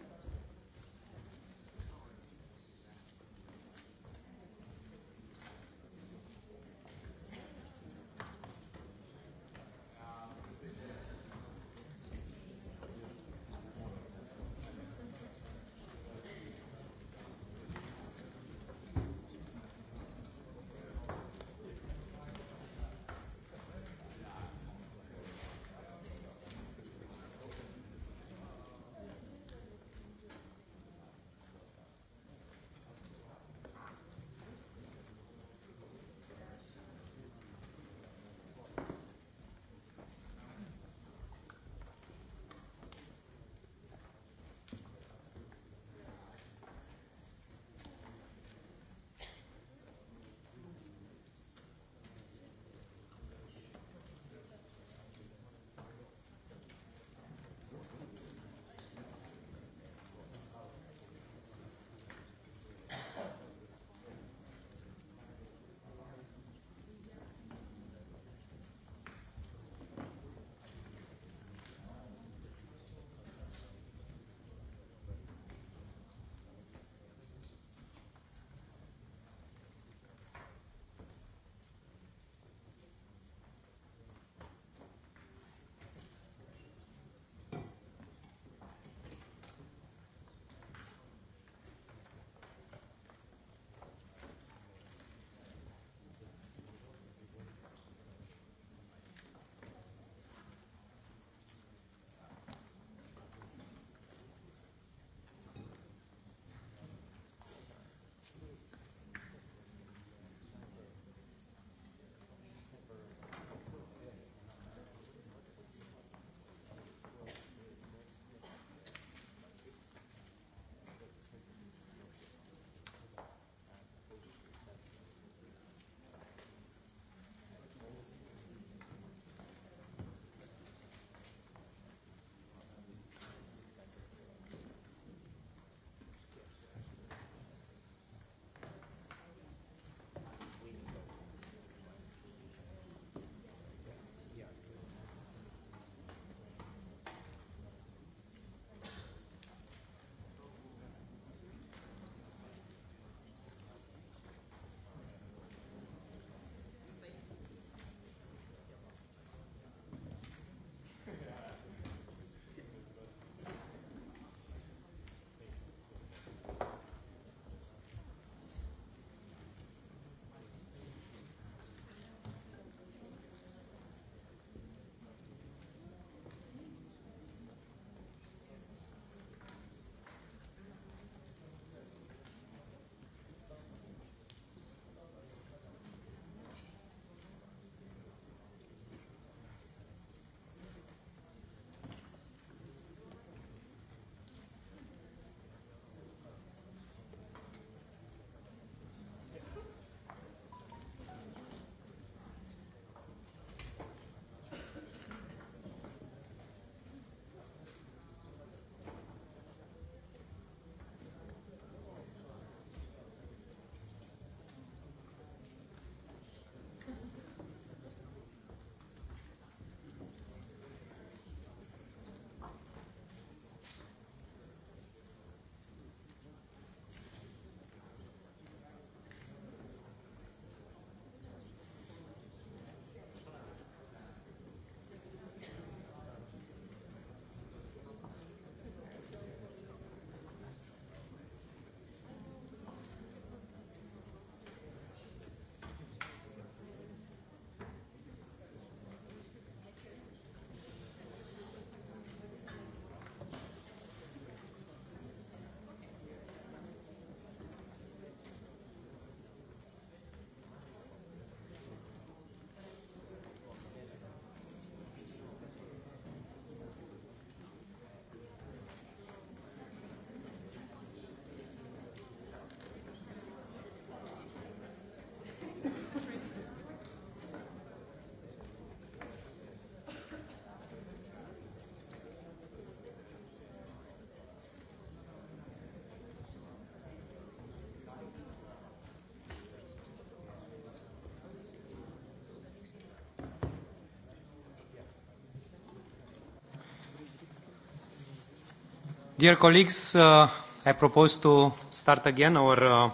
Dear colleagues, uh, I propose to start again our uh,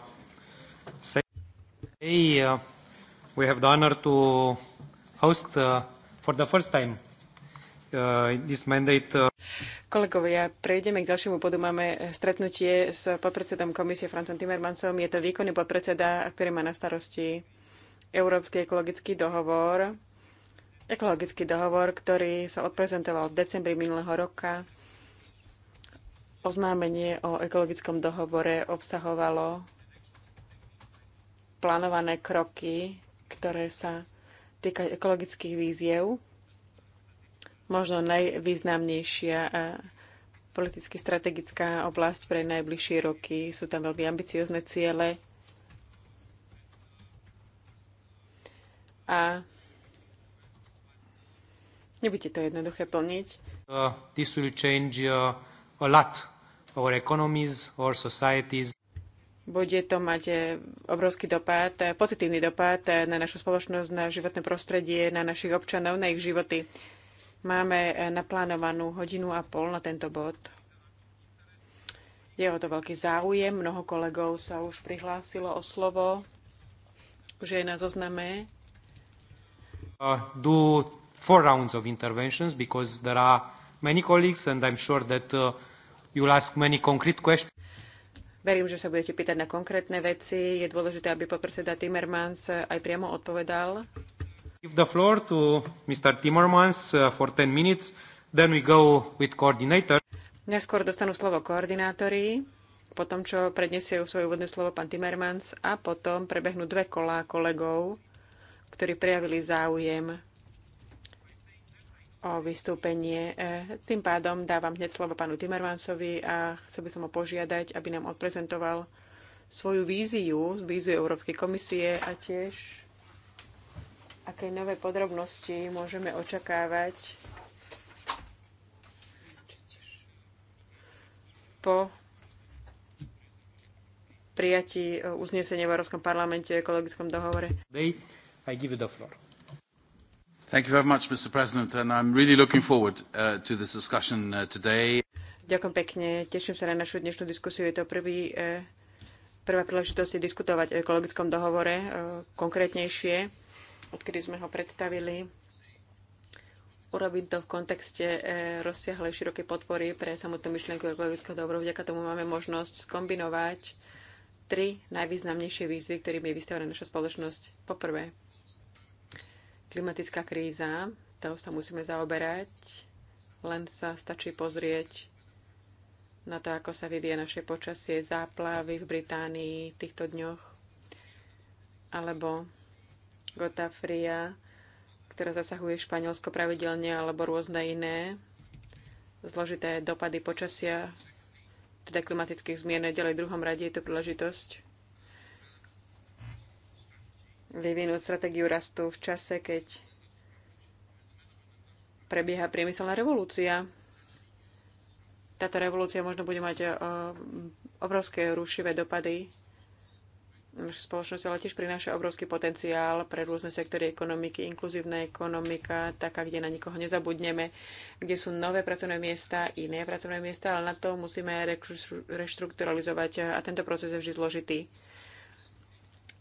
today uh, we have the honor to host uh, for the first time uh, this mandate. Uh... Kolegovia, prejdeme k ďalšiemu bodu. Máme stretnutie s podpredsedom komisie Francom Timmermansom. Je to výkonný podpredseda, ktorý má na starosti Európsky ekologický dohovor. Ekologický dohovor, ktorý sa odprezentoval v decembri minulého roka oznámenie o ekologickom dohovore obsahovalo plánované kroky, ktoré sa týkajú ekologických víziev. Možno najvýznamnejšia eh, politicky strategická oblasť pre najbližšie roky. Sú tam veľmi ambiciozne ciele. A nebude to jednoduché plniť. Uh, this will change uh, a lot or economies or societies. Bude to mať e, obrovský dopad, e, pozitívny dopad e, na našu spoločnosť, na životné prostredie, na našich občanov, na ich životy. Máme naplánovanú hodinu a pol na tento bod. Je o to veľký záujem, mnoho kolegov sa už prihlásilo o slovo, už je na zozname. Uh, do four rounds of interventions because there are many colleagues and I'm sure that uh, You'll ask many concrete questions. Verím, že sa budete pýtať na konkrétne veci. Je dôležité, aby podpredseda Timmermans eh, aj priamo odpovedal. Give the floor to Mr. Timmermans eh, for 10 minutes, then we go with coordinator. Neskôr dostanú slovo koordinátori, potom čo predniesie svoje úvodné slovo pán Timmermans a potom prebehnú dve kolá kolegov, ktorí prejavili záujem o vystúpenie. E, tým pádom dávam hneď slovo pánu Timmermansovi a chcel by som ho požiadať, aby nám odprezentoval svoju víziu, víziu Európskej komisie a tiež aké nové podrobnosti môžeme očakávať po prijatí e, uznesenia v Európskom parlamente ekologickom dohovore. I give the floor. Uh, uh, Ďakujem pekne. Teším sa na našu dnešnú diskusiu. Je to prvý, uh, prvá príležitosť diskutovať o ekologickom dohovore konkrétnejšie, odkedy sme ho predstavili. Urobím to v kontexte rozsiahlej širokej podpory pre samotnú myšlienku ekologického dohovoru. Vďaka tomu máme možnosť skombinovať tri najvýznamnejšie výzvy, ktorými je vystavená naša spoločnosť. Poprvé, Klimatická kríza, toho sa musíme zaoberať, len sa stačí pozrieť na to, ako sa vyvie naše počasie, záplavy v Británii v týchto dňoch, alebo gota fria, ktorá zasahuje Španielsko pravidelne, alebo rôzne iné zložité dopady počasia, teda klimatických zmien. Ďalej v druhom rade je to príležitosť vyvinúť stratégiu rastu v čase, keď prebieha priemyselná revolúcia. Táto revolúcia možno bude mať eh, obrovské rušivé dopady naša spoločnosť, ale tiež prináša obrovský potenciál pre rôzne sektory ekonomiky, inkluzívna ekonomika, taká, kde na nikoho nezabudneme, kde sú nové pracovné miesta, iné pracovné miesta, ale na to musíme reštrukturalizovať eh, a tento proces je vždy zložitý.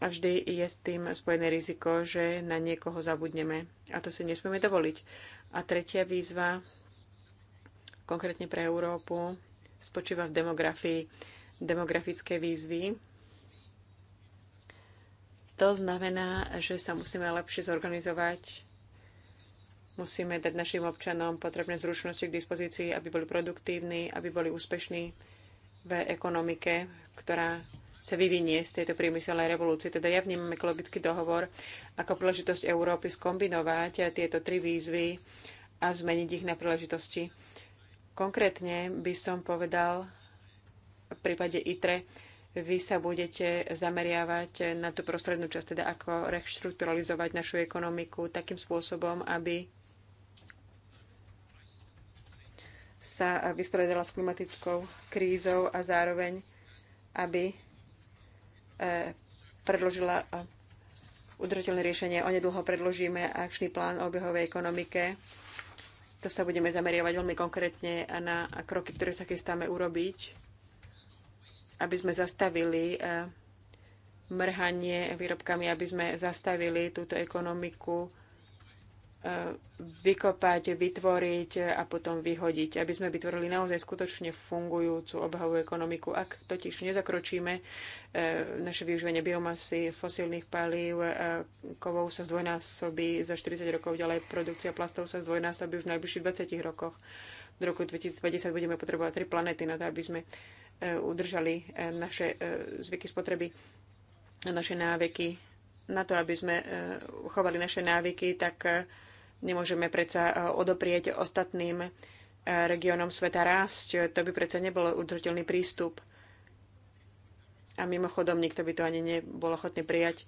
A vždy je s tým spojené riziko, že na niekoho zabudneme. A to si nesmieme dovoliť. A tretia výzva, konkrétne pre Európu, spočíva v demografii. Demografické výzvy. To znamená, že sa musíme lepšie zorganizovať, musíme dať našim občanom potrebné zručnosti k dispozícii, aby boli produktívni, aby boli úspešní v ekonomike, ktorá sa vyvinie z tejto priemyselnej revolúcie. Teda ja vnímam ekologický dohovor ako príležitosť Európy skombinovať tieto tri výzvy a zmeniť ich na príležitosti. Konkrétne by som povedal v prípade ITRE, vy sa budete zameriavať na tú prostrednú časť, teda ako reštrukturalizovať našu ekonomiku takým spôsobom, aby sa vysporiadala s klimatickou krízou a zároveň, aby E, predložila udržateľné riešenie. Onedlho predložíme akčný plán o obehovej ekonomike. To sa budeme zameriavať veľmi konkrétne na kroky, ktoré sa chystáme urobiť, aby sme zastavili e, mrhanie výrobkami, aby sme zastavili túto ekonomiku E, vykopať, vytvoriť a potom vyhodiť, aby sme vytvorili naozaj skutočne fungujúcu obhavú ekonomiku. Ak totiž nezakročíme e, naše využívanie biomasy, fosílnych palív, e, kovov sa zdvojnásobí za 40 rokov, ďalej produkcia plastov sa zdvojnásobí v najbližších 20 rokoch. Do roku 2050 budeme potrebovať tri planéty na to, aby sme udržali naše zvyky spotreby, naše návyky. Na to, aby sme uchovali naše návyky, tak Nemôžeme predsa e, odoprieť ostatným e, regiónom sveta rásť. To by predsa nebol udržateľný prístup. A mimochodom, nikto by to ani nebol ochotný prijať.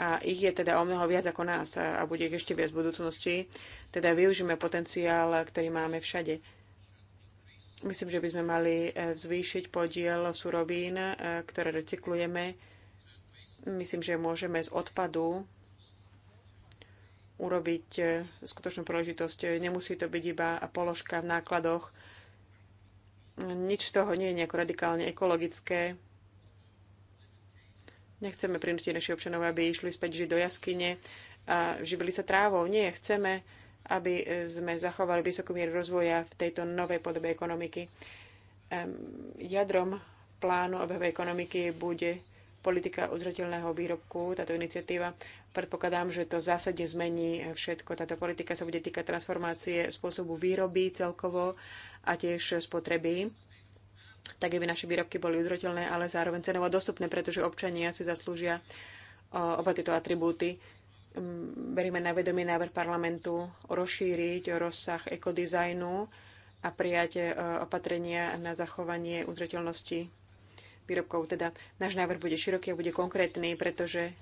A ich je teda o mnoho viac ako nás a bude ich ešte viac v budúcnosti. Teda využíme potenciál, ktorý máme všade. Myslím, že by sme mali e, zvýšiť podiel surovín, ktoré recyklujeme. Myslím, že môžeme z odpadu urobiť e, skutočnú príležitosť. E, nemusí to byť iba položka v nákladoch. Nič z toho nie je nejako radikálne ekologické. Nechceme prinútiť našich občanov, aby išli späť žiť do jaskyne a živili sa trávou. Nie, chceme, aby e, sme zachovali vysokú mieru rozvoja v tejto novej podobe ekonomiky. Jadrom plánu obehovej ekonomiky bude politika uzrateľného výrobku, táto iniciatíva. Predpokladám, že to zásadne zmení všetko. Táto politika sa bude týkať transformácie spôsobu výroby celkovo a tiež spotreby tak aby naše výrobky boli udrotelné, ale zároveň cenovo dostupné, pretože občania si zaslúžia oba tieto atribúty. Mm, berieme na vedomie návrh parlamentu rozšíriť rozsah ekodizajnu a prijať opatrenia na zachovanie udržateľnosti výrobkov. Teda náš návrh bude široký a bude konkrétny, pretože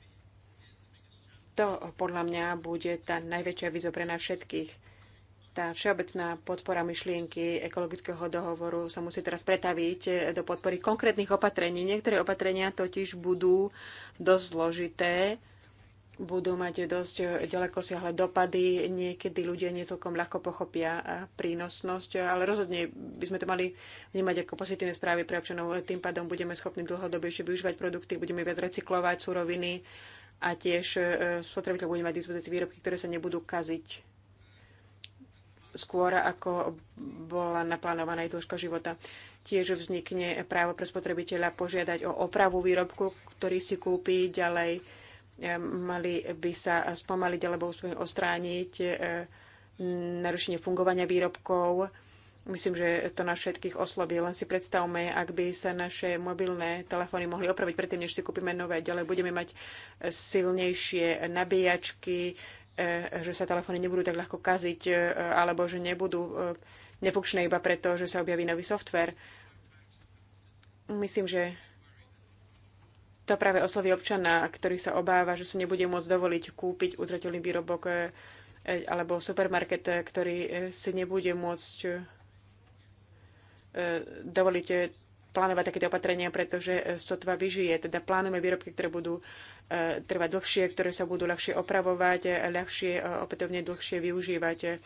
to podľa mňa bude tá najväčšia výzva pre nás všetkých. Tá všeobecná podpora myšlienky ekologického dohovoru sa musí teraz pretaviť do podpory konkrétnych opatrení. Niektoré opatrenia totiž budú dosť zložité budú mať dosť eh, ďaleko siahle dopady. Niekedy ľudia necelkom ľahko pochopia eh, prínosnosť, eh, ale rozhodne by sme to mali vnímať ako pozitívne správy pre občanov. Tým pádom budeme schopní dlhodobejšie využívať produkty, budeme viac recyklovať suroviny a tiež spotrebiteľ bude mať dispozície výrobky, ktoré sa nebudú kaziť skôr, ako bola naplánovaná aj dĺžka života. Tiež vznikne právo pre spotrebiteľa požiadať o opravu výrobku, ktorý si kúpi ďalej mali by sa spomaliť alebo ostrániť e, narušenie fungovania výrobkov. Myslím, že to na všetkých oslobí. Len si predstavme, ak by sa naše mobilné telefóny mohli opraviť predtým, než si kúpime nové. Ďalej budeme mať silnejšie nabíjačky, e, že sa telefóny nebudú tak ľahko kaziť, e, alebo že nebudú nefunkčné iba preto, že sa objaví nový software. Myslím, že to práve osloví občana, ktorý sa obáva, že si nebude môcť dovoliť kúpiť utratený výrobok e, e, alebo supermarket, e, ktorý si nebude môcť dovoliť plánovať takéto opatrenia, pretože sotva vyžije. Teda plánujeme výrobky, ktoré budú trvať dlhšie, ktoré sa budú ľahšie opravovať, ľahšie, opätovne dlhšie využívať.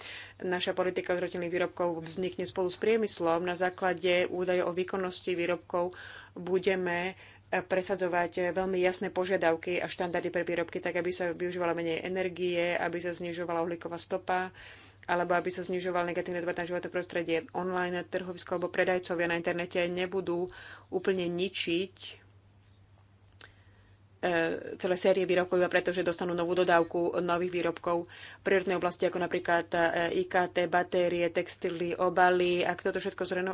Naša politika zrotilných výrobkov vznikne spolu s priemyslom. Na základe údajov o výkonnosti výrobkov budeme presadzovať eh, veľmi jasné požiadavky a štandardy pre výrobky, tak aby sa využívala menej energie, aby sa znižovala uhlíková stopa, alebo aby sa znižoval negatívny dopad na životné prostredie. Online trhovisko alebo predajcovia na internete nebudú úplne ničiť E, celé série výrobkov, iba preto, že dostanú novú dodávku nových výrobkov. prírodnej oblasti ako napríklad e, IKT, batérie, textily, obaly. Ak toto všetko e,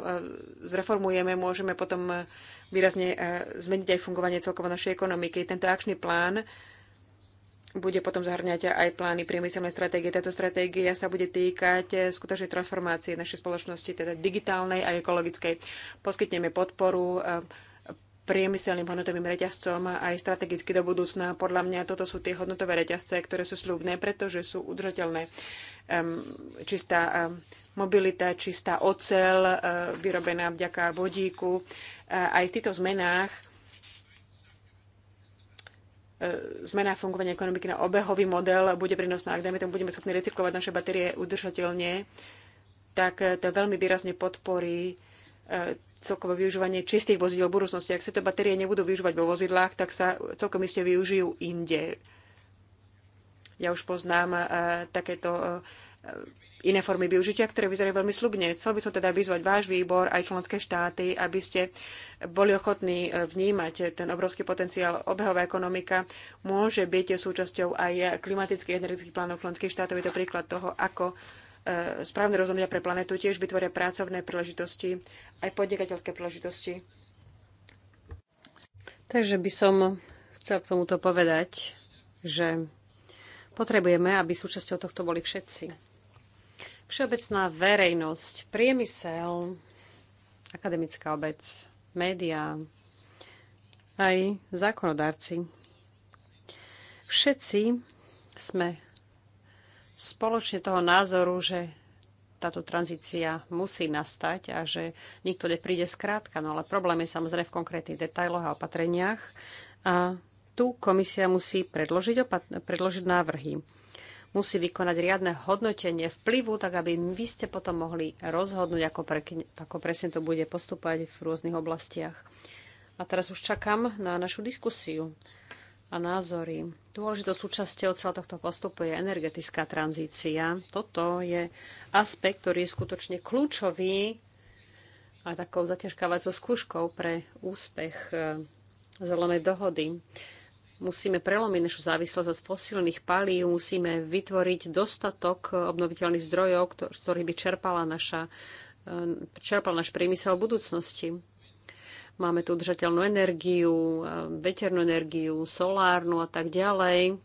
zreformujeme, môžeme potom výrazne zmeniť aj fungovanie celkovo našej ekonomiky. Tento akčný plán bude potom zahrňať aj plány priemyselnej stratégie. Táto stratégia sa bude týkať skutočnej transformácie našej spoločnosti, teda digitálnej a ekologickej. Poskytneme podporu priemyselným hodnotovým reťazcom aj strategicky do budúcna. Podľa mňa toto sú tie hodnotové reťazce, ktoré sú slúbne, pretože sú udržateľné. Čistá mobilita, čistá ocel, eh, vyrobená vďaka vodíku. Eh, aj v týchto zmenách eh, zmena fungovania ekonomiky na obehový model bude prínosná. Ak dajme tomu, budeme schopní recyklovať naše batérie udržateľne, tak to veľmi výrazne podporí E, celkové využívanie čistých vozidel v budúcnosti. Ak sa to batérie nebudú využívať vo vozidlách, tak sa celkom iste využijú inde. Ja už poznám e, takéto e, iné formy využitia, ktoré vyzerajú veľmi slubne. Chcel by som teda vyzvať váš výbor, aj členské štáty, aby ste boli ochotní vnímať ten obrovský potenciál. Obehová ekonomika môže byť súčasťou aj klimatických energetických plánov členských štátov. Je to príklad toho, ako správne rozhodnutia pre planetu tiež vytvoria pracovné príležitosti aj podnikateľské príležitosti. Takže by som chcel k tomuto povedať, že potrebujeme, aby súčasťou tohto boli všetci. Všeobecná verejnosť, priemysel, akademická obec, médiá, aj zákonodárci. Všetci sme spoločne toho názoru, že táto tranzícia musí nastať a že nikto nepríde skrátka. No ale problém je samozrejme v konkrétnych detailoch a opatreniach. A tu komisia musí predložiť, predložiť návrhy. Musí vykonať riadne hodnotenie vplyvu, tak aby vy ste potom mohli rozhodnúť, ako, pre, ako presne to bude postupovať v rôznych oblastiach. A teraz už čakám na našu diskusiu a názory. Dôležitou súčasťou celého tohto postupu je energetická tranzícia. Toto je aspekt, ktorý je skutočne kľúčový a takou zaťažkávacou skúškou pre úspech e, zelenej dohody. Musíme prelomiť našu závislosť od fosílnych palív, musíme vytvoriť dostatok obnoviteľných zdrojov, z ktorých by čerpala naša, e, čerpal náš priemysel v budúcnosti. Máme tu udržateľnú energiu, veternú energiu, solárnu a tak ďalej.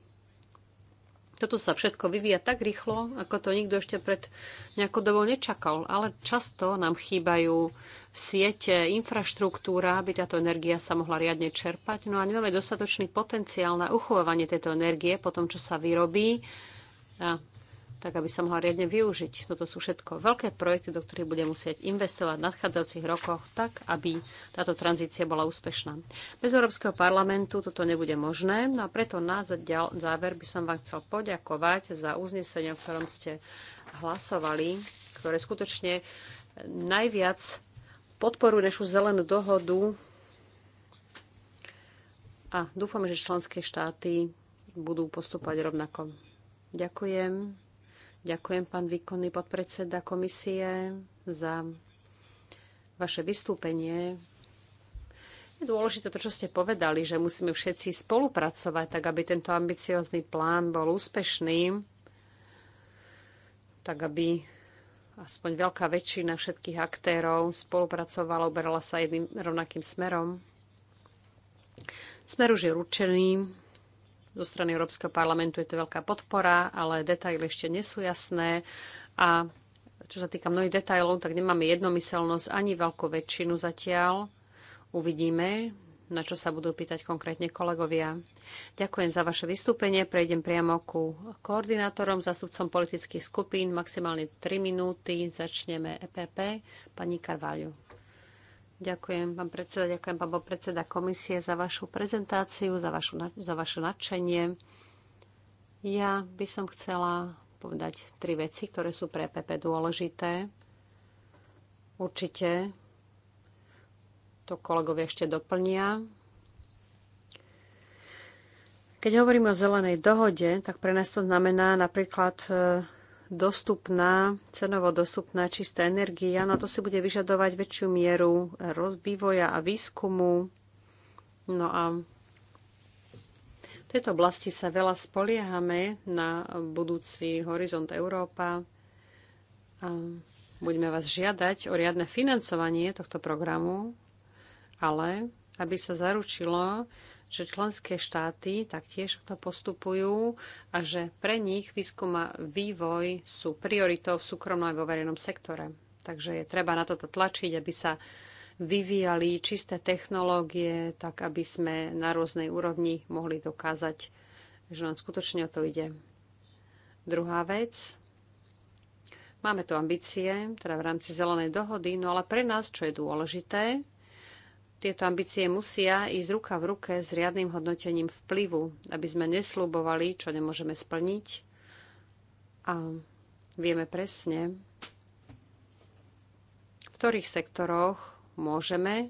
Toto sa všetko vyvíja tak rýchlo, ako to nikto ešte pred nejakou dobou nečakal. Ale často nám chýbajú siete, infraštruktúra, aby táto energia sa mohla riadne čerpať. No a nemáme dostatočný potenciál na uchovávanie tejto energie po tom, čo sa vyrobí. A tak aby sa mohla riadne využiť. Toto sú všetko veľké projekty, do ktorých bude musieť investovať v nadchádzajúcich rokoch, tak aby táto tranzícia bola úspešná. Bez Európskeho parlamentu toto nebude možné, no a preto na záver by som vám chcel poďakovať za uznesenie, o ktorom ste hlasovali, ktoré skutočne najviac podporuje našu zelenú dohodu a dúfame, že členské štáty budú postupovať rovnako. Ďakujem. Ďakujem, pán výkonný podpredseda komisie, za vaše vystúpenie. Je dôležité to, čo ste povedali, že musíme všetci spolupracovať, tak aby tento ambiciózny plán bol úspešný, tak aby aspoň veľká väčšina všetkých aktérov spolupracovala, uberala sa jedným rovnakým smerom. Smer už je ručený, zo strany Európskeho parlamentu je to veľká podpora, ale detaily ešte nie sú jasné. A čo sa týka mnohých detailov, tak nemáme jednomyselnosť ani veľkú väčšinu zatiaľ. Uvidíme, na čo sa budú pýtať konkrétne kolegovia. Ďakujem za vaše vystúpenie. Prejdem priamo ku koordinátorom, zastupcom politických skupín. Maximálne 3 minúty. Začneme EPP. Pani Karváľu. Ďakujem, pán predseda, ďakujem, pán predseda komisie, za vašu prezentáciu, za, vašu, za vaše nadšenie. Ja by som chcela povedať tri veci, ktoré sú pre PP dôležité. Určite to kolegovia ešte doplnia. Keď hovoríme o zelenej dohode, tak pre nás to znamená napríklad e, dostupná, cenovo dostupná čistá energia. Na no to si bude vyžadovať väčšiu mieru vývoja a výskumu. No a v tejto oblasti sa veľa spoliehame na budúci Horizont Európa. A budeme vás žiadať o riadne financovanie tohto programu, ale aby sa zaručilo, že členské štáty taktiež to postupujú a že pre nich výskum a vývoj sú prioritou v súkromnom aj vo verejnom sektore. Takže je treba na toto tlačiť, aby sa vyvíjali čisté technológie, tak aby sme na rôznej úrovni mohli dokázať, že nám skutočne o to ide. Druhá vec. Máme tu ambície, teda v rámci zelenej dohody, no ale pre nás, čo je dôležité, tieto ambície musia ísť ruka v ruke s riadnym hodnotením vplyvu, aby sme nesľubovali, čo nemôžeme splniť. A vieme presne, v ktorých sektoroch môžeme eh,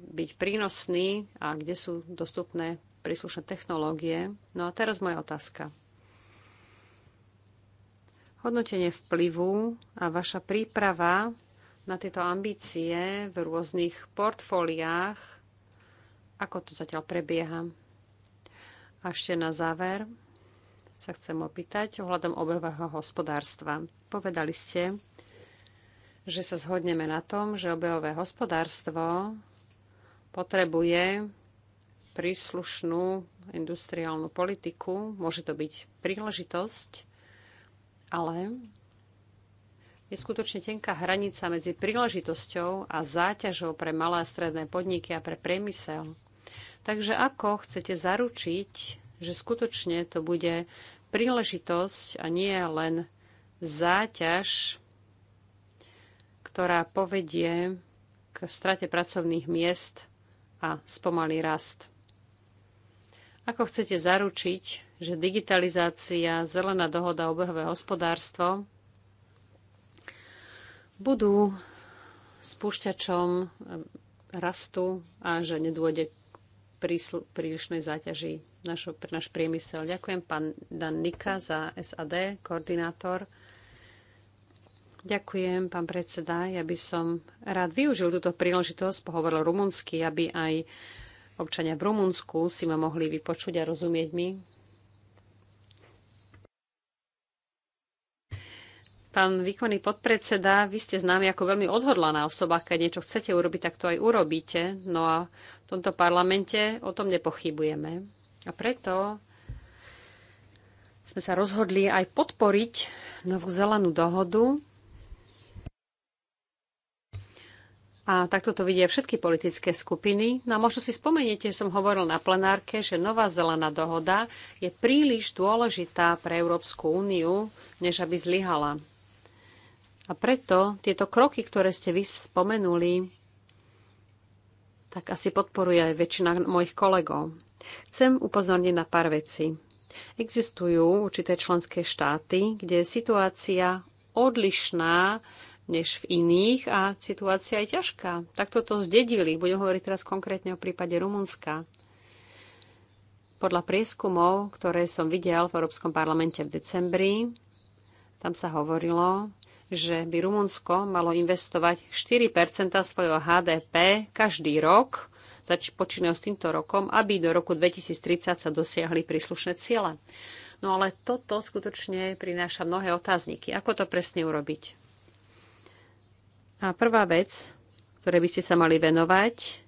byť prínosní a kde sú dostupné príslušné technológie. No a teraz moja otázka. Hodnotenie vplyvu a vaša príprava na tieto ambície v rôznych portfóliách. Ako to zatiaľ prebieha? A ešte na záver sa chcem opýtať ohľadom obehového hospodárstva. Povedali ste, že sa zhodneme na tom, že obehové hospodárstvo potrebuje príslušnú industriálnu politiku. Môže to byť príležitosť, ale je skutočne tenká hranica medzi príležitosťou a záťažou pre malé a stredné podniky a pre priemysel. Takže ako chcete zaručiť, že skutočne to bude príležitosť a nie len záťaž, ktorá povedie k strate pracovných miest a spomalý rast. Ako chcete zaručiť, že digitalizácia, zelená dohoda, obehové hospodárstvo budú spúšťačom eh, rastu a že nedôjde k prílišnej záťaži našo, pre náš priemysel. Ďakujem pán Dan Nika za SAD, koordinátor. Ďakujem, pán predseda. Ja by som rád využil túto príležitosť, pohovoril rumunsky, aby aj občania v Rumunsku si ma mohli vypočuť a rozumieť mi. Pán výkonný podpredseda, vy ste známi ako veľmi odhodlaná osoba. Keď niečo chcete urobiť, tak to aj urobíte. No a v tomto parlamente o tom nepochybujeme. A preto sme sa rozhodli aj podporiť Novú zelenú dohodu. A takto to vidia všetky politické skupiny. No a možno si spomeniete, že som hovoril na plenárke, že Nová zelená dohoda je príliš dôležitá pre Európsku úniu, než aby zlyhala. A preto tieto kroky, ktoré ste vy spomenuli, tak asi podporuje aj väčšina mojich kolegov. Chcem upozorniť na pár vecí. Existujú určité členské štáty, kde je situácia odlišná než v iných a situácia je ťažká. Takto to zdedili. Budem hovoriť teraz konkrétne o prípade Rumunska. Podľa prieskumov, ktoré som videl v Európskom parlamente v decembri, tam sa hovorilo, že by Rumunsko malo investovať 4 svojho HDP každý rok, zač- počínajú s týmto rokom, aby do roku 2030 sa dosiahli príslušné ciele. No ale toto skutočne prináša mnohé otázniky. Ako to presne urobiť? A prvá vec, ktoré by ste sa mali venovať,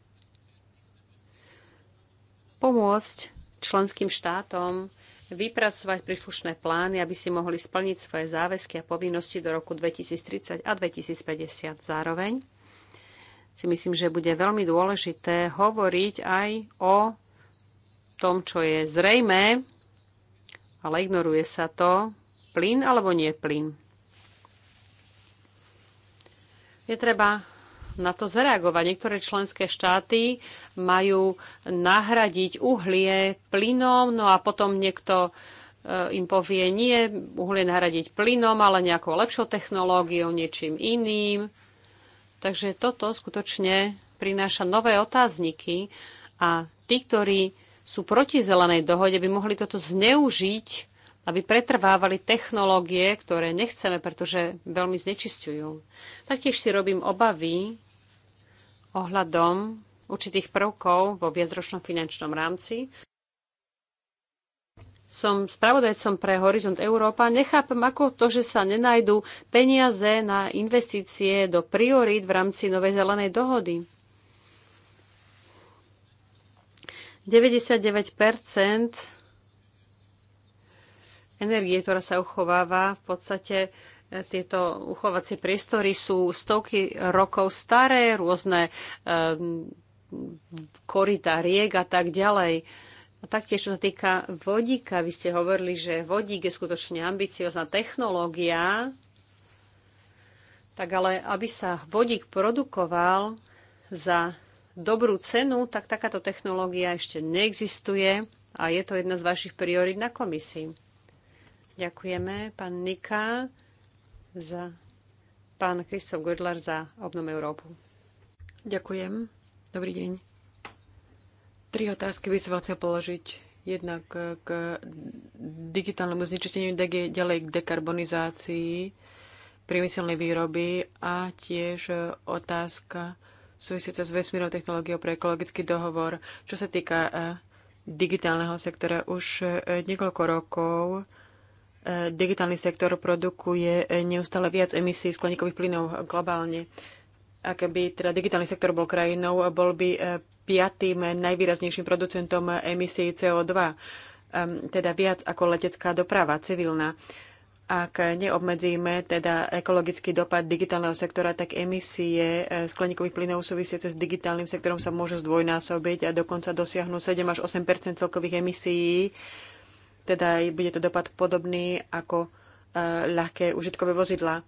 pomôcť členským štátom vypracovať príslušné plány, aby si mohli splniť svoje záväzky a povinnosti do roku 2030 a 2050 zároveň. Si myslím, že bude veľmi dôležité hovoriť aj o tom, čo je zrejmé, ale ignoruje sa to, plyn alebo nie plyn. Je treba na to zareagovať. Niektoré členské štáty majú nahradiť uhlie plynom, no a potom niekto e, im povie nie, uhlie nahradiť plynom, ale nejakou lepšou technológiou, niečím iným. Takže toto skutočne prináša nové otázniky a tí, ktorí sú proti zelenej dohode, by mohli toto zneužiť aby pretrvávali technológie, ktoré nechceme, pretože veľmi znečisťujú. Taktiež si robím obavy ohľadom určitých prvkov vo viacročnom finančnom rámci. Som spravodajcom pre Horizont Európa. Nechápem, ako to, že sa nenajdú peniaze na investície do priorít v rámci Novej zelenej dohody. 99 energie, ktorá sa uchováva. V podstate e, tieto uchovacie priestory sú stovky rokov staré, rôzne e, korytá riek a tak ďalej. A taktiež, čo sa týka vodíka, vy ste hovorili, že vodík je skutočne ambiciozná technológia, tak ale aby sa vodík produkoval za dobrú cenu, tak takáto technológia ešte neexistuje a je to jedna z vašich priorít na komisii. Ďakujeme pán Nika za pán Kristof Godlar za Obnom Európu. Ďakujem. Dobrý deň. Tri otázky by som chcel položiť jednak k digitálnemu znečisteniu ďalej k dekarbonizácii priemyselnej výroby a tiež otázka súvisiaca s vesmírnou technológiou pre ekologický dohovor. Čo sa týka eh, digitálneho sektora, už eh, niekoľko rokov E, digitálny sektor produkuje e, neustále viac emisí skleníkových plynov globálne. Ak by teda digitálny sektor bol krajinou, bol by e, piatým najvýraznejším producentom emisí CO2, teda viac ako letecká doprava, civilná. Ak neobmedzíme teda ekologický dopad digitálneho sektora, tak emisie skleníkových plynov súvisiace s digitálnym sektorom sa môžu zdvojnásobiť a dokonca dosiahnu 7 až 8 celkových emisií teda bude to dopad podobný ako e, ľahké užitkové vozidla.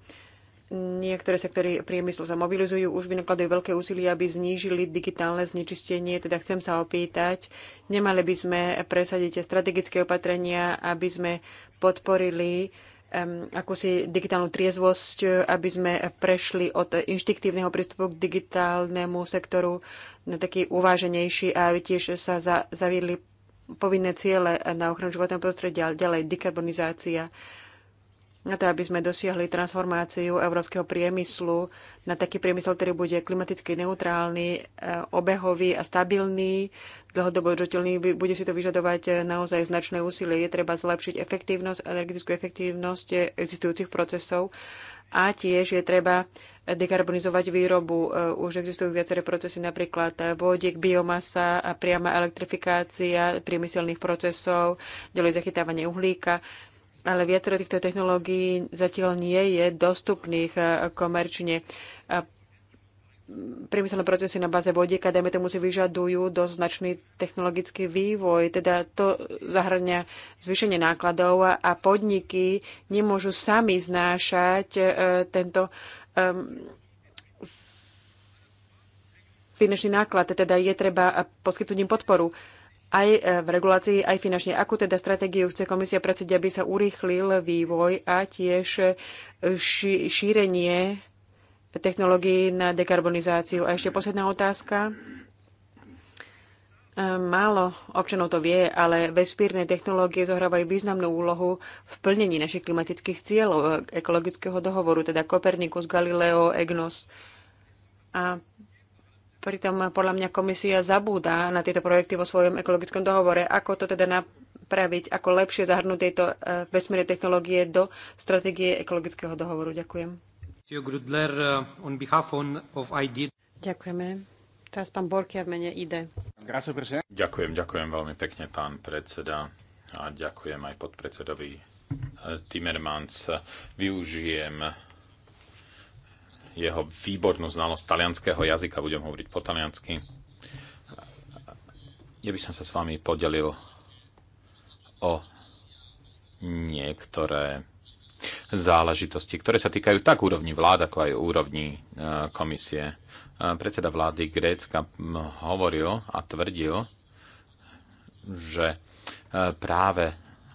Niektoré sektory priemyslu sa mobilizujú, už vynakladajú veľké úsilie, aby znížili digitálne znečistenie. Teda chcem sa opýtať, nemali by sme presadiť strategické opatrenia, aby sme podporili um, akúsi digitálnu triezvosť, aby sme prešli od inštiktívneho prístupu k digitálnemu sektoru na taký uváženejší a tiež sa za, zaviedli povinné ciele na ochranu životného prostredia, ďalej dekarbonizácia, na to, aby sme dosiahli transformáciu európskeho priemyslu na taký priemysel, ktorý bude klimaticky neutrálny, e, obehový a stabilný, dlhodobo udržateľný. Bude si to vyžadovať e, naozaj značné úsilie. Je treba zlepšiť efektívnosť, energetickú efektívnosť e, existujúcich procesov a tiež je treba dekarbonizovať výrobu. E, už existujú viaceré procesy, napríklad vodík, biomasa, priama elektrifikácia priemyselných procesov, ďalej zachytávanie uhlíka. Ale viacero týchto technológií zatiaľ nie je dostupných e, komerčne priemyselné procesy na báze vodíka, dajme tomu si vyžadujú dosť značný technologický vývoj, teda to zahrňa zvýšenie nákladov a podniky nemôžu sami znášať e, tento Ehm, finančný náklad, teda je treba poskytnúť im podporu aj e, v regulácii, aj finančne. Akú teda stratégiu chce komisia presediť, aby sa urýchlil vývoj a tiež e, šírenie technológií na dekarbonizáciu? A ešte posledná otázka. Málo občanov to vie, ale vesmírne technológie zohrávajú významnú úlohu v plnení našich klimatických cieľov e, ekologického dohovoru, teda Kopernikus, Galileo, EGNOS. A pritom podľa mňa komisia zabúda na tieto projekty vo svojom ekologickom dohovore. Ako to teda napraviť, ako lepšie zahrnúť tieto e, vesmírne technológie do stratégie ekologického dohovoru? Ďakujem. E, Ďakujeme. Teraz pán Borkia v mene ide. Ďakujem, ďakujem veľmi pekne, pán predseda. A ďakujem aj podpredsedovi eh, Timmermans. Využijem jeho výbornú znalosť talianského jazyka, budem hovoriť po taliansky. Ja by som sa s vami podelil o niektoré záležitosti, ktoré sa týkajú tak úrovni vlád, ako aj úrovni e, komisie. E, predseda vlády Grécka hovoril a tvrdil, že e, práve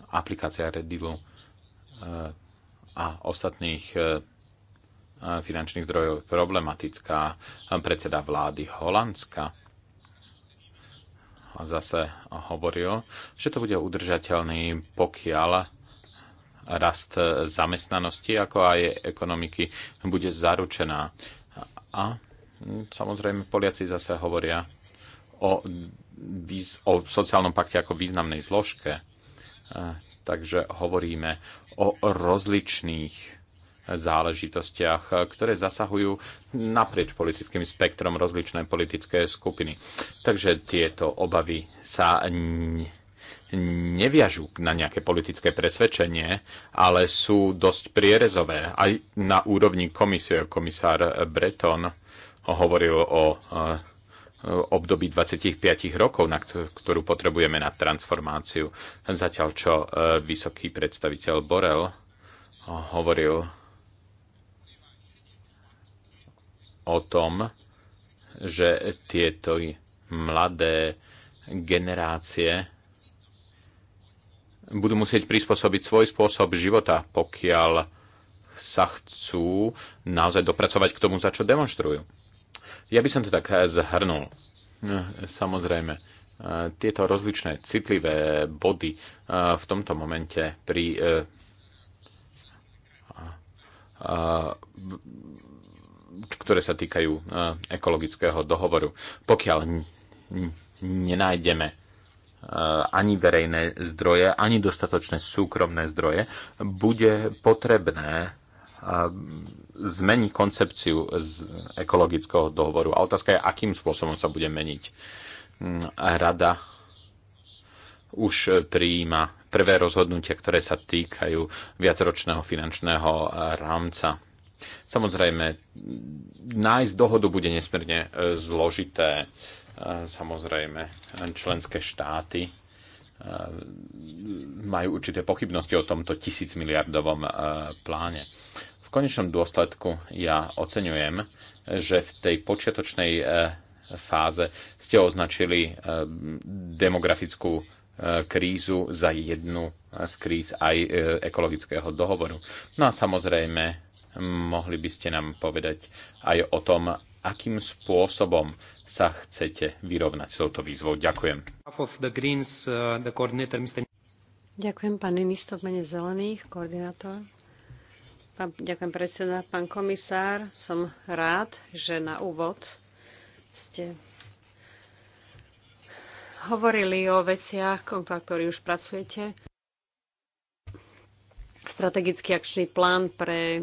aplikácia Redilu a ostatných finančných zdrojov je problematická. Predseda vlády Holandska zase hovoril, že to bude udržateľný, pokiaľ rast zamestnanosti, ako aj ekonomiky bude zaručená. A samozrejme Poliaci zase hovoria o, o sociálnom pakte ako významnej zložke. E, takže hovoríme o rozličných záležitostiach, ktoré zasahujú naprieč politickým spektrom rozličné politické skupiny. Takže tieto obavy sa neviažú na nejaké politické presvedčenie, ale sú dosť prierezové. Aj na úrovni komisie komisár Breton hovoril o eh, období 25 rokov, na ktorú potrebujeme na transformáciu. Zatiaľ čo eh, vysoký predstaviteľ Borel hovoril o tom, že tieto mladé generácie budú musieť prispôsobiť svoj spôsob života, pokiaľ sa chcú naozaj dopracovať k tomu, za čo demonstrujú. Ja by som to tak eh, zhrnul. Eh, samozrejme, eh, tieto rozličné citlivé body v tomto momente pri ktoré sa týkajú ekologického dohovoru. Pokiaľ nenájdeme Eh, ani verejné zdroje, ani dostatočné súkromné zdroje, bude potrebné eh, zmeniť koncepciu z ekologického dohovoru. A otázka je, akým spôsobom sa bude meniť. Mm, rada už prijíma prvé rozhodnutia, ktoré sa týkajú viacročného finančného eh, rámca. Samozrejme, nájsť dohodu bude nesmierne zložité Samozrejme, členské štáty majú určité pochybnosti o tomto tisíc miliardovom pláne. V konečnom dôsledku ja oceňujem, že v tej počiatočnej e, fáze ste označili e, demografickú e, krízu za jednu z kríz aj ekologického dohovoru. No a samozrejme, mohli by ste nám povedať aj o tom, akým spôsobom sa chcete vyrovnať s touto výzvou. Ďakujem. Uh, ďakujem, pán minister, v mene zelených, koordinátor. Pán, ďakujem, predseda. Pán komisár, som rád, že na úvod ste hovorili o veciach, na ktorých už pracujete strategický akčný plán pre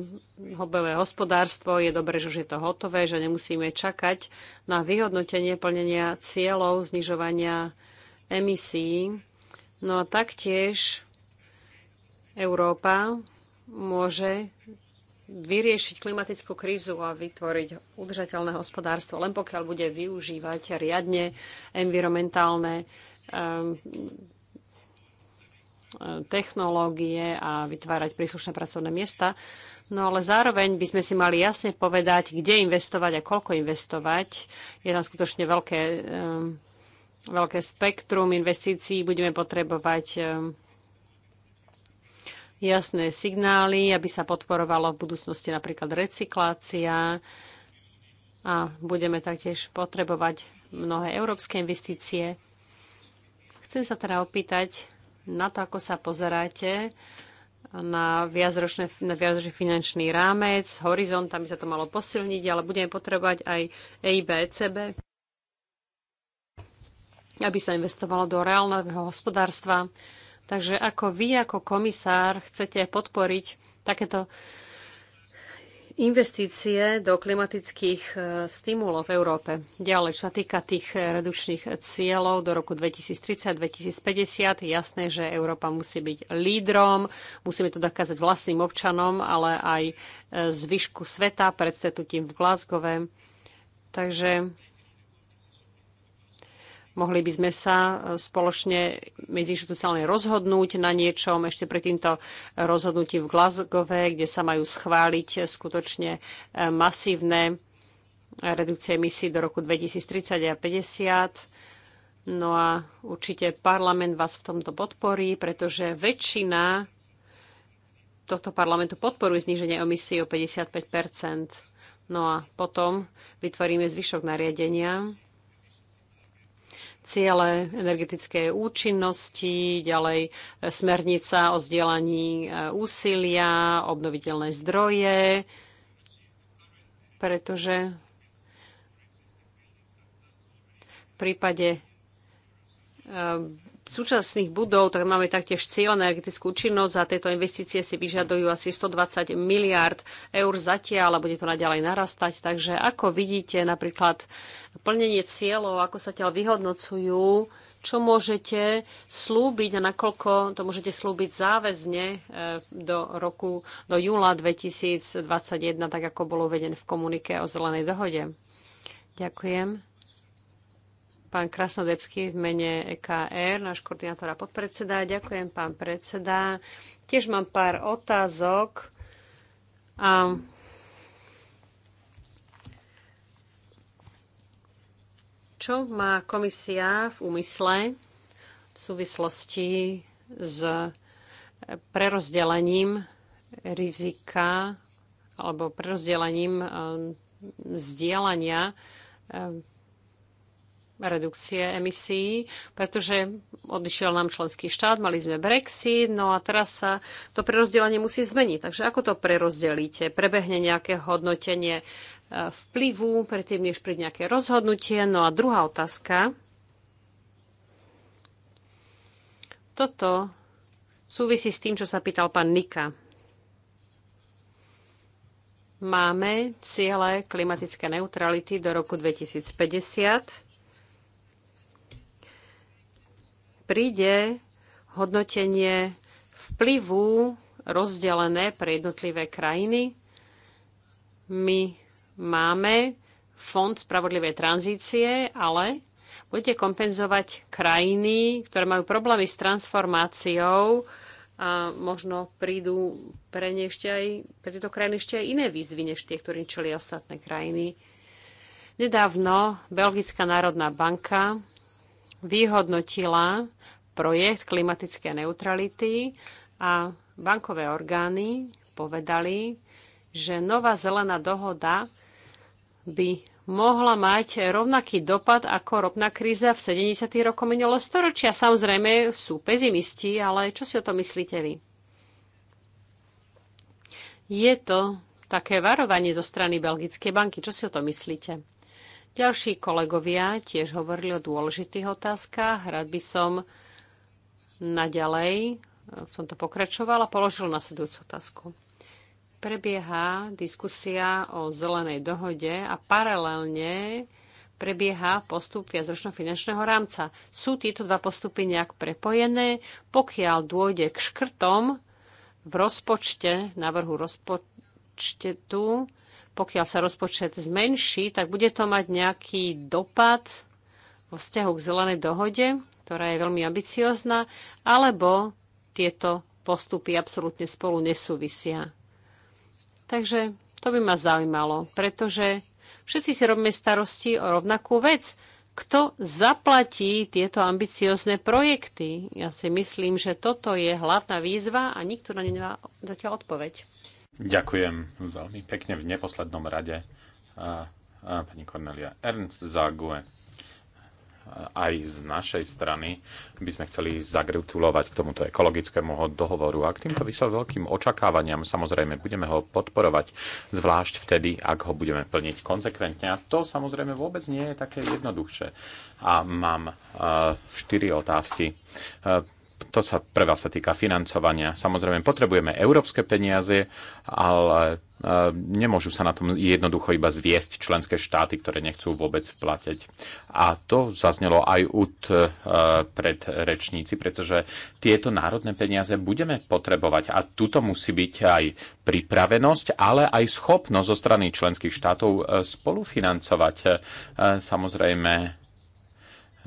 hobové hospodárstvo. Je dobré, že už je to hotové, že nemusíme čakať na vyhodnotenie plnenia cieľov znižovania emisí. No a taktiež Európa môže vyriešiť klimatickú krízu a vytvoriť udržateľné hospodárstvo, len pokiaľ bude využívať riadne environmentálne um, technológie a vytvárať príslušné pracovné miesta. No ale zároveň by sme si mali jasne povedať, kde investovať a koľko investovať. Je tam skutočne veľké, veľké spektrum investícií. Budeme potrebovať jasné signály, aby sa podporovalo v budúcnosti napríklad recyklácia a budeme taktiež potrebovať mnohé európske investície. Chcem sa teda opýtať, na to, ako sa pozeráte na viacročný, na viacročný finančný rámec, horizont, tam by sa to malo posilniť, ale budeme potrebovať aj EIB, ECB, aby sa investovalo do reálneho hospodárstva. Takže ako vy, ako komisár, chcete podporiť takéto investície do klimatických e, stimulov v Európe. Ďalej, čo sa týka tých redučných cieľov do roku 2030-2050, jasné, že Európa musí byť lídrom, musíme to dokázať vlastným občanom, ale aj e, zvyšku sveta pred v Glasgowem. Takže Mohli by sme sa e, spoločne medziinstitucionálne rozhodnúť na niečom ešte pre týmto rozhodnutím v Glasgowe, kde sa majú schváliť skutočne e, masívne redukcie emisí do roku 2030 a 50. No a určite parlament vás v tomto podporí, pretože väčšina tohto parlamentu podporuje zníženie emisí o 55 No a potom vytvoríme zvyšok nariadenia, ciele energetickej účinnosti, ďalej e, smernica o zdieľaní e, úsilia, obnoviteľné zdroje, pretože v prípade e, súčasných budov, tak máme taktiež cieľ na energetickú činnosť a tieto investície si vyžadujú asi 120 miliard eur zatiaľ a bude to naďalej narastať. Takže ako vidíte napríklad plnenie cieľov, ako sa ťaľ vyhodnocujú, čo môžete slúbiť a nakoľko to môžete slúbiť záväzne e, do roku, do júla 2021, tak ako bolo uvedené v komunike o zelenej dohode. Ďakujem pán Krasnodebský v mene EKR, náš koordinátor a podpredseda. Ďakujem, pán predseda. Tiež mám pár otázok. A čo má komisia v úmysle v súvislosti s prerozdelením rizika alebo prerozdelením eh, zdieľania eh, redukcie emisí, pretože odišiel nám členský štát, mali sme Brexit, no a teraz sa to prerozdelenie musí zmeniť. Takže ako to prerozdelíte? Prebehne nejaké hodnotenie e, vplyvu, predtým než príde nejaké rozhodnutie. No a druhá otázka. Toto súvisí s tým, čo sa pýtal pán Nika. Máme ciele klimatické neutrality do roku 2050 príde hodnotenie vplyvu rozdelené pre jednotlivé krajiny. My máme fond spravodlivej tranzície, ale budete kompenzovať krajiny, ktoré majú problémy s transformáciou a možno prídu pre, ne ešte aj, pre tieto krajiny ešte aj iné výzvy, než tie, ktorým čelia ostatné krajiny. Nedávno Belgická národná banka vyhodnotila projekt klimatické neutrality a bankové orgány povedali, že nová zelená dohoda by mohla mať rovnaký dopad ako ropná kríza v 70. rokoch minulého storočia. Samozrejme sú pezimisti, ale čo si o to myslíte vy? Je to také varovanie zo strany Belgickej banky. Čo si o to myslíte? Ďalší kolegovia tiež hovorili o dôležitých otázkach. Rád by som naďalej e, v tomto pokračoval a položil nasledujúcu otázku. Prebieha diskusia o zelenej dohode a paralelne prebieha postup viacročného finančného rámca. Sú tieto dva postupy nejak prepojené? Pokiaľ dôjde k škrtom v rozpočte, návrhu rozpočtu, pokiaľ sa rozpočet zmenší, tak bude to mať nejaký dopad vo vzťahu k zelenej dohode, ktorá je veľmi ambiciozná, alebo tieto postupy absolútne spolu nesúvisia. Takže to by ma zaujímalo, pretože všetci si robíme starosti o rovnakú vec. Kto zaplatí tieto ambiciozne projekty? Ja si myslím, že toto je hlavná výzva a nikto na ne nemá zatiaľ odpoveď. Ďakujem veľmi pekne v neposlednom rade a, a pani Cornelia Ernst Zague. Aj z našej strany by sme chceli zagratulovať k tomuto ekologickému dohovoru a k týmto vyslal veľkým očakávaniam. Samozrejme, budeme ho podporovať, zvlášť vtedy, ak ho budeme plniť konsekventne. A to samozrejme vôbec nie je také jednoduchšie. A mám uh, štyri otázky. Uh, to sa pre vás sa týka financovania. Samozrejme, potrebujeme európske peniaze, ale e, nemôžu sa na tom jednoducho iba zviesť členské štáty, ktoré nechcú vôbec platiť. A to zaznelo aj od e, pred rečníci, pretože tieto národné peniaze budeme potrebovať. A tuto musí byť aj pripravenosť, ale aj schopnosť zo strany členských štátov e, spolufinancovať. Samozrejme,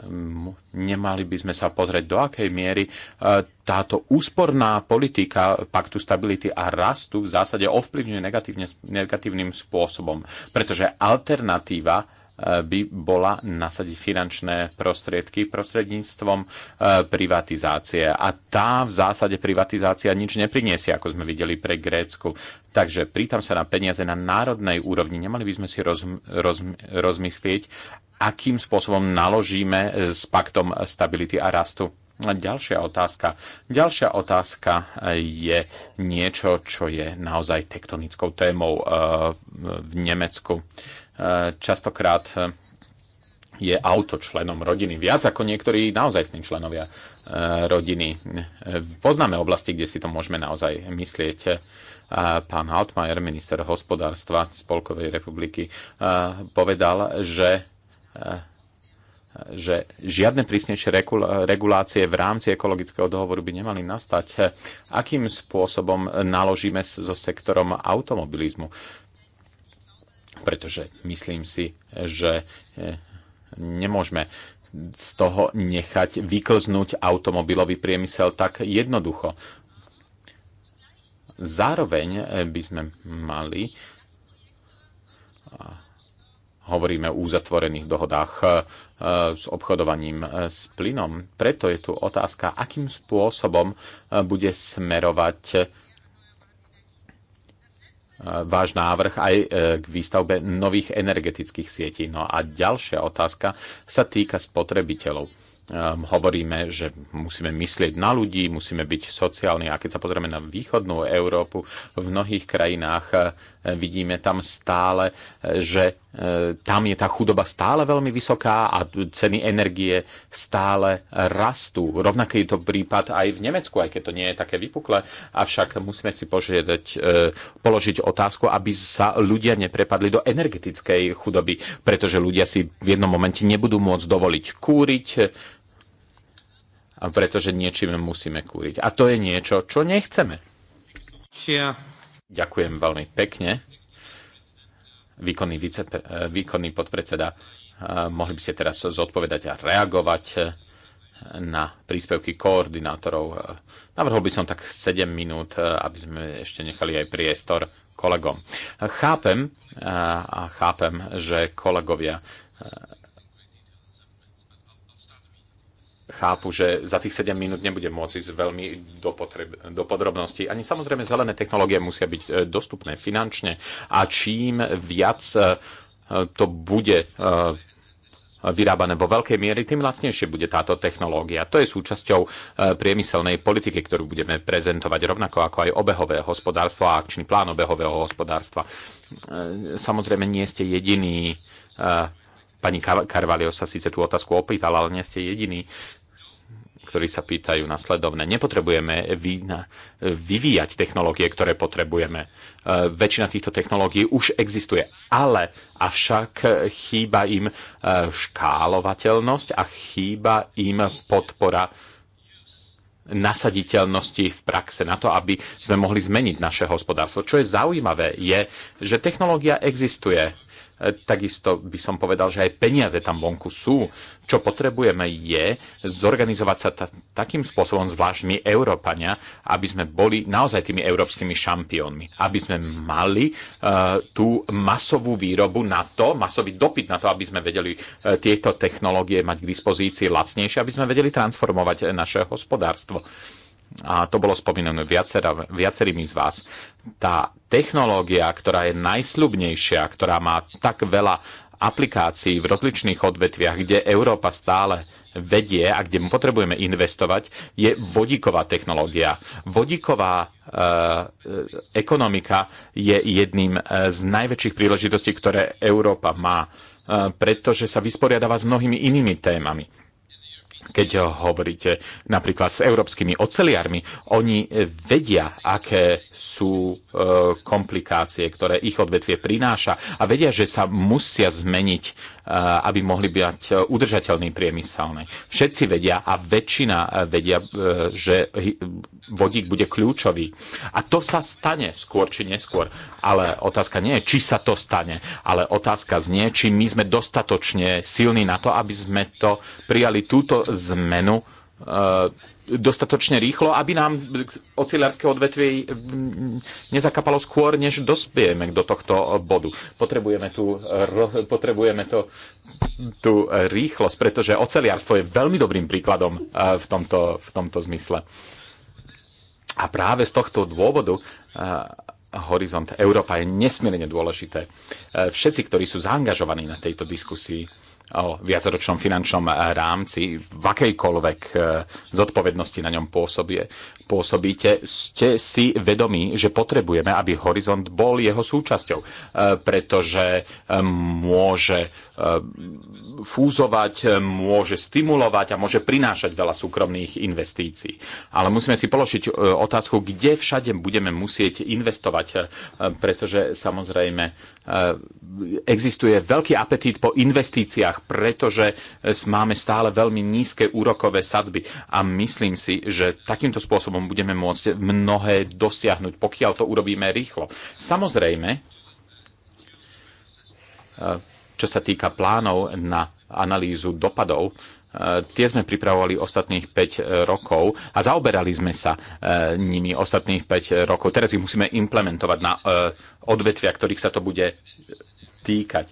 Ehm, nemali by sme sa pozrieť, do akej miery e, táto úsporná politika paktu stability a rastu v zásade ovplyvňuje negatívne, negatívnym spôsobom. Pretože alternatíva E, by bola nasadiť finančné prostriedky prostredníctvom e, privatizácie. A tá v zásade privatizácia nič nepriniesie, ako sme videli pre Grécku. Takže prítam sa na peniaze na národnej úrovni. Nemali by sme si roz, roz, rozmyslieť, akým spôsobom naložíme s paktom stability a rastu. A ďalšia otázka. Ďalšia otázka je niečo, čo je naozaj tektonickou témou e, v Nemecku častokrát eh, je auto členom rodiny. Viac ako niektorí naozaj s členovia eh, rodiny. Eh, poznáme oblasti, kde si to môžeme naozaj myslieť. Pán Altmaier, minister hospodárstva Spolkovej republiky, povedal, že že žiadne prísnejšie regulácie v rámci ekologického dohovoru by nemali nastať. Akým spôsobom naložíme so sektorom automobilizmu? pretože myslím si, že e, nemôžeme z toho nechať vyklznúť automobilový priemysel tak jednoducho. Zároveň e, by sme mali, hovoríme o uzatvorených dohodách e, s obchodovaním s plynom, preto je tu otázka, akým spôsobom bude smerovať váš návrh aj e, k výstavbe nových energetických sietí. No a ďalšia otázka sa týka spotrebiteľov Ehm, hovoríme, že musíme myslieť na ľudí, musíme byť sociálni. A keď sa pozrieme na východnú Európu, v mnohých krajinách ehm, vidíme tam stále, ehm, že tam je tá chudoba stále veľmi vysoká a ceny energie stále rastú. Rovnaký je to prípad aj v Nemecku, aj keď to nie je také vypukle. Avšak musíme si požiadať, položiť otázku, aby sa ľudia neprepadli do energetickej chudoby, pretože ľudia si v jednom momente nebudú môcť dovoliť kúriť, pretože niečím musíme kúriť. A to je niečo, čo nechceme. Čia. Ďakujem veľmi pekne. Výkonný, vice, eh, výkonný podpredseda, eh, mohli by ste teraz zodpovedať a reagovať eh, na príspevky koordinátorov. Navrhol by som tak 7 minút, aby sme ešte nechali aj priestor kolegom. Chápem a chápem, že kolegovia chápu, že za tých 7 minút nebudem môcť ísť veľmi do, potreb, do podrobností. Ani samozrejme zelené technológie musia byť e, dostupné finančne a čím viac e, e, to bude vyrábané vo veľkej miery, tým lacnejšie bude táto technológia. To je súčasťou priemyselnej politiky, ktorú budeme prezentovať, rovnako ako aj obehové hospodárstvo a akčný plán obehového hospodárstva. Samozrejme, nie ste jediný. Pani Karvalio sa síce tú otázku opýtala, ale nie ste jediný, ktorí sa pýtajú nasledovne. Nepotrebujeme vyvíjať technológie, ktoré potrebujeme. E, väčšina týchto technológií už existuje, ale avšak chýba im e, škálovateľnosť a chýba im podpora nasaditeľnosti v praxe na to, aby sme mohli zmeniť naše hospodárstvo. Čo je zaujímavé, je, že technológia existuje Takisto by som povedal, že aj peniaze tam vonku sú. Čo potrebujeme je zorganizovať sa takým spôsobom, zvlášť my Európania, aby sme boli naozaj tými európskymi šampiónmi. Aby sme mali uh, tú masovú výrobu na to, masový dopyt na to, aby sme vedeli uh, tieto technológie mať k dispozícii lacnejšie, aby sme vedeli transformovať naše hospodárstvo. Uh, a to bolo spomínané viacera, viacerými z vás, tá technológia, ktorá je najsľubnejšia, ktorá má tak veľa aplikácií v rozličných odvetviach, kde Európa stále vedie a kde potrebujeme investovať, je vodíková technológia. Vodíková e, e ekonomika je jedným e, z najväčších príležitostí, ktoré Európa má, e, pretože sa vysporiadáva s mnohými inými témami keď hovoríte napríklad s európskymi oceliarmi, oni vedia, aké sú e, komplikácie, ktoré ich odvetvie prináša a vedia, že sa musia zmeniť Eh, aby mohli byť eh, udržateľný priemyselný. Všetci vedia a väčšina eh, vedia, že vodík bude kľúčový. A to sa stane skôr či neskôr. Ale otázka nie je, či sa to stane, ale otázka znie, či my sme dostatočne silní na to, aby sme to prijali túto zmenu E, dostatočne rýchlo, aby nám ocilárske odvetvie nezakapalo skôr, než dospieme do tohto bodu. Potrebujeme, tu, potrebujeme to, tú rýchlosť, pretože oceliarstvo je veľmi dobrým príkladom e, v tomto, v tomto zmysle. A práve z tohto dôvodu e, horizont Európa je nesmierne dôležité. Všetci, ktorí sú zaangažovaní na tejto diskusii, o viacročnom finančnom eh, rámci v akejkoľvek eh, zodpovednosti na ňom pôsobie, pôsobíte, ste si vedomí, že potrebujeme, aby Horizont bol jeho súčasťou, eh, pretože môže Ehm, fúzovať, ehm, môže stimulovať a môže prinášať veľa súkromných investícií. Ale musíme si položiť e, otázku, kde všade budeme musieť investovať, e, pretože samozrejme e, existuje veľký apetít po investíciách, pretože máme stále veľmi nízke úrokové sadzby a myslím si, že takýmto spôsobom budeme môcť mnohé dosiahnuť, pokiaľ to urobíme rýchlo. Samozrejme, čo sa týka plánov na analýzu dopadov, e, tie sme pripravovali ostatných 5 e, rokov a zaoberali sme sa e, nimi ostatných 5 rokov. Teraz ich musíme implementovať na odvetvia, ktorých sa to bude týkať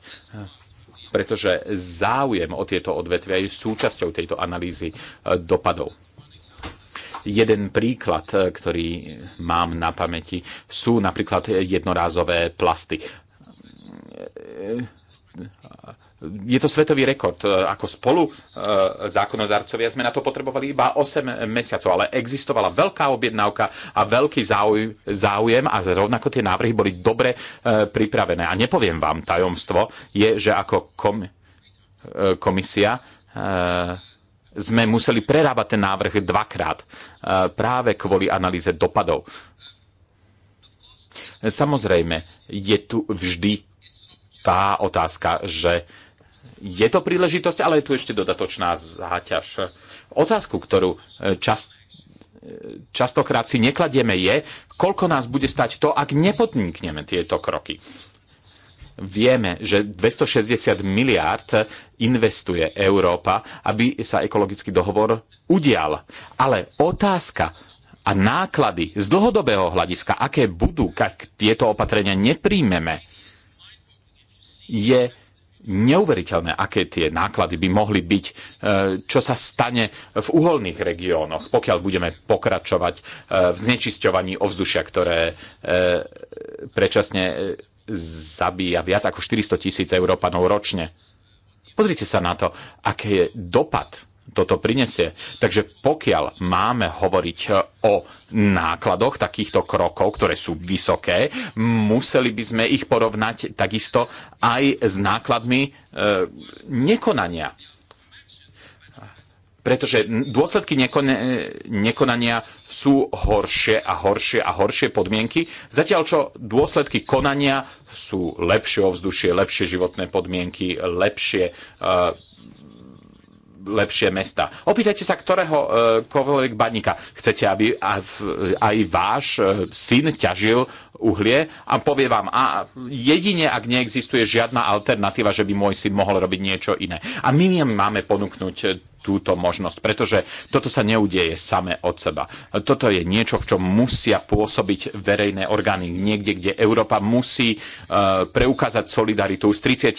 pretože záujem o tieto odvetvia je súčasťou tejto analýzy dopadov. Jeden príklad, ktorý mám na pamäti, sú napríklad jednorázové plasty je to svetový rekord. E, ako spolu e, zákonodarcovia sme na to potrebovali iba 8 mesiacov, ale existovala veľká objednávka a veľký záujem a rovnako tie návrhy boli dobre e, pripravené. A nepoviem vám tajomstvo, je, že ako komisia sme museli prerábať ten návrh dvakrát práve kvôli analýze dopadov. Samozrejme, je tu vždy tá otázka, že je to príležitosť, ale je tu ešte dodatočná záťaž. Otázku, ktorú e, čas, e, častokrát si nekladieme, je, koľko nás bude stať to, ak nepodnikneme tieto kroky. Vieme, že 260 miliárd investuje Európa, aby sa ekologický dohovor udial. Ale otázka, a náklady z dlhodobého hľadiska, aké budú, ak tieto opatrenia nepríjmeme, je neuveriteľné, aké tie náklady by mohli byť, e, čo sa stane v uholných regiónoch, pokiaľ budeme pokračovať e, v znečisťovaní ovzdušia, ktoré e, predčasne zabíja viac ako 400 tisíc Európanov ročne. Pozrite sa na to, aký je dopad toto prinesie. Takže pokiaľ máme hovoriť e, o nákladoch takýchto krokov, ktoré sú vysoké, museli by sme ich porovnať takisto aj s nákladmi e, nekonania. Pretože dôsledky nekon- nekonania sú horšie a horšie a horšie podmienky, zatiaľ čo dôsledky konania sú lepšie ovzdušie, lepšie životné podmienky, lepšie e, lepšie mesta. Opýtajte sa, ktorého e, kovoľvek baníka chcete, aby aj váš e, syn ťažil uhlie a povie vám, a jedine ak neexistuje žiadna alternatíva, že by môj syn mohol robiť niečo iné. A my im máme ponúknuť e, túto možnosť, pretože toto sa neudeje same od seba. Toto je niečo, v čom musia pôsobiť verejné orgány. Niekde, kde Európa musí uh, preukázať solidaritu s 30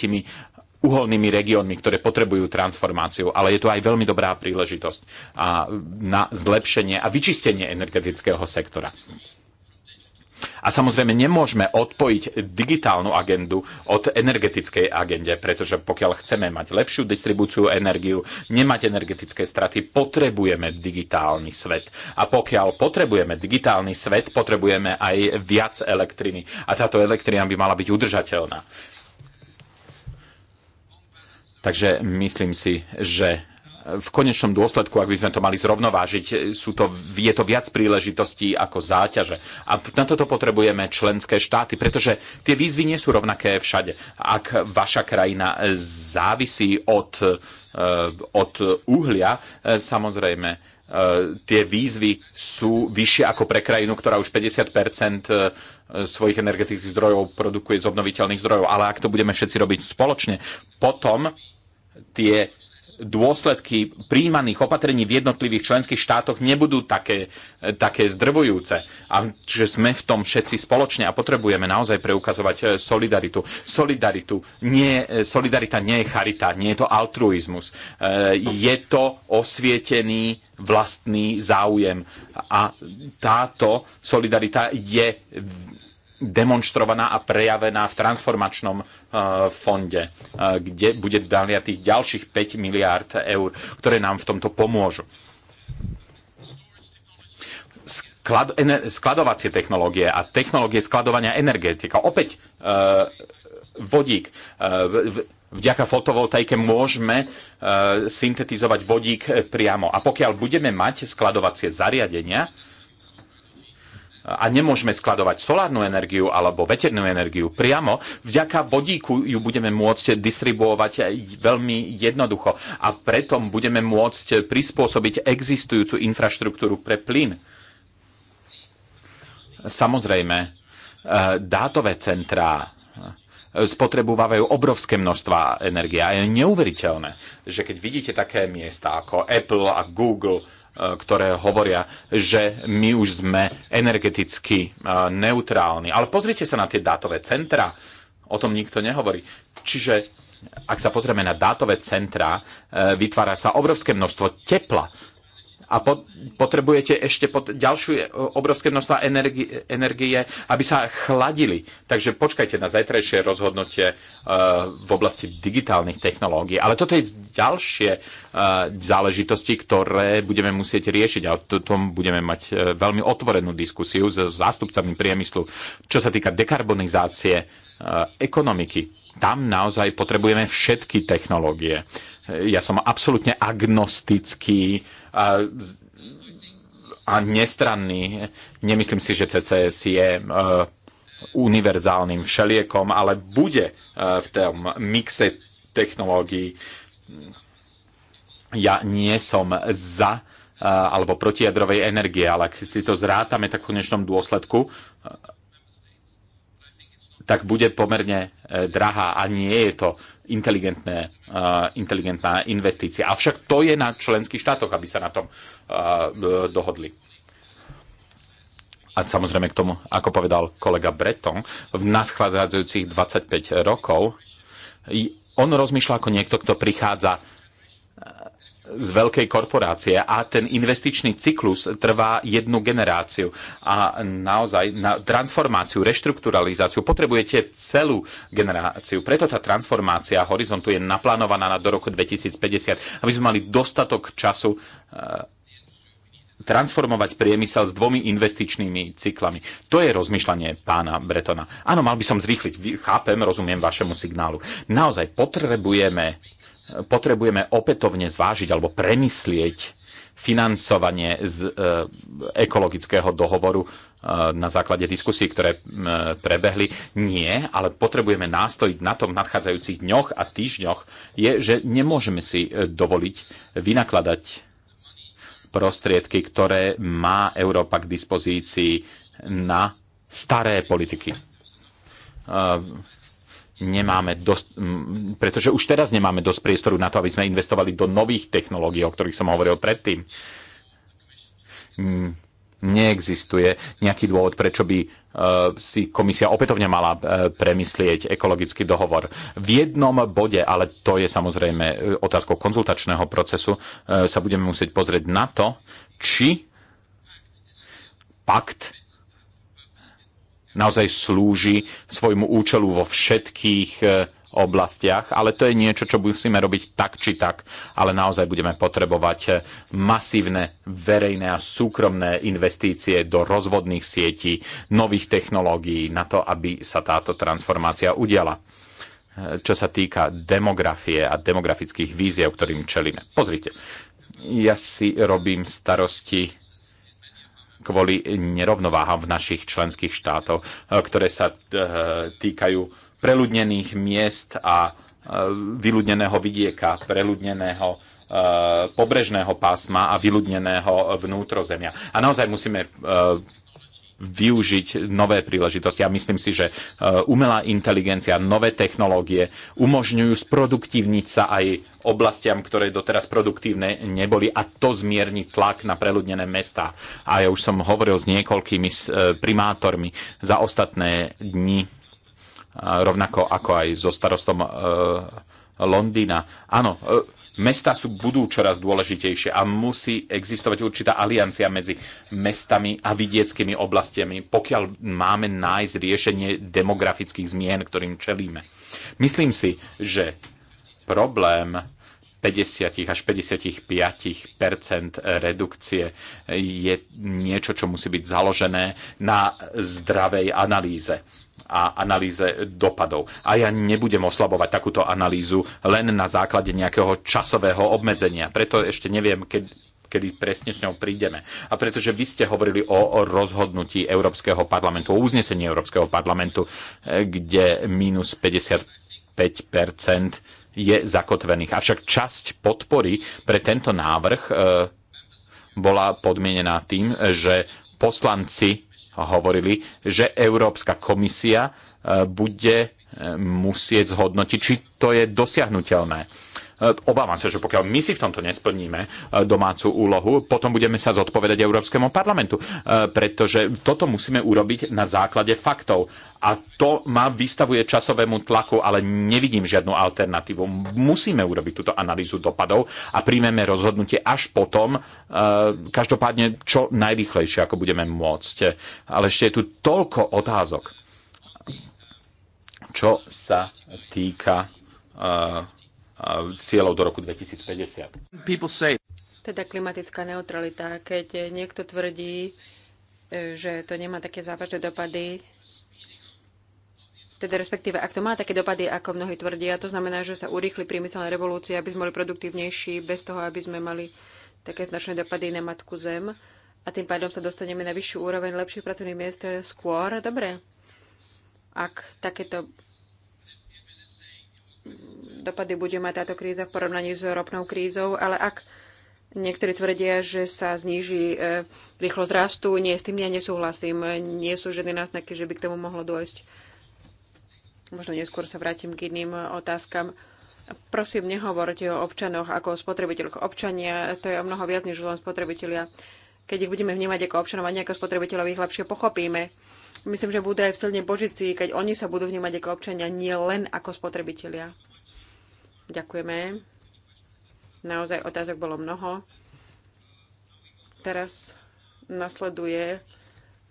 uholnými regiónmi, ktoré potrebujú transformáciu, ale je to aj veľmi dobrá príležitosť a na zlepšenie a vyčistenie energetického sektora. A samozrejme nemôžeme odpojiť digitálnu agendu od energetickej agende, pretože pokiaľ chceme mať lepšiu distribúciu energiu, nemať energetické straty, potrebujeme digitálny svet. A pokiaľ potrebujeme digitálny svet, potrebujeme aj viac elektriny. A táto elektrina by mala byť udržateľná. Takže myslím si, že v konečnom dôsledku, ak by sme to mali zrovnovážiť, sú to, je to viac príležitostí ako záťaže. A na toto potrebujeme členské štáty, pretože tie výzvy nie sú rovnaké všade. Ak vaša krajina závisí od, eh, od uhlia, eh, samozrejme, Eh, tie výzvy sú vyššie ako pre krajinu, ktorá už 50 eh, svojich energetických zdrojov produkuje z obnoviteľných zdrojov. Ale ak to budeme všetci robiť spoločne, potom tie dôsledky príjmaných opatrení v jednotlivých členských štátoch nebudú také, eh, také zdrvujúce. A že sme v tom všetci spoločne a potrebujeme naozaj preukazovať solidaritu. Solidaritu nie, solidarita nie je charita, nie je to altruizmus. Je to osvietený vlastný záujem. A táto solidarita je demonstrovaná a prejavená v transformačnom e, fonde, e, kde bude dalia tých ďalších 5 miliárd eur, ktoré nám v tomto pomôžu. Sklad, ener, skladovacie technológie a technológie skladovania energetika. Opäť e, vodík vďaka fotovoltaike môžeme e, syntetizovať vodík e, priamo. A pokiaľ budeme mať skladovacie zariadenia a nemôžeme skladovať solárnu energiu alebo veternú energiu priamo, vďaka vodíku ju budeme môcť distribuovať veľmi jednoducho a preto budeme môcť prispôsobiť existujúcu infraštruktúru pre plyn. Samozrejme, e, dátové centrá spotrebovávajú obrovské množstva energie. A je neuveriteľné, že keď vidíte také miesta ako Apple a Google, e, ktoré hovoria, že my už sme energeticky e, neutrálni. Ale pozrite sa na tie dátové centra. O tom nikto nehovorí. Čiže ak sa pozrieme na dátové centra, e, vytvára sa obrovské množstvo tepla a potrebujete ešte pod ďalšie e, obrovské množstva energie, energie, aby sa chladili. Takže počkajte na zajtrajšie rozhodnutie e, v oblasti digitálnych technológií. Ale toto je ďalšie e, záležitosti, ktoré budeme musieť riešiť a o tom budeme mať veľmi otvorenú diskusiu s zástupcami priemyslu, čo sa týka dekarbonizácie Eh, ekonomiky. Tam naozaj potrebujeme všetky technológie. Eh, ja som absolútne agnostický a, eh, a nestranný. Nemyslím si, že CCS je univerzálnym všeliekom, ale bude v tom mixe technológií. Ja nie som za alebo proti jadrovej energie, ale ak si to zrátame, tak v konečnom dôsledku tak bude pomerne e, drahá a nie je to inteligentné, e, inteligentná investícia. Avšak to je na členských štátoch, aby sa na tom e, dohodli. A samozrejme k tomu, ako povedal kolega Breton, v naschádzajúcich 25 rokov on rozmýšľa ako niekto, kto prichádza z veľkej korporácie a ten investičný cyklus trvá jednu generáciu a naozaj na transformáciu, reštrukturalizáciu potrebujete celú generáciu. Preto tá transformácia horizontu je naplánovaná na do roku 2050, aby sme mali dostatok času eh, transformovať priemysel s dvomi investičnými cyklami. To je rozmýšľanie pána Bretona. Áno, mal by som zrýchliť. Chápem, rozumiem vašemu signálu. Naozaj potrebujeme potrebujeme opätovne zvážiť alebo premyslieť financovanie z e, ekologického dohovoru e, na základe diskusí, ktoré prebehli. Nie, ale potrebujeme nástojiť na tom v nadchádzajúcich dňoch a týždňoch, je, že nemôžeme si e, dovoliť vynakladať prostriedky, ktoré má Európa k dispozícii na staré politiky nemáme dosť, pretože už teraz nemáme dosť priestoru na to, aby sme investovali do nových technológií, o ktorých som hovoril predtým. Neexistuje nejaký dôvod, prečo by e, si komisia opätovne mala e, premyslieť ekologický dohovor. V jednom bode, ale to je samozrejme e, otázkou konzultačného procesu, sa budeme musieť pozrieť na to, či pakt naozaj slúži svojmu účelu vo všetkých e, oblastiach, ale to je niečo, čo musíme robiť tak či tak, ale naozaj budeme potrebovať e, masívne verejné a súkromné investície do rozvodných sietí, nových technológií na to, aby sa táto transformácia udiala e, čo sa týka demografie a demografických víziev, ktorým čelíme. Pozrite, ja si robím starosti kvôli nerovnováhám v našich členských štátoch, e, ktoré sa e, týkajú preľudnených miest a e, vyľudneného vidieka, preľudneného pobrežného pásma a vyľudneného vnútrozemia. A naozaj musíme využiť nové príležitosti. A myslím si, že uh, umelá inteligencia, nové technológie umožňujú sproduktívniť sa aj oblastiam, ktoré doteraz produktívne neboli a to zmierni tlak na preľudnené mesta. A ja už som hovoril s niekoľkými uh, primátormi za ostatné dni, uh, rovnako ako aj so starostom Londýna. Áno, Mesta sú, budú čoraz dôležitejšie a musí existovať určitá aliancia medzi mestami a vidieckými oblastiami, pokiaľ máme nájsť riešenie demografických zmien, ktorým čelíme. Myslím si, že problém 50 až 55 redukcie je niečo, čo musí byť založené na zdravej analýze a analýze dopadov. A ja nebudem oslabovať takúto analýzu len na základe nejakého časového obmedzenia. Preto ešte neviem, keď, kedy presne s ňou prídeme. A pretože vy ste hovorili o, o rozhodnutí Európskeho parlamentu, o uznesení Európskeho parlamentu, eh, kde minus 55 je zakotvených. Avšak časť podpory pre tento návrh eh, bola podmienená tým, že poslanci hovorili, že Európska komisia e, bude e, musieť zhodnotiť, či to je dosiahnutelné E, obávam sa, že pokiaľ my si v tomto nesplníme e, domácu úlohu, potom budeme sa zodpovedať Európskemu parlamentu, e, pretože toto musíme urobiť na základe faktov. A to ma vystavuje časovému tlaku, ale nevidím žiadnu alternatívu. Musíme urobiť túto analýzu dopadov a príjmeme rozhodnutie až potom, každopádne čo najrychlejšie, ako budeme môcť. Ale ešte je tu toľko otázok, čo sa týka cieľov do roku 2050. Teda klimatická neutralita. Keď niekto tvrdí, že to nemá také závažné dopady, teda respektíve, ak to má také dopady, ako mnohí tvrdia, to znamená, že sa urýchli priemyselné revolúcie, aby sme boli produktívnejší, bez toho, aby sme mali také značné dopady na matku zem a tým pádom sa dostaneme na vyššiu úroveň lepších pracovných miest skôr. Dobre. Ak takéto dopady bude mať táto kríza v porovnaní s ropnou krízou, ale ak niektorí tvrdia, že sa zníži e, rýchlosť rastu, nie, s tým ja nesúhlasím. Nie sú žiadne náznaky, že by k tomu mohlo dôjsť. Možno neskôr sa vrátim k iným otázkam. Prosím, nehovorte o občanoch ako o spotrebiteľoch. Občania, to je o mnoho viac než len spotrebitelia. Keď ich budeme vnímať ako občanov a nie ako spotrebiteľov, ich lepšie pochopíme myslím, že budú aj v silnej Božici, keď oni sa budú vnímať ako občania, nie len ako spotrebitelia. Ďakujeme. Naozaj otázok bolo mnoho. Teraz nasleduje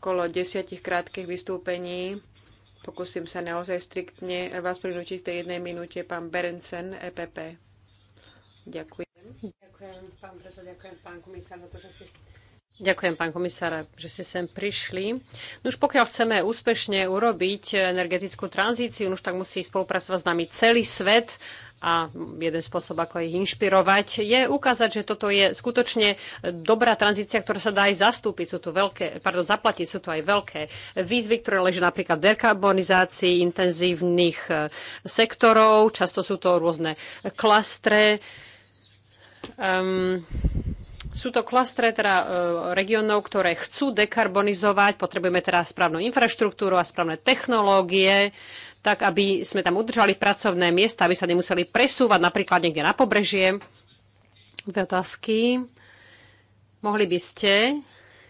kolo desiatich krátkých vystúpení. Pokúsim sa naozaj striktne vás prinútiť v tej jednej minúte. Pán Berensen, EPP. Ďakujem. Ďakujem, pán prezident, ďakujem, pán komisár, za to, že ste Ďakujem, pán komisár, že ste sem prišli. No už pokiaľ chceme úspešne urobiť energetickú tranzíciu, no už tak musí spolupracovať s nami celý svet a jeden spôsob, ako ich inšpirovať, je ukázať, že toto je skutočne dobrá tranzícia, ktorá sa dá aj zastúpiť, sú tu veľké, pardon, zaplatiť, sú tu aj veľké výzvy, ktoré leží napríklad v dekarbonizácii intenzívnych e, sektorov, často sú to rôzne klastre. Um, sú to klastre teda e, regionov, ktoré chcú dekarbonizovať, potrebujeme teda správnu infraštruktúru a správne technológie, tak aby sme tam udržali pracovné miesta, aby sa nemuseli presúvať napríklad niekde na pobrežie. Dve otázky. Mohli by ste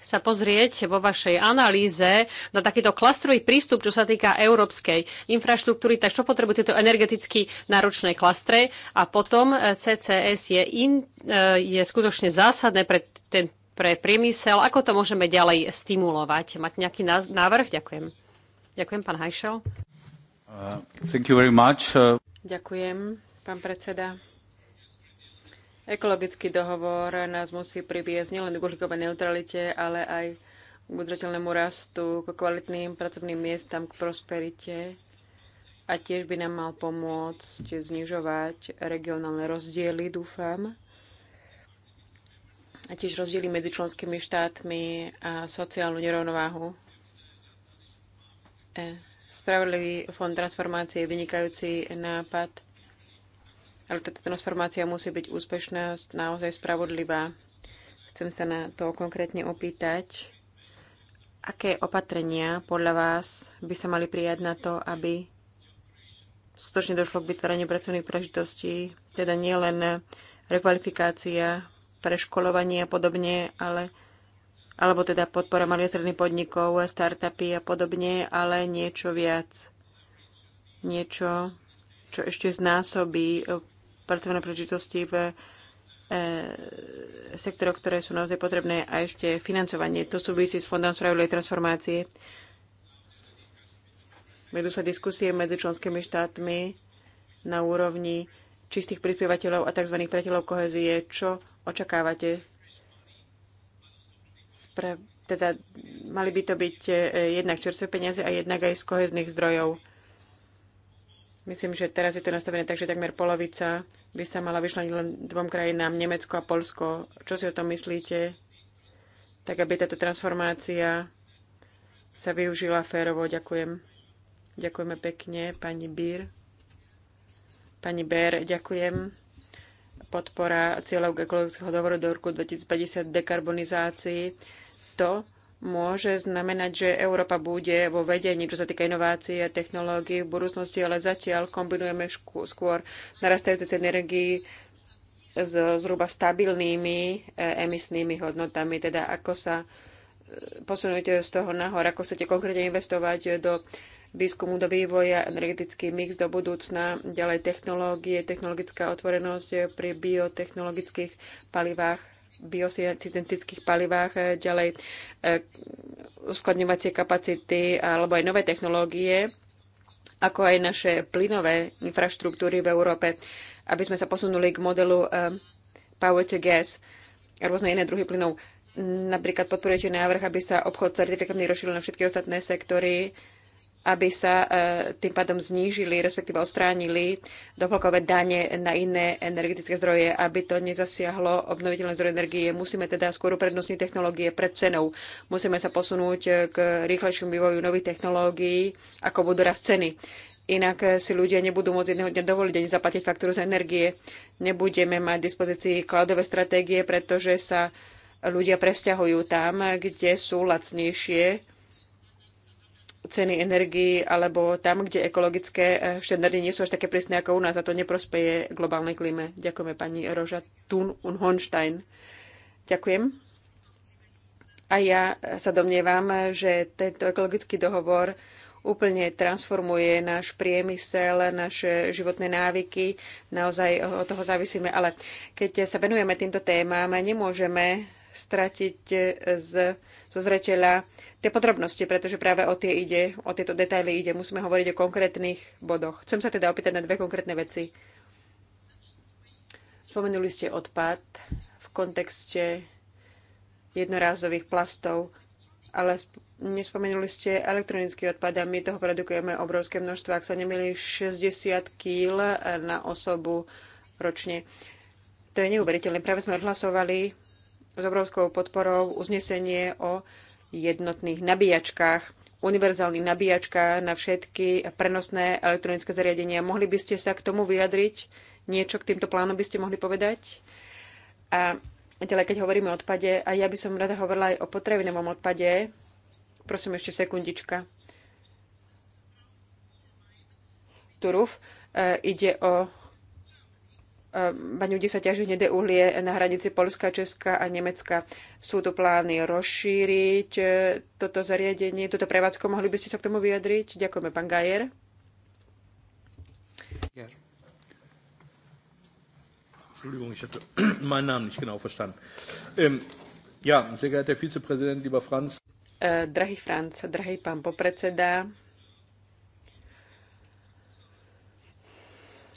sa pozrieť vo vašej analýze na takýto klastrový prístup, čo sa týka európskej infraštruktúry, tak čo potrebujú tieto energeticky náročné klastre a potom eh, CCS je, in, eh, je skutočne zásadné pre, ten, pre priemysel. Ako to môžeme ďalej stimulovať? Mať nejaký návrh? Ďakujem. Ďakujem, pán Hajšel. Uh, thank you very much. Uh... Ďakujem, pán predseda. Ekologický dohovor nás musí priviesť nielen k uhlíkovej neutralite, ale aj k udržateľnému rastu, k kvalitným pracovným miestam, k prosperite a tiež by nám mal pomôcť znižovať regionálne rozdiely, dúfam. A tiež rozdiely medzi členskými štátmi a sociálnu nerovnováhu. E. Spravodlivý fond transformácie je vynikajúci nápad ale táto transformácia musí byť úspešná, naozaj spravodlivá. Chcem sa na to konkrétne opýtať, aké opatrenia podľa vás by sa mali prijať na to, aby skutočne došlo k vytváraniu pracovných prežitostí, teda nielen rekvalifikácia, preškolovanie a podobne, ale alebo teda podpora malých stredných podnikov, startupy a podobne, ale niečo viac. Niečo, čo ešte znásobí pracovné príležitosti v e, sektoroch, ktoré sú naozaj potrebné a ešte financovanie. To súvisí s Fondom spravodlivej transformácie. Vedú sa diskusie medzi členskými štátmi na úrovni čistých prispievateľov a tzv. priateľov kohezie. Čo očakávate? teda mali by to byť e, jednak čerstvé peniaze a jednak aj z kohezných zdrojov. Myslím, že teraz je to nastavené tak, že takmer polovica by sa mala vyšleniť len dvom krajinám, Nemecko a Polsko. Čo si o tom myslíte? Tak, aby táto transformácia sa využila férovo. Ďakujem. Ďakujeme pekne, pani Bír. Pani Bér, ďakujem. Podpora cieľov ekologického dohovoru do roku 2050 dekarbonizácii. To, môže znamenať, že Európa bude vo vedení, čo sa týka inovácií a technológií v budúcnosti, ale zatiaľ kombinujeme skôr narastajúce ceny energii s zhruba stabilnými e, emisnými hodnotami, teda ako sa e, posunujete z toho nahor, ako chcete konkrétne investovať do výskumu, do vývoja, energetický mix do budúcna, ďalej technológie, technologická otvorenosť pri biotechnologických palivách biosyntetických palivách, e, ďalej e, uskladňovacie kapacity alebo aj nové technológie, ako aj naše plynové infraštruktúry v Európe, aby sme sa posunuli k modelu e, power to gas a rôzne iné druhy plynov. Napríklad podporujete návrh, aby sa obchod certifikátny rozšíril na všetky ostatné sektory, aby sa e, tým pádom znížili, respektíve odstránili doplnkové dane na iné energetické zdroje, aby to nezasiahlo obnoviteľné zdroje energie. Musíme teda skôr uprednostniť technológie pred cenou. Musíme sa posunúť e, k rýchlejšiemu vývoju nových technológií, ako budú rast ceny. Inak e, si ľudia nebudú môcť jedného dňa dovoliť ani zaplatiť faktúru za energie. Nebudeme mať v dispozícii cloudové stratégie, pretože sa ľudia presťahujú tam, kde sú lacnejšie ceny energii alebo tam, kde ekologické eh, štandardy nie sú až také prísne ako u nás a to neprospeje globálnej klíme. Ďakujeme pani Roža Thun und Honstein. Ďakujem. A ja sa domnievam, že tento ekologický dohovor úplne transformuje náš priemysel, naše životné návyky. Naozaj od toho závisíme. Ale keď sa venujeme týmto témam, nemôžeme stratiť z zo zreteľa tie podrobnosti, pretože práve o tie ide, o tieto detaily ide. Musíme hovoriť o konkrétnych bodoch. Chcem sa teda opýtať na dve konkrétne veci. Spomenuli ste odpad v kontexte jednorázových plastov, ale nespomenuli ste elektronický odpad a my toho produkujeme obrovské množstvo, ak sa nemili 60 kg na osobu ročne. To je neuveriteľné. Práve sme odhlasovali s obrovskou podporou uznesenie o jednotných nabíjačkách, univerzálnych nabíjačka na všetky prenosné elektronické zariadenia. Mohli by ste sa k tomu vyjadriť? Niečo k týmto plánom by ste mohli povedať? A ďalej, keď hovoríme o odpade, a ja by som rada hovorila aj o potravinovom odpade. Prosím, ešte sekundička. Turuf. E, ide o baňu ehm, sa ťaží hnedé uhlie na hranici Polska, Česka a Nemecka. Sú tu plány rozšíriť e, toto zariadenie, Toto prevádzku. Mohli by ste sa k tomu vyjadriť? Ďakujeme, pán Gajer. Entschuldigung, ich hatte meinen Namen nicht genau verstanden. Ähm, ja, sehr geehrter Herr Vizepräsident, lieber Franz. Äh, drahý Franz, drahý pán popredseda,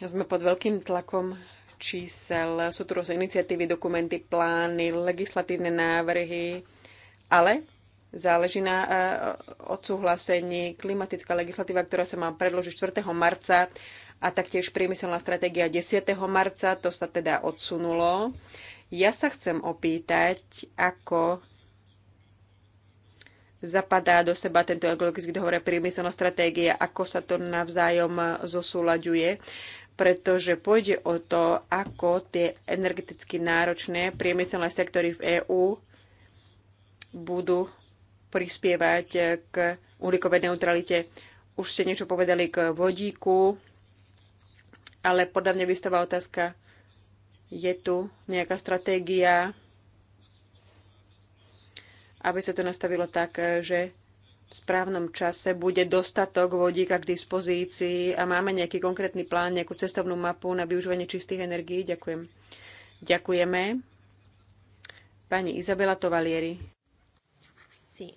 sme pod veľkým tlakom čísel. Sú tu rôzne iniciatívy, dokumenty, plány, legislatívne návrhy, ale záleží na e, odsúhlasení klimatická legislatíva, ktorá sa má predložiť 4. marca a taktiež priemyselná stratégia 10. marca, to sa teda odsunulo. Ja sa chcem opýtať, ako zapadá do seba tento ekologický dohovor a priemyselná stratégia, ako sa to navzájom zosúľaďuje pretože pôjde o to, ako tie energeticky náročné priemyselné sektory v EÚ budú prispievať k uhlíkovej neutralite. Už ste niečo povedali k vodíku, ale podľa mňa vystáva otázka, je tu nejaká stratégia, aby sa to nastavilo tak, že v správnom čase bude dostatok vodíka k dispozícii a máme nejaký konkrétny plán, nejakú cestovnú mapu na využívanie čistých energií? Ďakujem. Ďakujeme. Pani Izabela Tovalieri. Sí.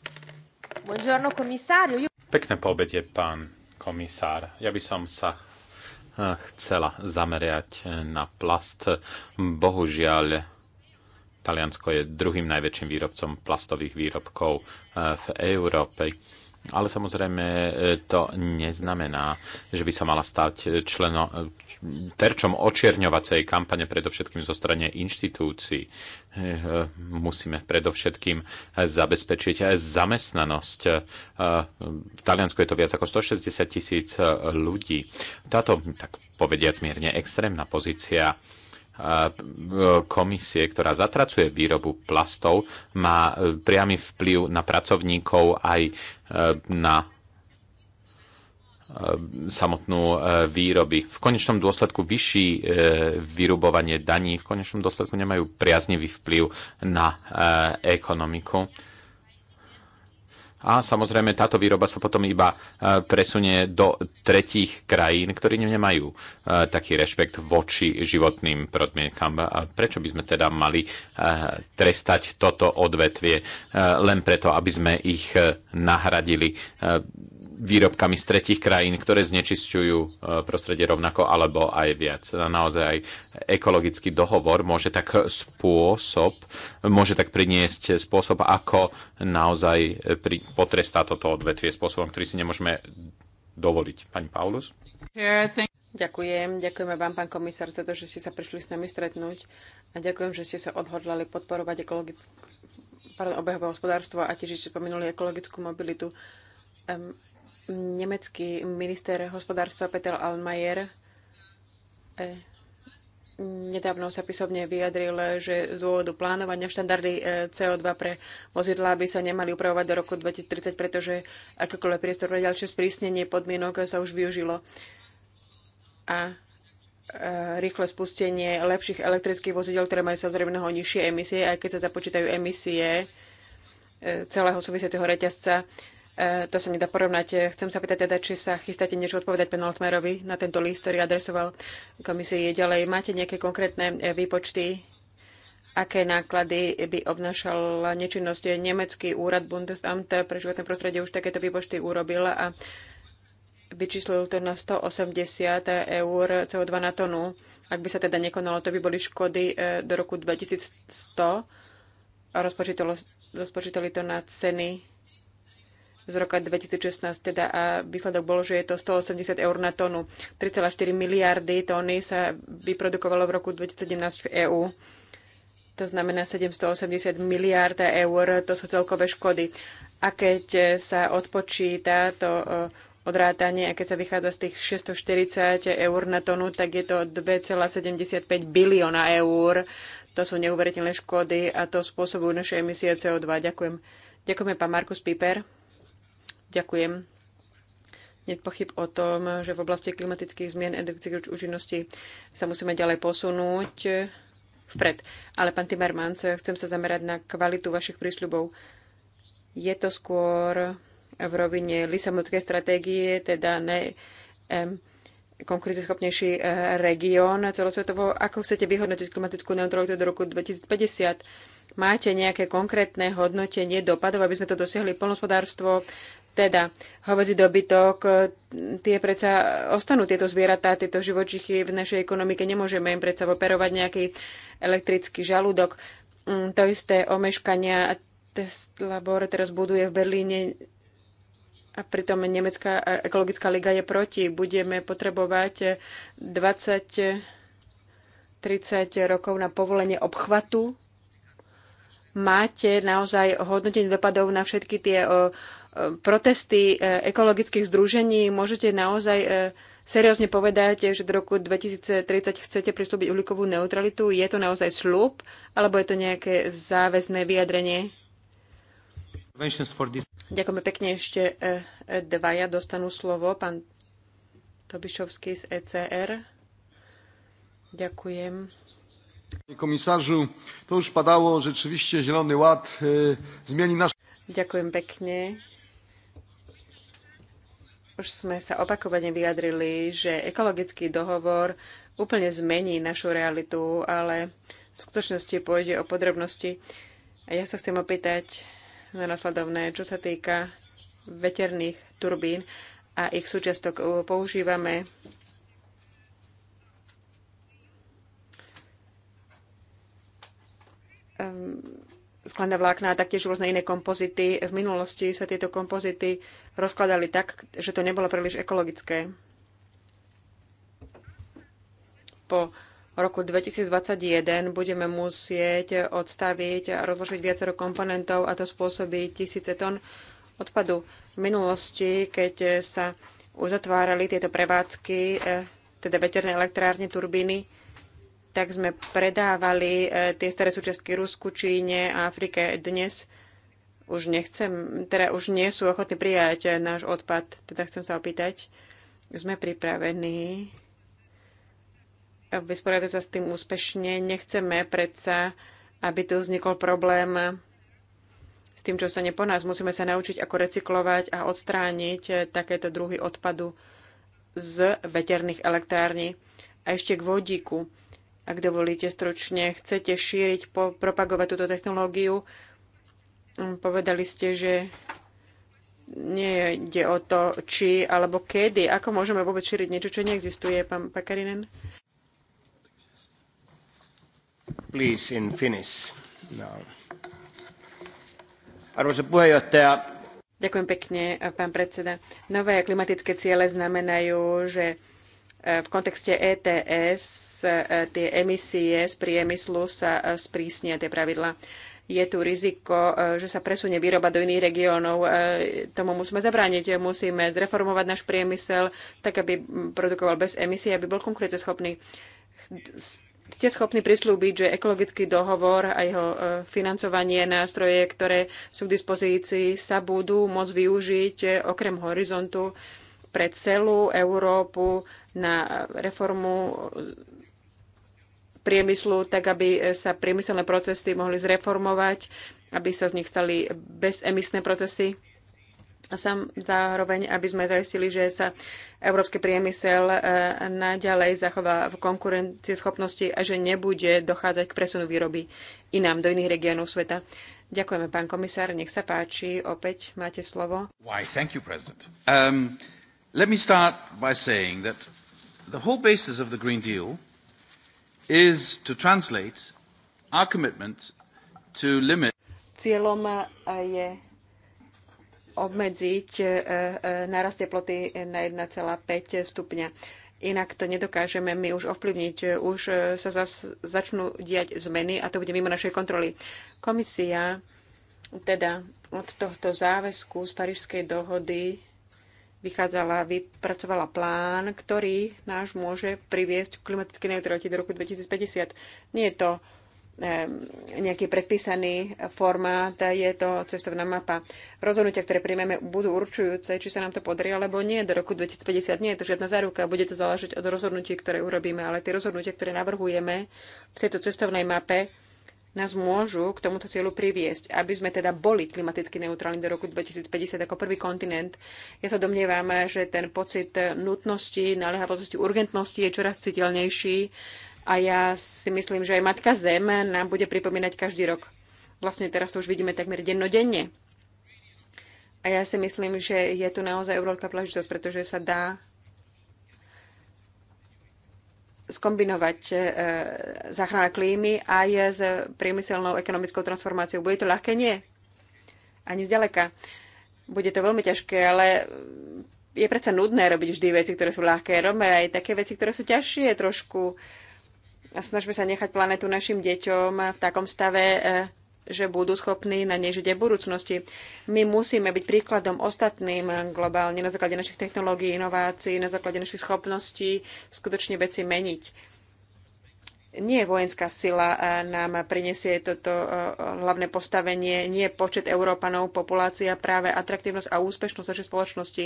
Buongiorno, komisario. Pekné poobede, pán komisár. Ja by som sa eh, chcela zameriať eh, na plast. Bohužiaľ, Taliansko je druhým najväčším výrobcom plastových výrobkov eh, v Európe. Ale samozrejme eh, to neznamená, že by sa mala stať eh, členo, terčom očierňovacej kampane predovšetkým zo strane inštitúcií. Musíme predovšetkým zabezpečiť zamestnanosť. V Taliansku je to viac ako 160 tisíc ľudí. Táto, tak povediac mierne, extrémna pozícia E, komisie, ktorá zatracuje výrobu plastov, má e, priamy vplyv na pracovníkov aj e, na samotnú výroby. V konečnom dôsledku vyšší vyrubovanie daní, v konečnom dôsledku nemajú priaznivý vplyv na ekonomiku a samozrejme táto výroba sa potom iba e, presunie do tretích krajín, ktorí nemajú e, taký rešpekt voči životným podmienkam. Prečo by sme teda mali e, trestať toto odvetvie len preto, aby sme ich nahradili výrobkami z tretich krajín, ktoré znečisťujú e, prostredie rovnako alebo aj viac. Naozaj ekologický dohovor môže tak spôsob, môže tak priniesť spôsob, ako naozaj potrestá toto odvetvie spôsobom, ktorý si nemôžeme dovoliť. Pani Paulus? Ďakujem. Ďakujeme vám, pán komisár, za to, že ste sa prišli s nami stretnúť a ďakujem, že ste sa odhodlali podporovať ekologickú, obehové hospodárstvo a tiež ste spomenuli ekologickú mobilitu. Um, Nemecký minister hospodárstva Peter Almayer eh, nedávno sa písomne vyjadril, že z dôvodu plánovania štandardy eh, CO2 pre vozidlá by sa nemali upravovať do roku 2030, pretože akékoľvek priestor pre ďalšie sprísnenie podmienok sa už využilo. A eh, rýchle spustenie lepších elektrických vozidel, ktoré majú samozrejme mnoho nižšie emisie, aj keď sa započítajú emisie celého súvisiaceho reťazca, E, to sa nedá porovnať. Chcem sa pýtať teda, či sa chystáte niečo odpovedať pán Altmerovi na tento list, ktorý adresoval komisii ďalej. Máte nejaké konkrétne e, výpočty, aké náklady by obnášala nečinnosť nemecký úrad Bundesamt pre životné prostredie už takéto výpočty urobil a vyčíslil to na 180 eur CO2 na tonu. Ak by sa teda nekonalo, to by boli škody e, do roku 2100. Rozpočítali to na ceny z roka 2016. Teda a výsledok bol, že je to 180 eur na tonu. 3,4 miliardy tóny sa vyprodukovalo v roku 2017 v EÚ. To znamená 780 miliárd eur, to sú celkové škody. A keď sa odpočíta to e, odrátanie a keď sa vychádza z tých 640 eur na tonu, tak je to 2,75 bilióna eur. To sú neuveriteľné škody a to spôsobujú naše emisie CO2. Ďakujem. Ďakujeme, pán Markus Piper. Ďakujem. Nie pochyb o tom, že v oblasti klimatických zmien a energetických účinnosti sa musíme ďalej posunúť vpred. Ale pán Timmermans, chcem sa zamerať na kvalitu vašich prísľubov. Je to skôr v rovine Lisabonskej stratégie, teda ne um, konkurenceschopnejší eh, región celosvetovo. Ako chcete vyhodnotiť klimatickú neutralitu do roku 2050? Máte nejaké konkrétne hodnotenie dopadov, aby sme to dosiahli? Polnospodárstvo, teda hovedzí dobytok, e, tie predsa ostanú tieto zvieratá, tieto živočichy v našej ekonomike. Nemôžeme im predsa operovať nejaký elektrický žalúdok. Mm, to isté omeškania Tesla Bor teraz buduje v Berlíne a pritom Nemecká e, ekologická liga je proti. Budeme potrebovať 20-30 rokov na povolenie obchvatu. Máte naozaj hodnotenie dopadov na všetky tie protesty e, ekologických združení, môžete naozaj e, seriózne povedať, že do roku 2030 chcete pristúpiť uhlíkovú neutralitu? Je to naozaj slúb, alebo je to nejaké záväzné vyjadrenie? Ďakujeme pekne. Ešte e, dvaja dostanú slovo. Pán Tobišovský z ECR. Ďakujem. Panie komisarzu, to już padało, rzeczywiście Zielony Ład zmieni nasz... Ďakujem pekne. Už sme sa opakovane vyjadrili, že ekologický dohovor úplne zmení našu realitu, ale v skutočnosti pôjde o podrobnosti. A ja sa chcem opýtať na nasledovné, čo sa týka veterných turbín a ich súčiastok používame um, skladné vlákna a taktiež rôzne iné kompozity. V minulosti sa tieto kompozity rozkladali tak, že to nebolo príliš ekologické. Po roku 2021 budeme musieť odstaviť a rozložiť viacero komponentov a to spôsobí tisíce tón odpadu. V minulosti, keď sa uzatvárali tieto prevádzky, eh, teda veterné elektrárne, turbíny, tak sme predávali e, tie staré súčiastky Rusku, Číne a Afrike. Dnes už nechcem, teda už nie sú ochotní prijať e, náš odpad. Teda chcem sa opýtať, sme pripravení vysporiadať sa s tým úspešne. Nechceme predsa, aby tu vznikol problém s tým, čo stane po nás. Musíme sa naučiť, ako recyklovať a odstrániť e, takéto druhy odpadu z veterných elektrární. A ešte k vodíku ak dovolíte stručne, chcete šíriť, po, propagovať túto technológiu. Mm, povedali ste, že nie ide o to, či alebo kedy. Ako môžeme vôbec šíriť niečo, čo neexistuje, pán Pakarinen? Please in Finnish. No. Arvoisa puheenjohtaja. Ďakujem pekne, pán predseda. Nové klimatické ciele znamenajú, že v kontexte ETS e, tie emisie z priemyslu sa e, sprísnia tie pravidla. Je tu riziko, e, že sa presunie výroba do iných regiónov. Tomu musíme zabrániť. Musíme zreformovať náš priemysel tak, aby produkoval bez emisí, aby bol konkurenceschopný ste schopní prislúbiť, že ekologický dohovor a jeho financovanie nástroje, ktoré sú k dispozícii, sa budú môcť využiť okrem horizontu pre celú Európu na reformu priemyslu, tak aby sa priemyselné procesy mohli zreformovať, aby sa z nich stali bezemisné procesy a sam, zároveň, aby sme zajistili, že sa európsky priemysel e, naďalej zachová v schopnosti a že nebude dochádzať k presunu výroby inám do iných regiónov sveta. Ďakujeme, pán komisár, nech sa páči, opäť máte slovo. Why, thank you, President. Um, let me start by saying that The whole basis of the Green Deal is to translate our commitment to limit Cieľom eh, je obmedziť eh, eh, nárast teploty na 1,5 stupňa. Inak to nedokážeme my už ovplyvniť. Už sa zas začnú diať zmeny a to bude mimo našej kontroly. Komisia teda od tohto záväzku z Parížskej dohody vychádzala, vypracovala plán, ktorý náš môže priviesť k klimatickej neutralite do roku 2050. Nie je to nejaký predpísaný formát, je to cestovná mapa. Rozhodnutia, ktoré príjmeme, budú určujúce, či sa nám to podarí alebo nie. Do roku 2050 nie je to žiadna záruka, bude to záležiť od rozhodnutí, ktoré urobíme, ale tie rozhodnutia, ktoré navrhujeme v tejto cestovnej mape, nás môžu k tomuto cieľu priviesť, aby sme teda boli klimaticky neutrálni do roku 2050 ako prvý kontinent. Ja sa domnievam, že ten pocit nutnosti, naliehavosti, urgentnosti je čoraz citeľnejší a ja si myslím, že aj Matka Zem nám bude pripomínať každý rok. Vlastne teraz to už vidíme takmer dennodenne. A ja si myslím, že je tu naozaj obrovská príležitosť, pretože sa dá skombinovať e, záchrana klímy aj s priemyselnou ekonomickou transformáciou. Bude to ľahké? Nie. Ani zďaleka. Bude to veľmi ťažké, ale je predsa nudné robiť vždy veci, ktoré sú ľahké. Robme aj také veci, ktoré sú ťažšie trošku. A snažme sa nechať planetu našim deťom v takom stave, e, že budú schopní na nej žiť aj v budúcnosti. My musíme byť príkladom ostatným globálne na základe našich technológií, inovácií, na základe našich schopností skutočne veci meniť. Nie vojenská sila eh, nám prinesie toto eh, hlavné postavenie, nie počet Európanov, populácia, práve atraktívnosť a úspešnosť našej spoločnosti.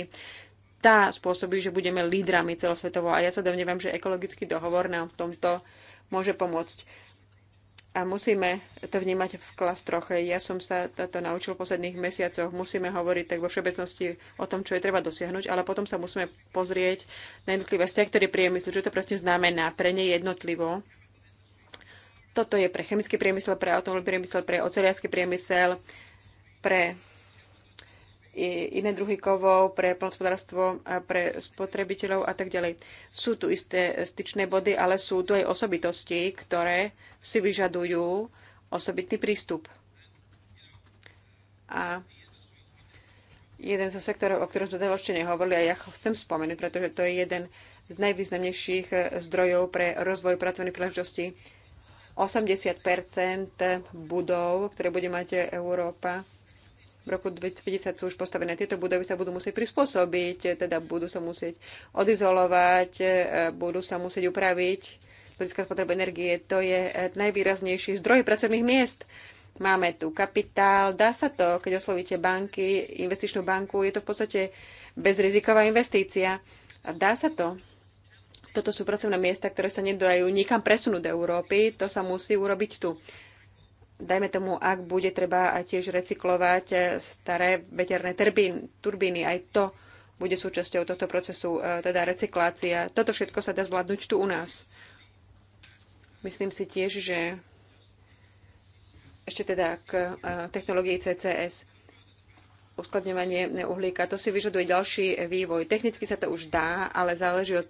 Tá spôsobí, že budeme lídrami celosvetovo a ja sa domnievam, že ekologický dohovor nám v tomto môže pomôcť a musíme to vnímať v klastroch. Ja som sa to naučil v posledných mesiacoch. Musíme hovoriť tak vo všeobecnosti o tom, čo je treba dosiahnuť, ale potom sa musíme pozrieť na jednotlivé sektory priemyslu, čo to proste znamená pre ne jednotlivo. Toto je pre chemický priemysel, pre automobilový priemysel, pre oceliarský priemysel, pre iné druhy kovov, pre plnospodárstvo, pre spotrebiteľov a tak ďalej. Sú tu isté styčné body, ale sú tu aj osobitosti, ktoré si vyžadujú osobitný prístup. A jeden zo sektorov, o ktorom sme teda ešte nehovorili, a ja ho chcem spomenúť, pretože to je jeden z najvýznamnejších zdrojov pre rozvoj pracovných príležitostí. 80 budov, ktoré bude mať Európa, v roku 2050 sú už postavené. Tieto budovy sa budú musieť prispôsobiť, teda budú sa musieť odizolovať, e, budú sa musieť upraviť z hľadiska spotreby energie. To je e, najvýraznejší zdroj pracovných miest. Máme tu kapitál, dá sa to, keď oslovíte banky, investičnú banku, je to v podstate bezriziková investícia. A dá sa to. Toto sú pracovné miesta, ktoré sa nedajú nikam presunúť do Európy, to sa musí urobiť tu dajme tomu, ak bude treba aj tiež recyklovať eh, staré veterné turbín, turbíny, aj to bude súčasťou tohto procesu, eh, teda recyklácia. Toto všetko sa dá zvládnuť tu u nás. Myslím si tiež, že ešte teda k eh, technológii CCS uskladňovanie uhlíka. To si vyžaduje ďalší vývoj. Technicky sa to už dá, ale záleží od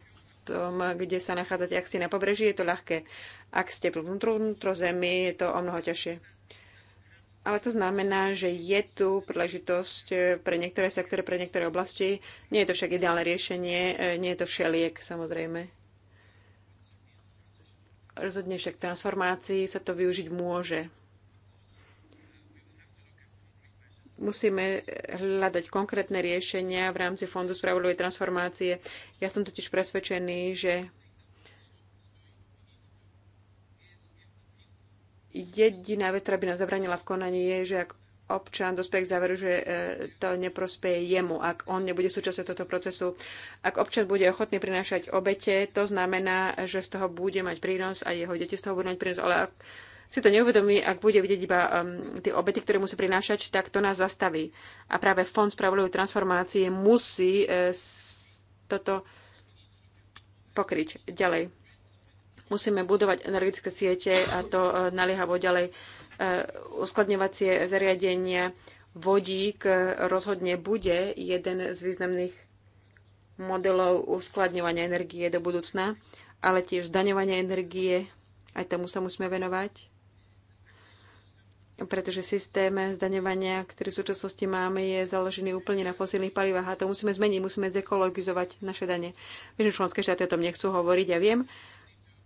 tom, kde sa nachádzate. Ak ste na pobreží, je to ľahké. Ak ste vnútro, vnútro zemi, je to o mnoho ťažšie. Ale to znamená, že je tu príležitosť pre niektoré sektory, pre niektoré oblasti. Nie je to však ideálne riešenie, nie je to všeliek, samozrejme. Rozhodne však transformácii sa to využiť môže. musíme hľadať konkrétne riešenia v rámci Fondu spravodlivej transformácie. Ja som totiž presvedčený, že jediná vec, ktorá by nám zabranila v konaní, je, že ak občan dospie k záveru, že e, to neprospeje jemu, ak on nebude súčasťou tohto procesu. Ak občan bude ochotný prinášať obete, to znamená, že z toho bude mať prínos a jeho deti z toho budú mať prínos, ale ak si to neuvedomí, ak bude vidieť iba um, tie obety, ktoré musí prinášať, tak to nás zastaví. A práve Fond spravodlivej transformácie musí e, toto pokryť ďalej. Musíme budovať energetické siete a to e, naliehavo ďalej. E, uskladňovacie zariadenia, vodík e, rozhodne bude jeden z významných modelov uskladňovania energie do budúcna, ale tiež zdaňovanie energie, aj tomu sa musíme venovať pretože systém zdaňovania, ktorý v súčasnosti máme, je založený úplne na fosílnych palivách a to musíme zmeniť, musíme zekologizovať naše dane. Viem, že členské štáty o tom nechcú hovoriť, ja viem,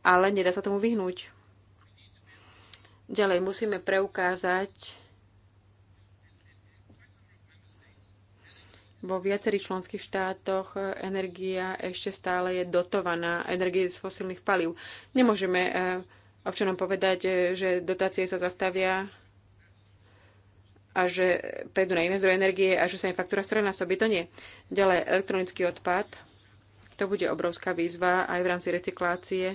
ale nedá sa tomu vyhnúť. Ďalej musíme preukázať vo viacerých členských štátoch energia ešte stále je dotovaná, energie z fosílnych palív. Nemôžeme eh, občanom povedať, eh, že dotácie sa zastavia a že prejdú na iné zdroje energie a že sa im faktúra sobie To nie. Ďalej, elektronický odpad. To bude obrovská výzva aj v rámci recyklácie.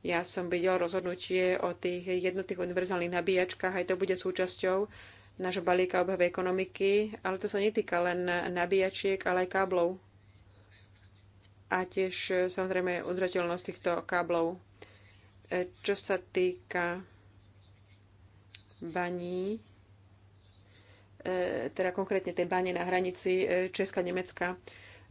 Ja som videl rozhodnutie o tých jednotých univerzálnych nabíjačkách, aj to bude súčasťou nášho balíka obehovej ekonomiky, ale to sa netýka len nabíjačiek, ale aj káblov. A tiež samozrejme udržateľnosť týchto káblov. E, čo sa týka baní, E, teda konkrétne tej bane na hranici e, Česka, Nemecka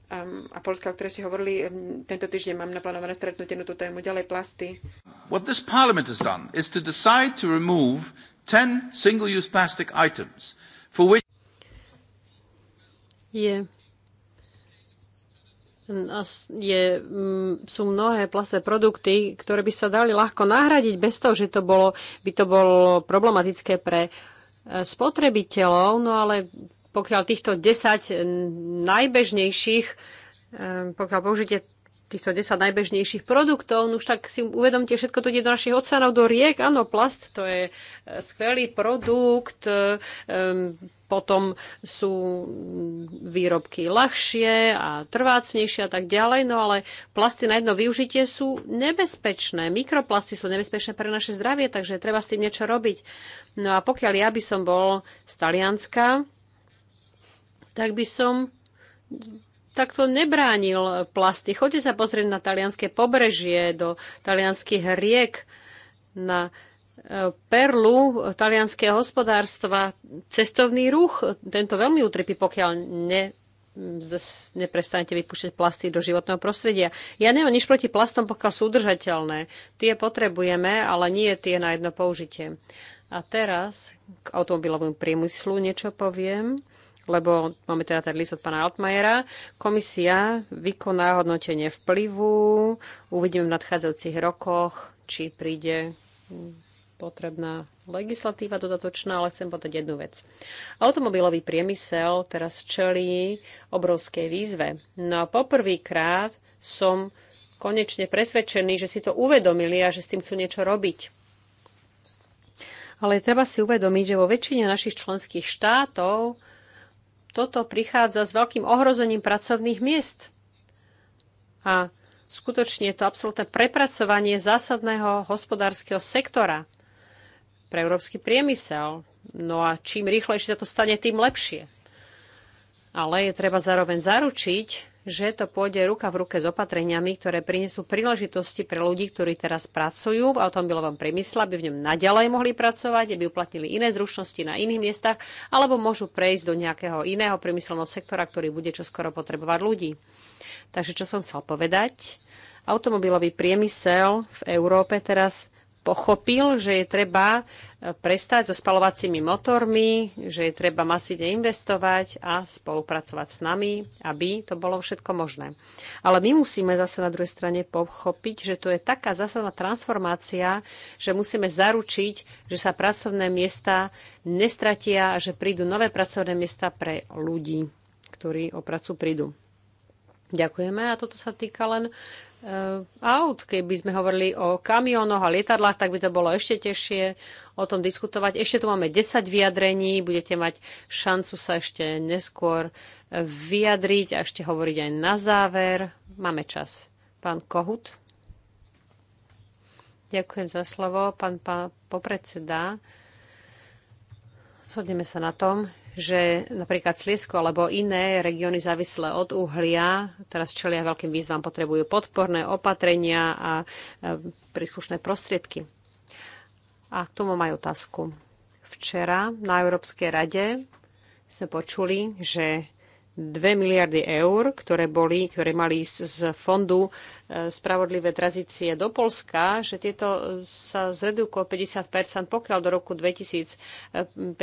e, a Polska, o ktorej ste hovorili. Tento týždeň mám naplánované stretnutie na tú tému ďalej plasty. What this parliament has done is to decide to remove 10 single-use plastic items for which je, je, mm, sú mnohé plastové produkty, ktoré by sa dali ľahko nahradiť bez toho, že to bolo, by to bolo problematické pre uh, spotrebiteľov, no ale pokiaľ týchto 10 najbežnejších, eh, pokiaľ použite týchto 10 najbežnejších produktov, no už tak si uvedomte, všetko to ide do našich oceánov, do riek. Áno, plast to je e, skvelý produkt, e, potom sú výrobky ľahšie a trvácnejšie a tak ďalej, no ale plasty na jedno využitie sú nebezpečné. Mikroplasty sú nebezpečné pre naše zdravie, takže treba s tým niečo robiť. No a pokiaľ ja by som bol z Talianska, tak by som takto nebránil plasty. Chodte sa pozrieť na talianské pobrežie, do talianských riek, na e, perlu talianského hospodárstva, cestovný ruch, tento veľmi utrpí, pokiaľ ne, neprestanete vypúšťať plasty do životného prostredia. Ja nemám nič proti plastom, pokiaľ sú udržateľné. Tie potrebujeme, ale nie tie na jedno použitie. A teraz k automobilovému priemyslu niečo poviem lebo máme teda ten list od pána Altmajera. Komisia vykoná hodnotenie vplyvu, uvidíme v nadchádzajúcich rokoch, či príde potrebná legislatíva dodatočná, ale chcem povedať jednu vec. Automobilový priemysel teraz čelí obrovskej výzve. No a poprvýkrát som konečne presvedčený, že si to uvedomili a že s tým chcú niečo robiť. Ale treba si uvedomiť, že vo väčšine našich členských štátov toto prichádza s veľkým ohrozením pracovných miest. A skutočne je to absolútne prepracovanie zásadného hospodárskeho sektora pre európsky priemysel. No a čím rýchlejšie sa to stane, tým lepšie. Ale je treba zároveň zaručiť, že to pôjde ruka v ruke s opatreniami, ktoré prinesú príležitosti pre ľudí, ktorí teraz pracujú v automobilovom priemysle, aby v ňom naďalej mohli pracovať, aby uplatnili iné zručnosti na iných miestach, alebo môžu prejsť do nejakého iného priemyselného sektora, ktorý bude čoskoro potrebovať ľudí. Takže čo som chcel povedať? Automobilový priemysel v Európe teraz pochopil, že je treba e, prestať so spalovacími motormi, že je treba masívne investovať a spolupracovať s nami, aby to bolo všetko možné. Ale my musíme zase na druhej strane pochopiť, že to je taká zásadná transformácia, že musíme zaručiť, že sa pracovné miesta nestratia a že prídu nové pracovné miesta pre ľudí, ktorí o prácu prídu. Ďakujeme a toto sa týka len Eh, aut. Keby sme hovorili o kamionoch a lietadlách, tak by to bolo ešte tešie o tom diskutovať. Ešte tu máme 10 vyjadrení, budete mať šancu sa ešte neskôr eh, vyjadriť a ešte hovoriť aj na záver. Máme čas. Pán Kohut. Ďakujem za slovo. Pán, pán popredseda, shodneme sa na tom, že napríklad Sliesko alebo iné regióny závislé od uhlia teraz čelia veľkým výzvam, potrebujú podporné opatrenia a e, príslušné prostriedky. A k tomu majú otázku. Včera na Európskej rade sme počuli, že 2 miliardy eur, ktoré, boli, ktoré mali ísť z fondu e, Spravodlivé tranzície do Polska, že tieto e, sa zredukujú 50 pokiaľ do roku 2050,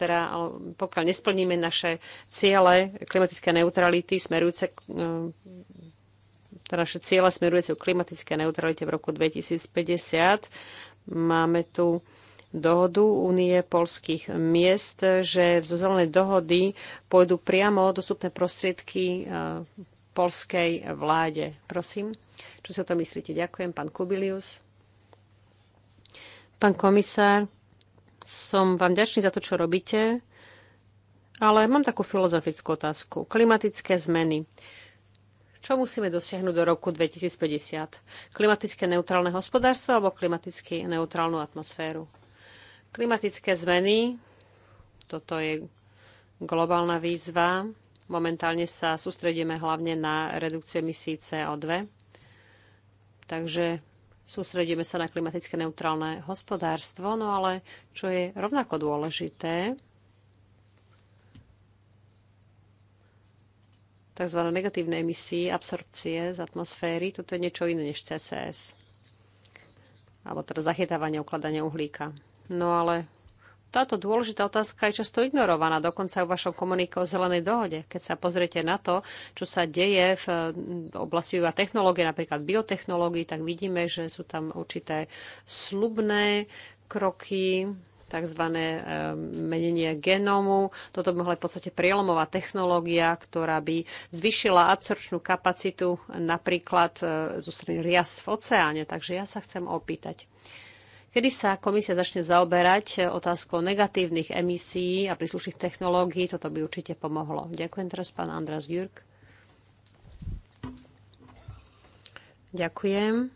teda, pokiaľ nesplníme naše ciele klimatické neutrality smerujúce e, teda naše ciele smerujúce k klimatické neutralite v roku 2050. Máme tu dohodu Únie polských miest, že zo zelenej dohody pôjdu priamo dostupné prostriedky e, polskej vláde. Prosím, čo si o to myslíte? Ďakujem, pán Kubilius. Pán komisár, som vám ďačný za to, čo robíte, ale mám takú filozofickú otázku. Klimatické zmeny. Čo musíme dosiahnuť do roku 2050? Klimatické neutrálne hospodárstvo alebo klimaticky neutrálnu atmosféru? Klimatické zmeny, toto je globálna výzva. Momentálne sa sústredíme hlavne na redukciu emisí CO2. Takže sústredíme sa na klimatické neutrálne hospodárstvo, no ale čo je rovnako dôležité, tzv. negatívne emisie, absorpcie z atmosféry, toto je niečo iné než CCS. Alebo teda zachytávanie ukladania uhlíka. No ale táto dôležitá otázka je často ignorovaná, dokonca aj v vašom komunike o zelenej dohode. Keď sa pozriete na to, čo sa deje v eh, oblasti a technológie, napríklad biotechnológií, tak vidíme, že sú tam určité slubné kroky, tzv. Eh, menenie genómu. Toto by mohla v podstate prielomová technológia, ktorá by zvyšila absorpčnú kapacitu napríklad eh, zo strany rias v oceáne. Takže ja sa chcem opýtať, Kedy sa komisia začne zaoberať eh, otázkou negatívnych emisí a príslušných technológií, toto by určite pomohlo. Ďakujem teraz pán András Jurk. Ďakujem.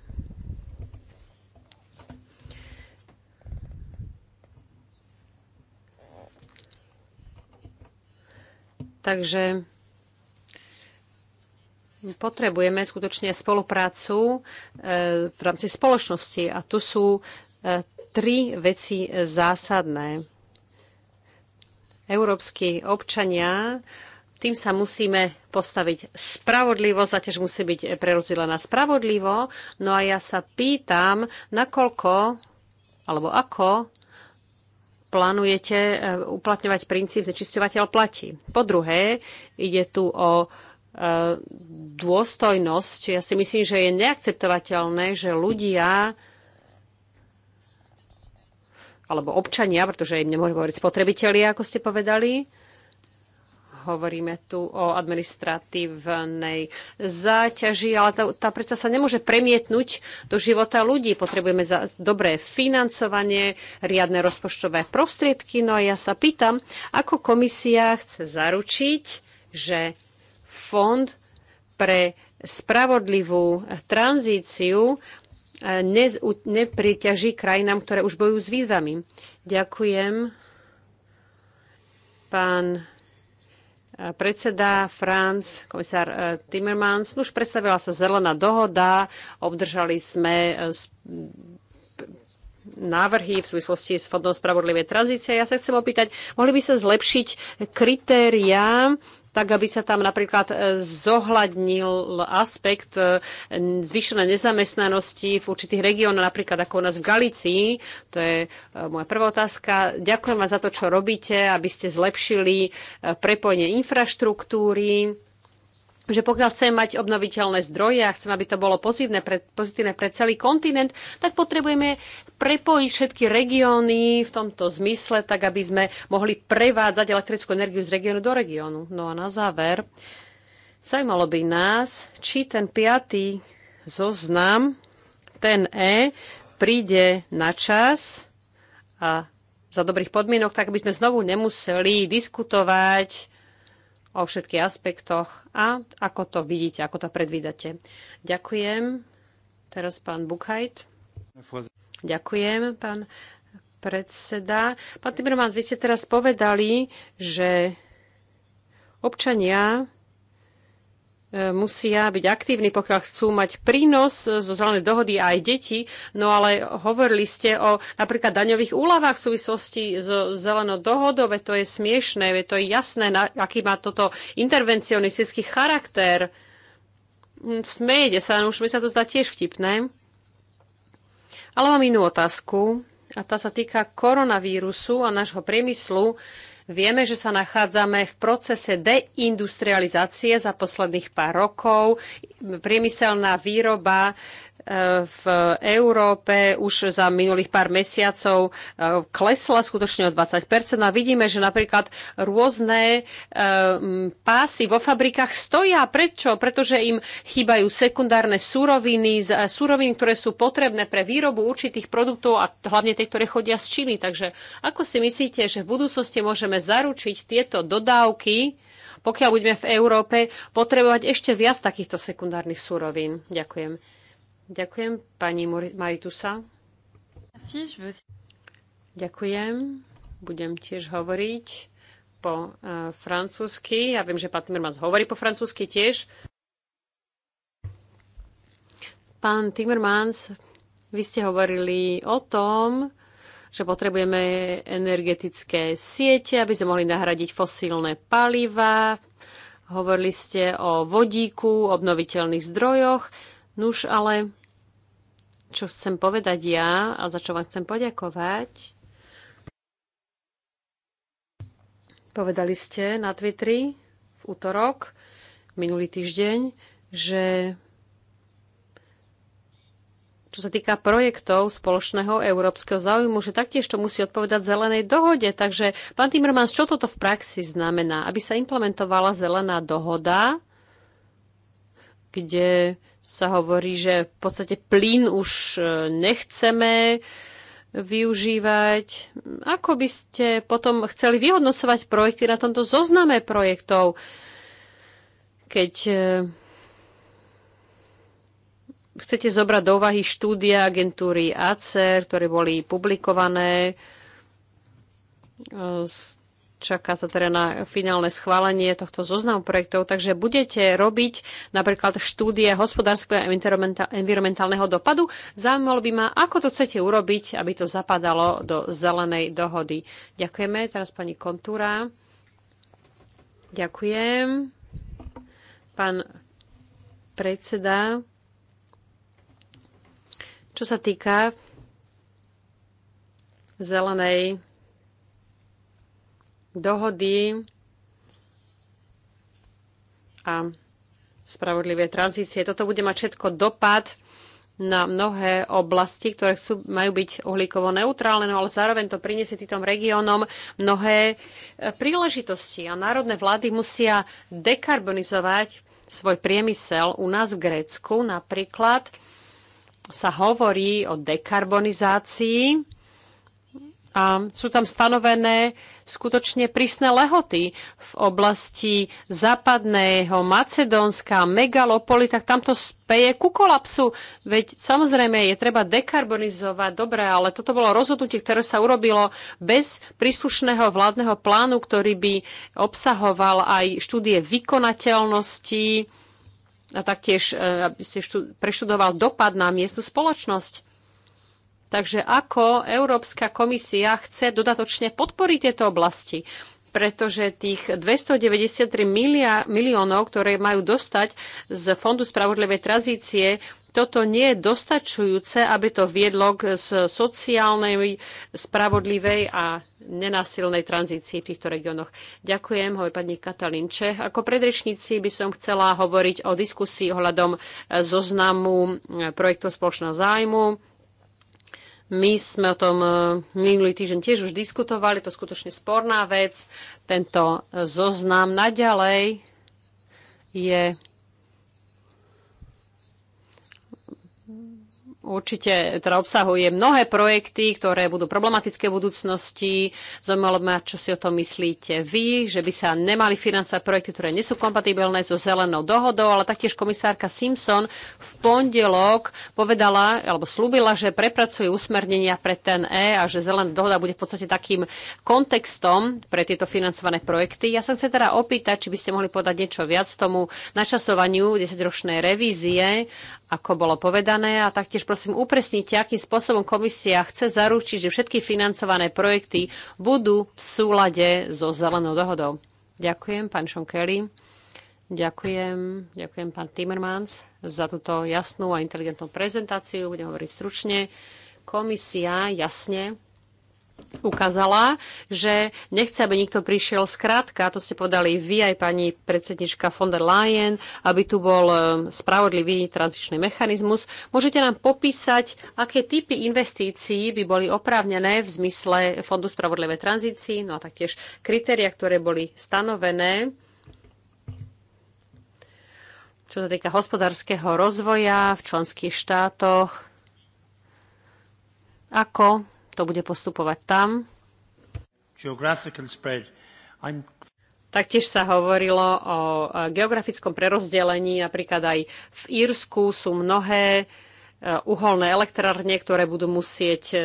Takže potrebujeme skutočne spoluprácu eh, v rámci spoločnosti a tu sú tri veci zásadné. Európsky občania, tým sa musíme postaviť spravodlivo, tiež musí byť prerozdelená spravodlivo. No a ja sa pýtam, nakoľko alebo ako plánujete eh, uplatňovať princíp znečisťovateľ platí. Po druhé, ide tu o eh, dôstojnosť. Ja si myslím, že je neakceptovateľné, že ľudia alebo občania, pretože im nemôžeme hovoriť spotrebitelia, ako ste povedali. Hovoríme tu o administratívnej záťaži, ale tá, tá predsa sa nemôže premietnúť do života ľudí. Potrebujeme za dobré financovanie, riadne rozpočtové prostriedky. No a ja sa pýtam, ako komisia chce zaručiť, že fond pre spravodlivú tranzíciu nepriťaží krajinám, ktoré už bojujú s výzvami. Ďakujem. Pán e, predseda Franc, komisár e, Timmermans. Už predstavila sa zelená dohoda, obdržali sme e, návrhy v súvislosti s Fondom spravodlivej tranzície. Ja sa chcem opýtať, mohli by sa zlepšiť kritériá tak aby sa tam napríklad e, zohľadnil aspekt e, zvýšenej nezamestnanosti v určitých regiónoch, napríklad ako u nás v Galicii. To je e, moja prvá otázka. Ďakujem vám za to, čo robíte, aby ste zlepšili prepojenie infraštruktúry že pokiaľ chceme mať obnoviteľné zdroje a chceme, aby to bolo pozitívne pre, pozitívne pre celý kontinent, tak potrebujeme prepojiť všetky regióny v tomto zmysle, tak aby sme mohli prevádzať elektrickú energiu z regiónu do regiónu. No a na záver, zaujímalo by nás, či ten piatý zoznam, ten E, príde na čas a za dobrých podmienok, tak by sme znovu nemuseli diskutovať o všetkých aspektoch a ako to vidíte, ako to predvídate. Ďakujem. Teraz pán Buchajt. Ďakujem, pán predseda. Pán Timmermans, vy ste teraz povedali, že občania E, musia byť aktívni, pokiaľ chcú mať prínos zo zelenej dohody aj deti. No ale hovorili ste o napríklad daňových úľavách v súvislosti so zelenou dohodou, veď to je smiešné, veď to je jasné, na, aký má toto intervencionistický charakter. Hm, Smejete sa, no už mi sa to zdá tiež vtipné. Ale mám inú otázku a tá sa týka koronavírusu a nášho priemyslu. Vieme, že sa nachádzame v procese deindustrializácie za posledných pár rokov. Priemyselná výroba v Európe už za minulých pár mesiacov e, klesla skutočne o 20 a vidíme, že napríklad rôzne e, pásy vo fabrikách stoja. Prečo? Pretože im chýbajú sekundárne súroviny, e, súroviny, ktoré sú potrebné pre výrobu určitých produktov a hlavne tie, ktoré chodia z Číny. Takže ako si myslíte, že v budúcnosti môžeme zaručiť tieto dodávky, pokiaľ budeme v Európe potrebovať ešte viac takýchto sekundárnych súrovín? Ďakujem. Ďakujem pani Maritusa. Ďakujem. Budem tiež hovoriť po uh, francúzsky. Ja viem, že pán Timmermans hovorí po francúzsky tiež. Pán Timmermans, vy ste hovorili o tom, že potrebujeme energetické siete, aby sme mohli nahradiť fosílne paliva. Hovorili ste o vodíku, obnoviteľných zdrojoch. Nuž, ale čo chcem povedať ja a za čo vám chcem poďakovať, povedali ste na Twitteri v útorok, minulý týždeň, že čo sa týka projektov spoločného európskeho záujmu, že taktiež to musí odpovedať zelenej dohode. Takže, pán Timmermans, čo toto v praxi znamená? Aby sa implementovala zelená dohoda, kde sa hovorí, že v podstate plyn už e, nechceme využívať. Ako by ste potom chceli vyhodnocovať projekty na tomto zozname projektov, keď e, chcete zobrať do úvahy štúdia agentúry ACER, ktoré boli publikované z e, čaká sa teda na finálne schválenie tohto zoznamu projektov, takže budete robiť napríklad štúdie hospodárskeho a environmentálneho dopadu. Zaujímalo by ma, ako to chcete urobiť, aby to zapadalo do zelenej dohody. Ďakujeme. Teraz pani Kontúra. Ďakujem. Pán predseda, čo sa týka zelenej dohody a spravodlivé tranzície. Toto bude mať všetko dopad na mnohé oblasti, ktoré chcú, majú byť uhlíkovo neutrálne, no ale zároveň to priniesie týmto regiónom mnohé e, príležitosti. A národné vlády musia dekarbonizovať svoj priemysel. U nás v Grécku napríklad sa hovorí o dekarbonizácii a sú tam stanovené skutočne prísne lehoty v oblasti západného Macedónska, megalopoly, tak tam to speje ku kolapsu. Veď samozrejme je treba dekarbonizovať, dobre, ale toto bolo rozhodnutie, ktoré sa urobilo bez príslušného vládneho plánu, ktorý by obsahoval aj štúdie vykonateľnosti a taktiež eh, aby si preštudoval dopad na miestnu spoločnosť. Takže ako Európska komisia chce dodatočne podporiť tieto oblasti? pretože tých 293 milia, miliónov, ktoré majú dostať z Fondu spravodlivej tranzície, toto nie je dostačujúce, aby to viedlo k sociálnej, spravodlivej a nenásilnej tranzícii v týchto regiónoch. Ďakujem, hovorí pani Katalinče. Ako predrečníci by som chcela hovoriť o diskusii ohľadom e, zoznamu e, projektov spoločného zájmu my sme o tom e, minulý týždeň tiež už diskutovali, to je skutočne sporná vec. Tento e, zoznam naďalej je určite teda obsahuje mnohé projekty, ktoré budú problematické v budúcnosti. Zaujímalo ma, čo si o tom myslíte vy, že by sa nemali financovať projekty, ktoré nie sú kompatibilné so zelenou dohodou, ale taktiež komisárka Simpson v pondelok povedala, alebo slúbila, že prepracuje usmernenia pre ten E a že zelená dohoda bude v podstate takým kontextom pre tieto financované projekty. Ja sa chcem teda opýtať, či by ste mohli povedať niečo viac tomu načasovaniu 10-ročnej revízie ako bolo povedané. A taktiež prosím upresnite, akým spôsobom komisia chce zaručiť, že všetky financované projekty budú v súlade so zelenou dohodou. Ďakujem, pán Sean Kelly. Ďakujem, ďakujem pán Timmermans za túto jasnú a inteligentnú prezentáciu. Budem hovoriť stručne. Komisia jasne ukázala, že nechce, aby nikto prišiel zkrátka, to ste podali vy aj pani predsednička von der Leyen, aby tu bol e, spravodlivý tranzičný mechanizmus. Môžete nám popísať, aké typy investícií by boli oprávnené v zmysle Fondu spravodlivej tranzícii, no a taktiež kritéria, ktoré boli stanovené čo sa týka hospodárskeho rozvoja v členských štátoch, ako to bude postupovať tam. Taktiež sa hovorilo o e, geografickom prerozdelení, napríklad aj v Írsku sú mnohé e, uholné elektrárne, ktoré budú musieť e,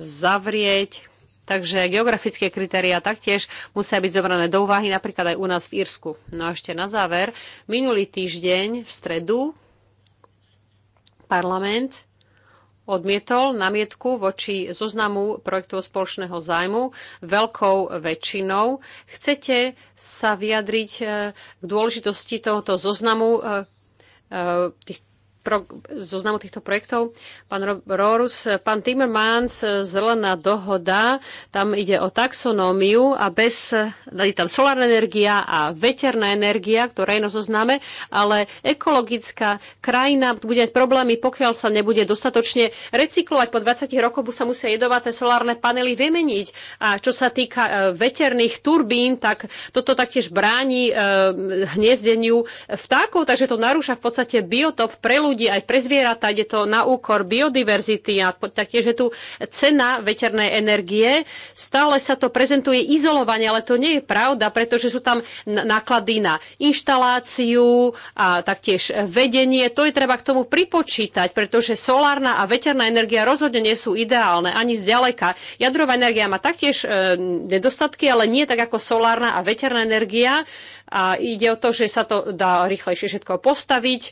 zavrieť. Takže geografické kritéria taktiež musia byť zobrané do úvahy, napríklad aj u nás v Írsku. No a ešte na záver, minulý týždeň v stredu parlament odmietol namietku voči zoznamu projektov spoločného zájmu veľkou väčšinou. Chcete sa vyjadriť eh, k dôležitosti tohoto zoznamu eh, eh, tých pro, zoznamu týchto projektov. Pán Rorus, pán Timmermans, zelená dohoda, tam ide o taxonómiu a bez, je tam solárna energia a veterná energia, ktorá je zozname, ale ekologická krajina bude mať problémy, pokiaľ sa nebude dostatočne recyklovať. Po 20 rokoch sa musia jedovaté solárne panely vymeniť. A čo sa týka e, veterných turbín, tak toto taktiež bráni e, hniezdeniu vtákov, takže to narúša v podstate biotop pre ľudí ľudí, aj pre zvieratá, ide to na úkor biodiverzity a taktiež je tu cena veternej energie. Stále sa to prezentuje izolovanie, ale to nie je pravda, pretože sú tam náklady na inštaláciu a taktiež vedenie. To je treba k tomu pripočítať, pretože solárna a veterná energia rozhodne nie sú ideálne ani zďaleka. Jadrová energia má taktiež e, nedostatky, ale nie tak ako solárna a veterná energia. A ide o to, že sa to dá rýchlejšie všetko postaviť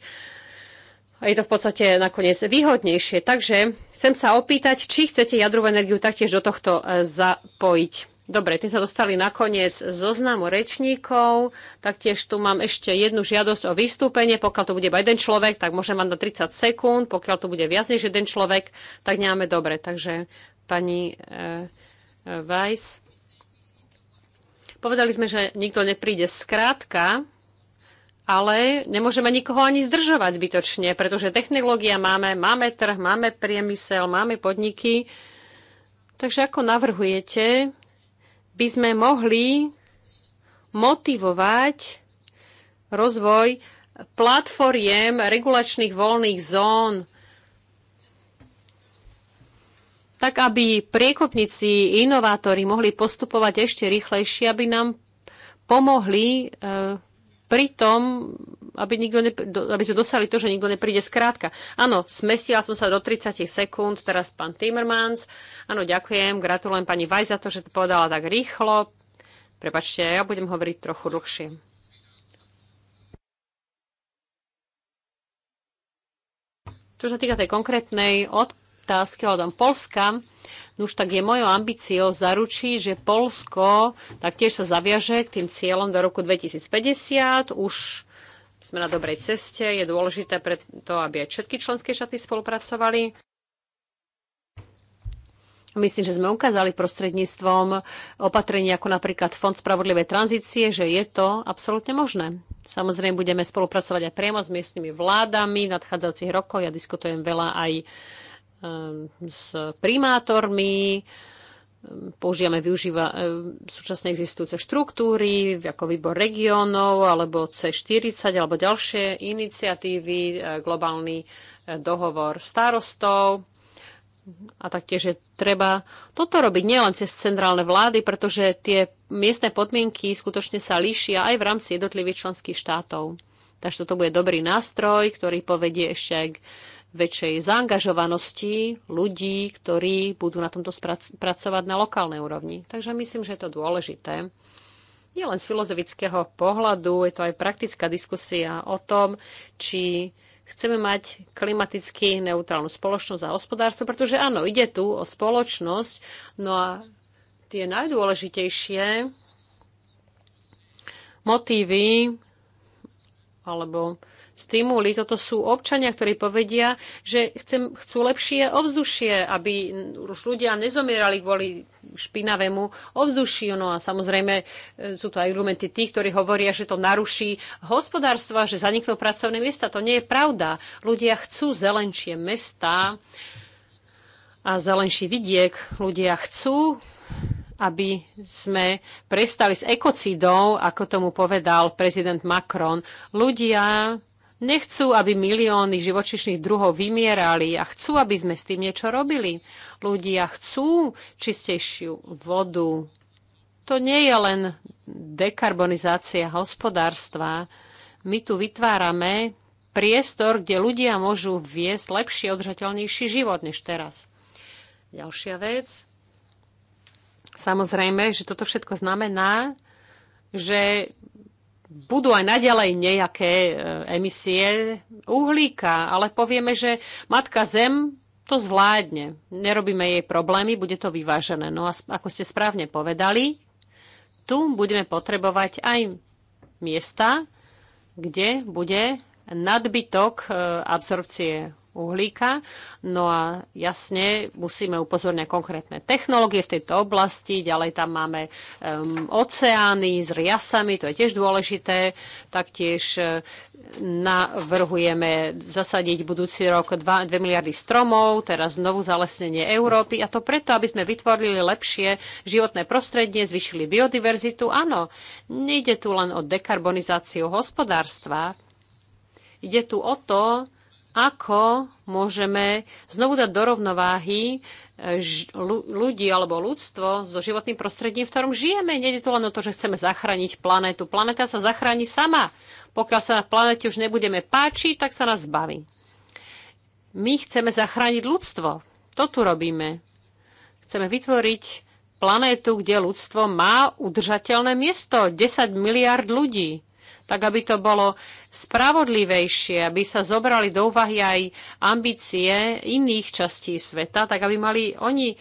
je to v podstate nakoniec výhodnejšie. Takže chcem sa opýtať, či chcete jadrovú energiu taktiež do tohto e, zapojiť. Dobre, tým sa dostali nakoniec zoznamu rečníkov. Taktiež tu mám ešte jednu žiadosť o vystúpenie. Pokiaľ to bude iba jeden človek, tak môžem vám na 30 sekúnd. Pokiaľ to bude viac než jeden človek, tak nemáme dobre. Takže pani e, e, Weiss. Povedali sme, že nikto nepríde zkrátka ale nemôžeme nikoho ani zdržovať zbytočne, pretože technológia máme, máme trh, máme priemysel, máme podniky. Takže ako navrhujete, by sme mohli motivovať rozvoj platformiem regulačných voľných zón, tak aby priekopníci, inovátori mohli postupovať ešte rýchlejšie, aby nám pomohli eh, pritom, aby, nikto ne, aby sme dosali to, že nikto nepríde skrátka. Áno, smestila som sa do 30 sekúnd, teraz pán Timmermans. Áno, ďakujem, gratulujem pani Vaj za to, že to povedala tak rýchlo. Prepačte, ja budem hovoriť trochu dlhšie. Čo sa týka tej konkrétnej otázky ohľadom Polska, No už tak je mojou ambíciou zaručiť, že Polsko taktiež sa zaviaže k tým cieľom do roku 2050. Už sme na dobrej ceste. Je dôležité preto, aby aj všetky členské štáty spolupracovali. Myslím, že sme ukázali prostredníctvom opatrenia ako napríklad Fond spravodlivej tranzície, že je to absolútne možné. Samozrejme, budeme spolupracovať aj priamo s miestnymi vládami v nadchádzajúcich rokoch. Ja diskutujem veľa aj Ehm, s primátormi, ehm, používame využíva ehm, súčasne existujúce štruktúry, ako výbor regiónov, alebo C40, alebo ďalšie iniciatívy, e, globálny e, dohovor starostov. A taktiež je treba toto robiť nielen cez centrálne vlády, pretože tie miestne podmienky skutočne sa líšia aj v rámci jednotlivých členských štátov. Takže toto bude dobrý nástroj, ktorý povedie ešte k väčšej zaangažovanosti ľudí, ktorí budú na tomto pracovať na lokálnej úrovni. Takže myslím, že je to dôležité. Nie len z filozofického pohľadu, je to aj praktická diskusia o tom, či chceme mať klimaticky neutrálnu spoločnosť a hospodárstvo, pretože áno, ide tu o spoločnosť, no a tie najdôležitejšie motívy alebo stimuli. Toto sú občania, ktorí povedia, že chcem, chcú lepšie ovzdušie, aby už ľudia nezomierali kvôli špinavému ovzdušiu. No a samozrejme e, sú to aj argumenty tých, ktorí hovoria, že to naruší hospodárstvo a že zaniknú pracovné miesta. To nie je pravda. Ľudia chcú zelenšie mesta a zelenší vidiek. Ľudia chcú aby sme prestali s ekocidou, ako tomu povedal prezident Macron. Ľudia Nechcú, aby milióny živočišných druhov vymierali a chcú, aby sme s tým niečo robili. Ľudia chcú čistejšiu vodu. To nie je len dekarbonizácia hospodárstva. My tu vytvárame priestor, kde ľudia môžu viesť lepší, održateľnejší život než teraz. Ďalšia vec. Samozrejme, že toto všetko znamená, že budú aj naďalej nejaké e, emisie uhlíka, ale povieme, že matka Zem to zvládne. Nerobíme jej problémy, bude to vyvážené. No a ako ste správne povedali, tu budeme potrebovať aj miesta, kde bude nadbytok e, absorpcie uhlíka. No a jasne musíme upozorniť konkrétne technológie v tejto oblasti, ďalej tam máme um, oceány s riasami, to je tiež dôležité. Taktiež e, navrhujeme zasadiť budúci rok 2, 2 miliardy stromov, teraz znovu zalesnenie Európy a to preto, aby sme vytvorili lepšie životné prostredie, zvyšili biodiverzitu. Áno, nejde tu len o dekarbonizáciu hospodárstva, ide tu o to, ako môžeme znovu dať do rovnováhy e, ľudí alebo ľudstvo so životným prostredím, v ktorom žijeme. Nie je to len o to, že chceme zachrániť planetu. Planeta sa zachráni sama. Pokiaľ sa na planete už nebudeme páčiť, tak sa nás zbaví. My chceme zachrániť ľudstvo. To tu robíme. Chceme vytvoriť planétu, kde ľudstvo má udržateľné miesto. 10 miliard ľudí tak aby to bolo spravodlivejšie, aby sa zobrali do úvahy aj ambície iných častí sveta, tak aby mali oni e,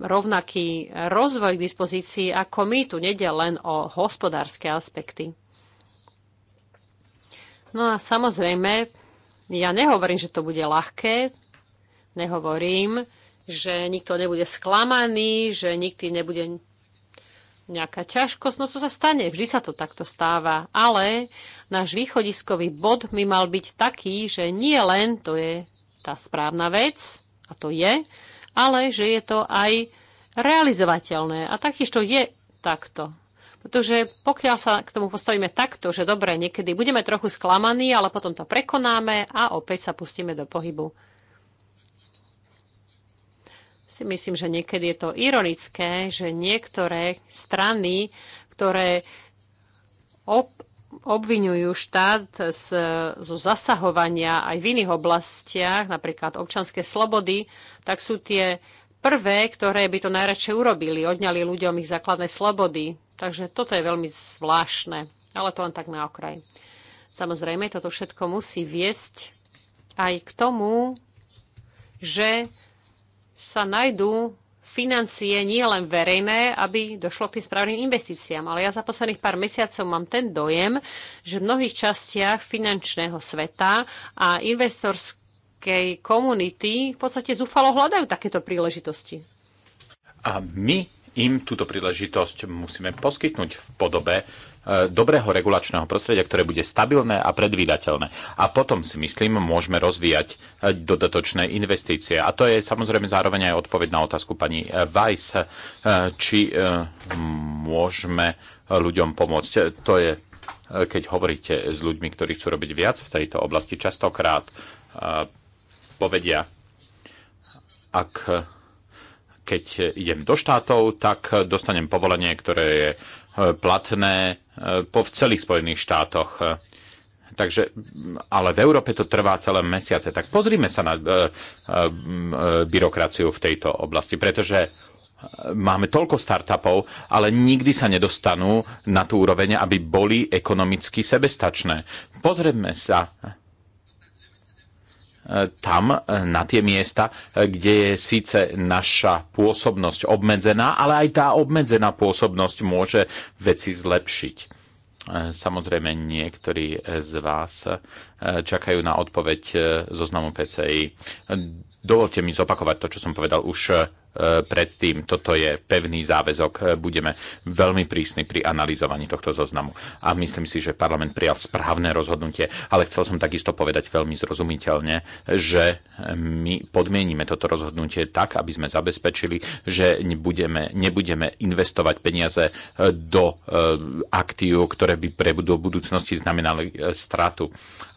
rovnaký rozvoj k dispozícii ako my. Tu nede len o hospodárske aspekty. No a samozrejme, ja nehovorím, že to bude ľahké, nehovorím, že nikto nebude sklamaný, že nikdy nebude nejaká ťažkosť, no to sa stane, vždy sa to takto stáva. Ale náš východiskový bod by mal byť taký, že nie len to je tá správna vec, a to je, ale že je to aj realizovateľné. A taktiež to je takto. Pretože pokiaľ sa k tomu postavíme takto, že dobre, niekedy budeme trochu sklamaní, ale potom to prekonáme a opäť sa pustíme do pohybu si myslím, že niekedy je to ironické, že niektoré strany, ktoré ob- obvinujú štát z, zo zasahovania aj v iných oblastiach, napríklad občanské slobody, tak sú tie prvé, ktoré by to najradšej urobili, odňali ľuďom ich základné slobody. Takže toto je veľmi zvláštne, ale to len tak na okraj. Samozrejme, toto všetko musí viesť aj k tomu, že sa najdú financie nie len verejné, aby došlo k tým správnym investíciám. Ale ja za posledných pár mesiacov mám ten dojem, že v mnohých častiach finančného sveta a investorskej komunity v podstate zúfalo hľadajú takéto príležitosti. A my im túto príležitosť musíme poskytnúť v podobe Eh, dobrého regulačného prostredia, ktoré bude stabilné a predvídateľné. A potom si myslím, môžeme rozvíjať eh, dodatočné investície. A to je samozrejme zároveň aj odpoveď na otázku pani eh, Weiss, či môžeme ľuďom pomôcť. To je, keď hovoríte s ľuďmi, ktorí chcú robiť viac v tejto oblasti, častokrát povedia, ak keď idem do štátov, tak dostanem povolenie, ktoré je E, platné e, po v celých Spojených štátoch. E, takže, ale v Európe to trvá celé mesiace. Tak pozrime sa na e, e, byrokraciu v tejto oblasti, pretože máme toľko startupov, ale nikdy sa nedostanú na tú úroveň, aby boli ekonomicky sebestačné. Pozrieme sa tam e, na tie miesta, kde je síce naša pôsobnosť obmedzená, ale aj tá obmedzená pôsobnosť môže veci zlepšiť. E, samozrejme, niektorí z vás e, čakajú na odpoveď zoznamu PCI. Dovolte mi zopakovať to, čo som povedal už E, predtým. Toto je pevný záväzok. E, budeme veľmi prísni pri analyzovaní tohto zoznamu. A myslím si, že parlament prijal správne rozhodnutie, ale chcel som takisto povedať veľmi zrozumiteľne, že my podmieníme toto rozhodnutie tak, aby sme zabezpečili, že nebudeme, nebudeme investovať peniaze e, do aktív, ktoré by pre do budúcnosti znamenali stratu.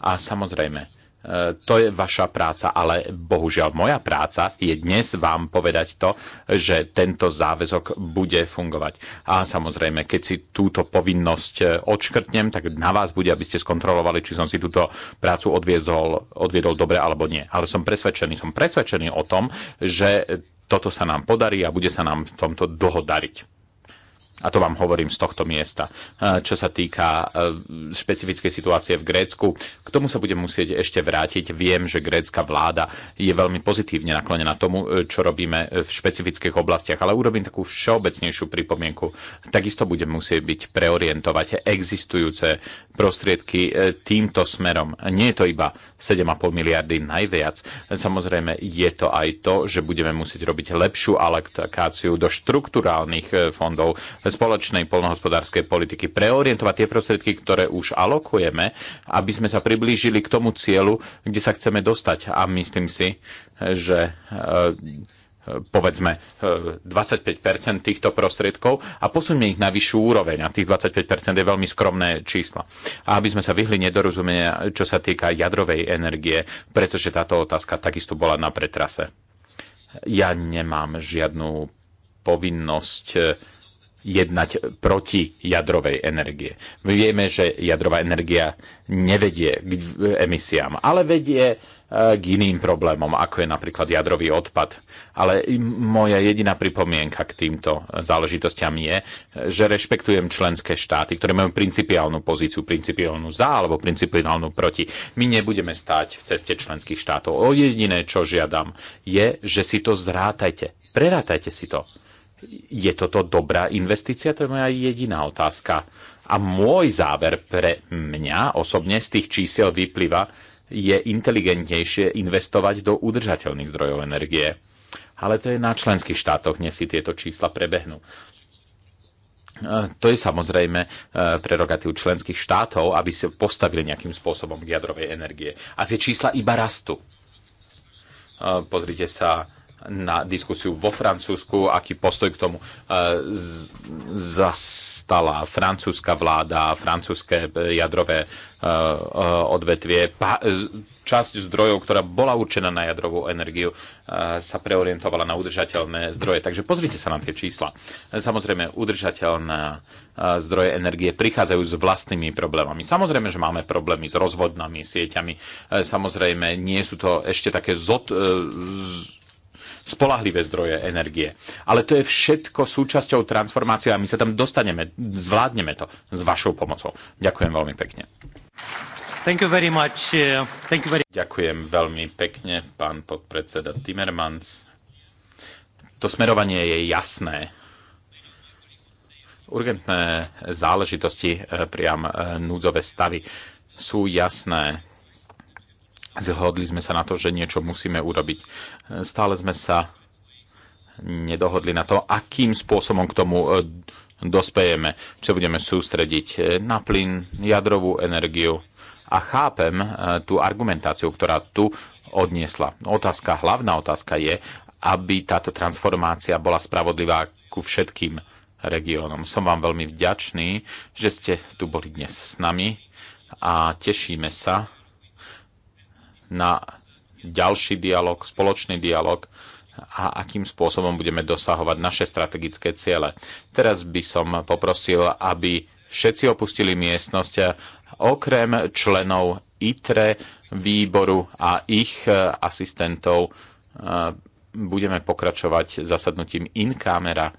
A samozrejme, E, to je vaša práca, ale bohužiaľ moja práca je dnes vám povedať to, že tento záväzok bude fungovať. A samozrejme, keď si túto povinnosť e, odškrtnem, tak na vás bude, aby ste skontrolovali, či som si túto prácu odviedol, odviedol dobre alebo nie. Ale som presvedčený, som presvedčený o tom, že toto sa nám podarí a bude sa nám v tomto dlho dariť a to vám hovorím z tohto miesta, čo sa týka e, špecifickej situácie v Grécku. K tomu sa budem musieť ešte vrátiť. Viem, že grécka vláda je veľmi pozitívne naklonená tomu, e, čo robíme v špecifických oblastiach, ale urobím takú všeobecnejšiu pripomienku. Takisto budem musieť byť preorientovať existujúce prostriedky e, týmto smerom. Nie je to iba 7,5 miliardy najviac. Samozrejme, je to aj to, že budeme musieť robiť lepšiu alokáciu do štruktúrálnych fondov, spoločnej polnohospodárskej politiky. Preorientovať tie prostriedky, ktoré už alokujeme, aby sme sa priblížili k tomu cieľu, kde sa chceme dostať. A myslím si, že e, povedzme 25% e, týchto prostriedkov a posunie ich na vyššiu úroveň. A tých 25% je veľmi skromné číslo. A aby sme sa vyhli nedorozumenia, čo sa týka jadrovej energie, pretože táto otázka takisto bola na pretrase. Ja nemám žiadnu povinnosť e, jednať proti jadrovej energie. My vieme, že jadrová energia nevedie k emisiám, ale vedie e, k iným problémom, ako je napríklad jadrový odpad. Ale moja jediná pripomienka k týmto záležitostiam je, že rešpektujem členské štáty, ktoré majú principiálnu pozíciu, principiálnu za alebo principiálnu proti. My nebudeme stáť v ceste členských štátov. O jediné, čo žiadam, je, že si to zrátajte. Prerátajte si to je toto dobrá investícia? To je moja jediná otázka. A môj záver pre mňa osobne z tých čísel vyplýva, je inteligentnejšie investovať do udržateľných zdrojov energie. Ale to je na členských štátoch, dnes si tieto čísla prebehnú. To je samozrejme eh, prerogatív členských štátov, aby sa postavili nejakým spôsobom k jadrovej energie. A tie čísla iba rastú. Eh, pozrite sa na diskusiu vo Francúzsku, aký postoj k tomu e, zastala francúzska vláda, francúzske e, jadrové e, odvetvie. Časť zdrojov, ktorá bola určená na jadrovú energiu, sa preorientovala na udržateľné zdroje. Takže pozrite sa na tie čísla. Samozrejme, udržateľné zdroje energie prichádzajú s vlastnými problémami. Samozrejme, že máme problémy s rozvodnami, sieťami. Samozrejme, nie sú to ešte také zod, spolahlivé zdroje energie. Ale to je všetko súčasťou transformácie a my sa tam dostaneme, zvládneme to s vašou pomocou. Ďakujem veľmi pekne. Thank you very much. Uh, thank you very... Ďakujem veľmi pekne, pán podpredseda Timmermans. To smerovanie je jasné urgentné záležitosti, eh, priam eh, núdzové stavy sú jasné. Zhodli sme sa na to, že niečo musíme urobiť. Stále sme sa nedohodli na to, akým spôsobom k tomu e, dospejeme. Čo budeme sústrediť e, na plyn, jadrovú energiu. A chápem e, tú argumentáciu, ktorá tu odniesla. Otázka, hlavná otázka je, aby táto transformácia bola spravodlivá ku všetkým regiónom. Som vám veľmi vďačný, že ste tu boli dnes s nami a tešíme sa na ďalší dialog, spoločný dialog a akým spôsobom budeme dosahovať naše strategické ciele. Teraz by som poprosil, aby všetci opustili miestnosť okrem členov ITRE výboru a ich eh, asistentov. Eh, budeme pokračovať zasadnutím in camera eh,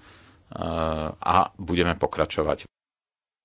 a budeme pokračovať.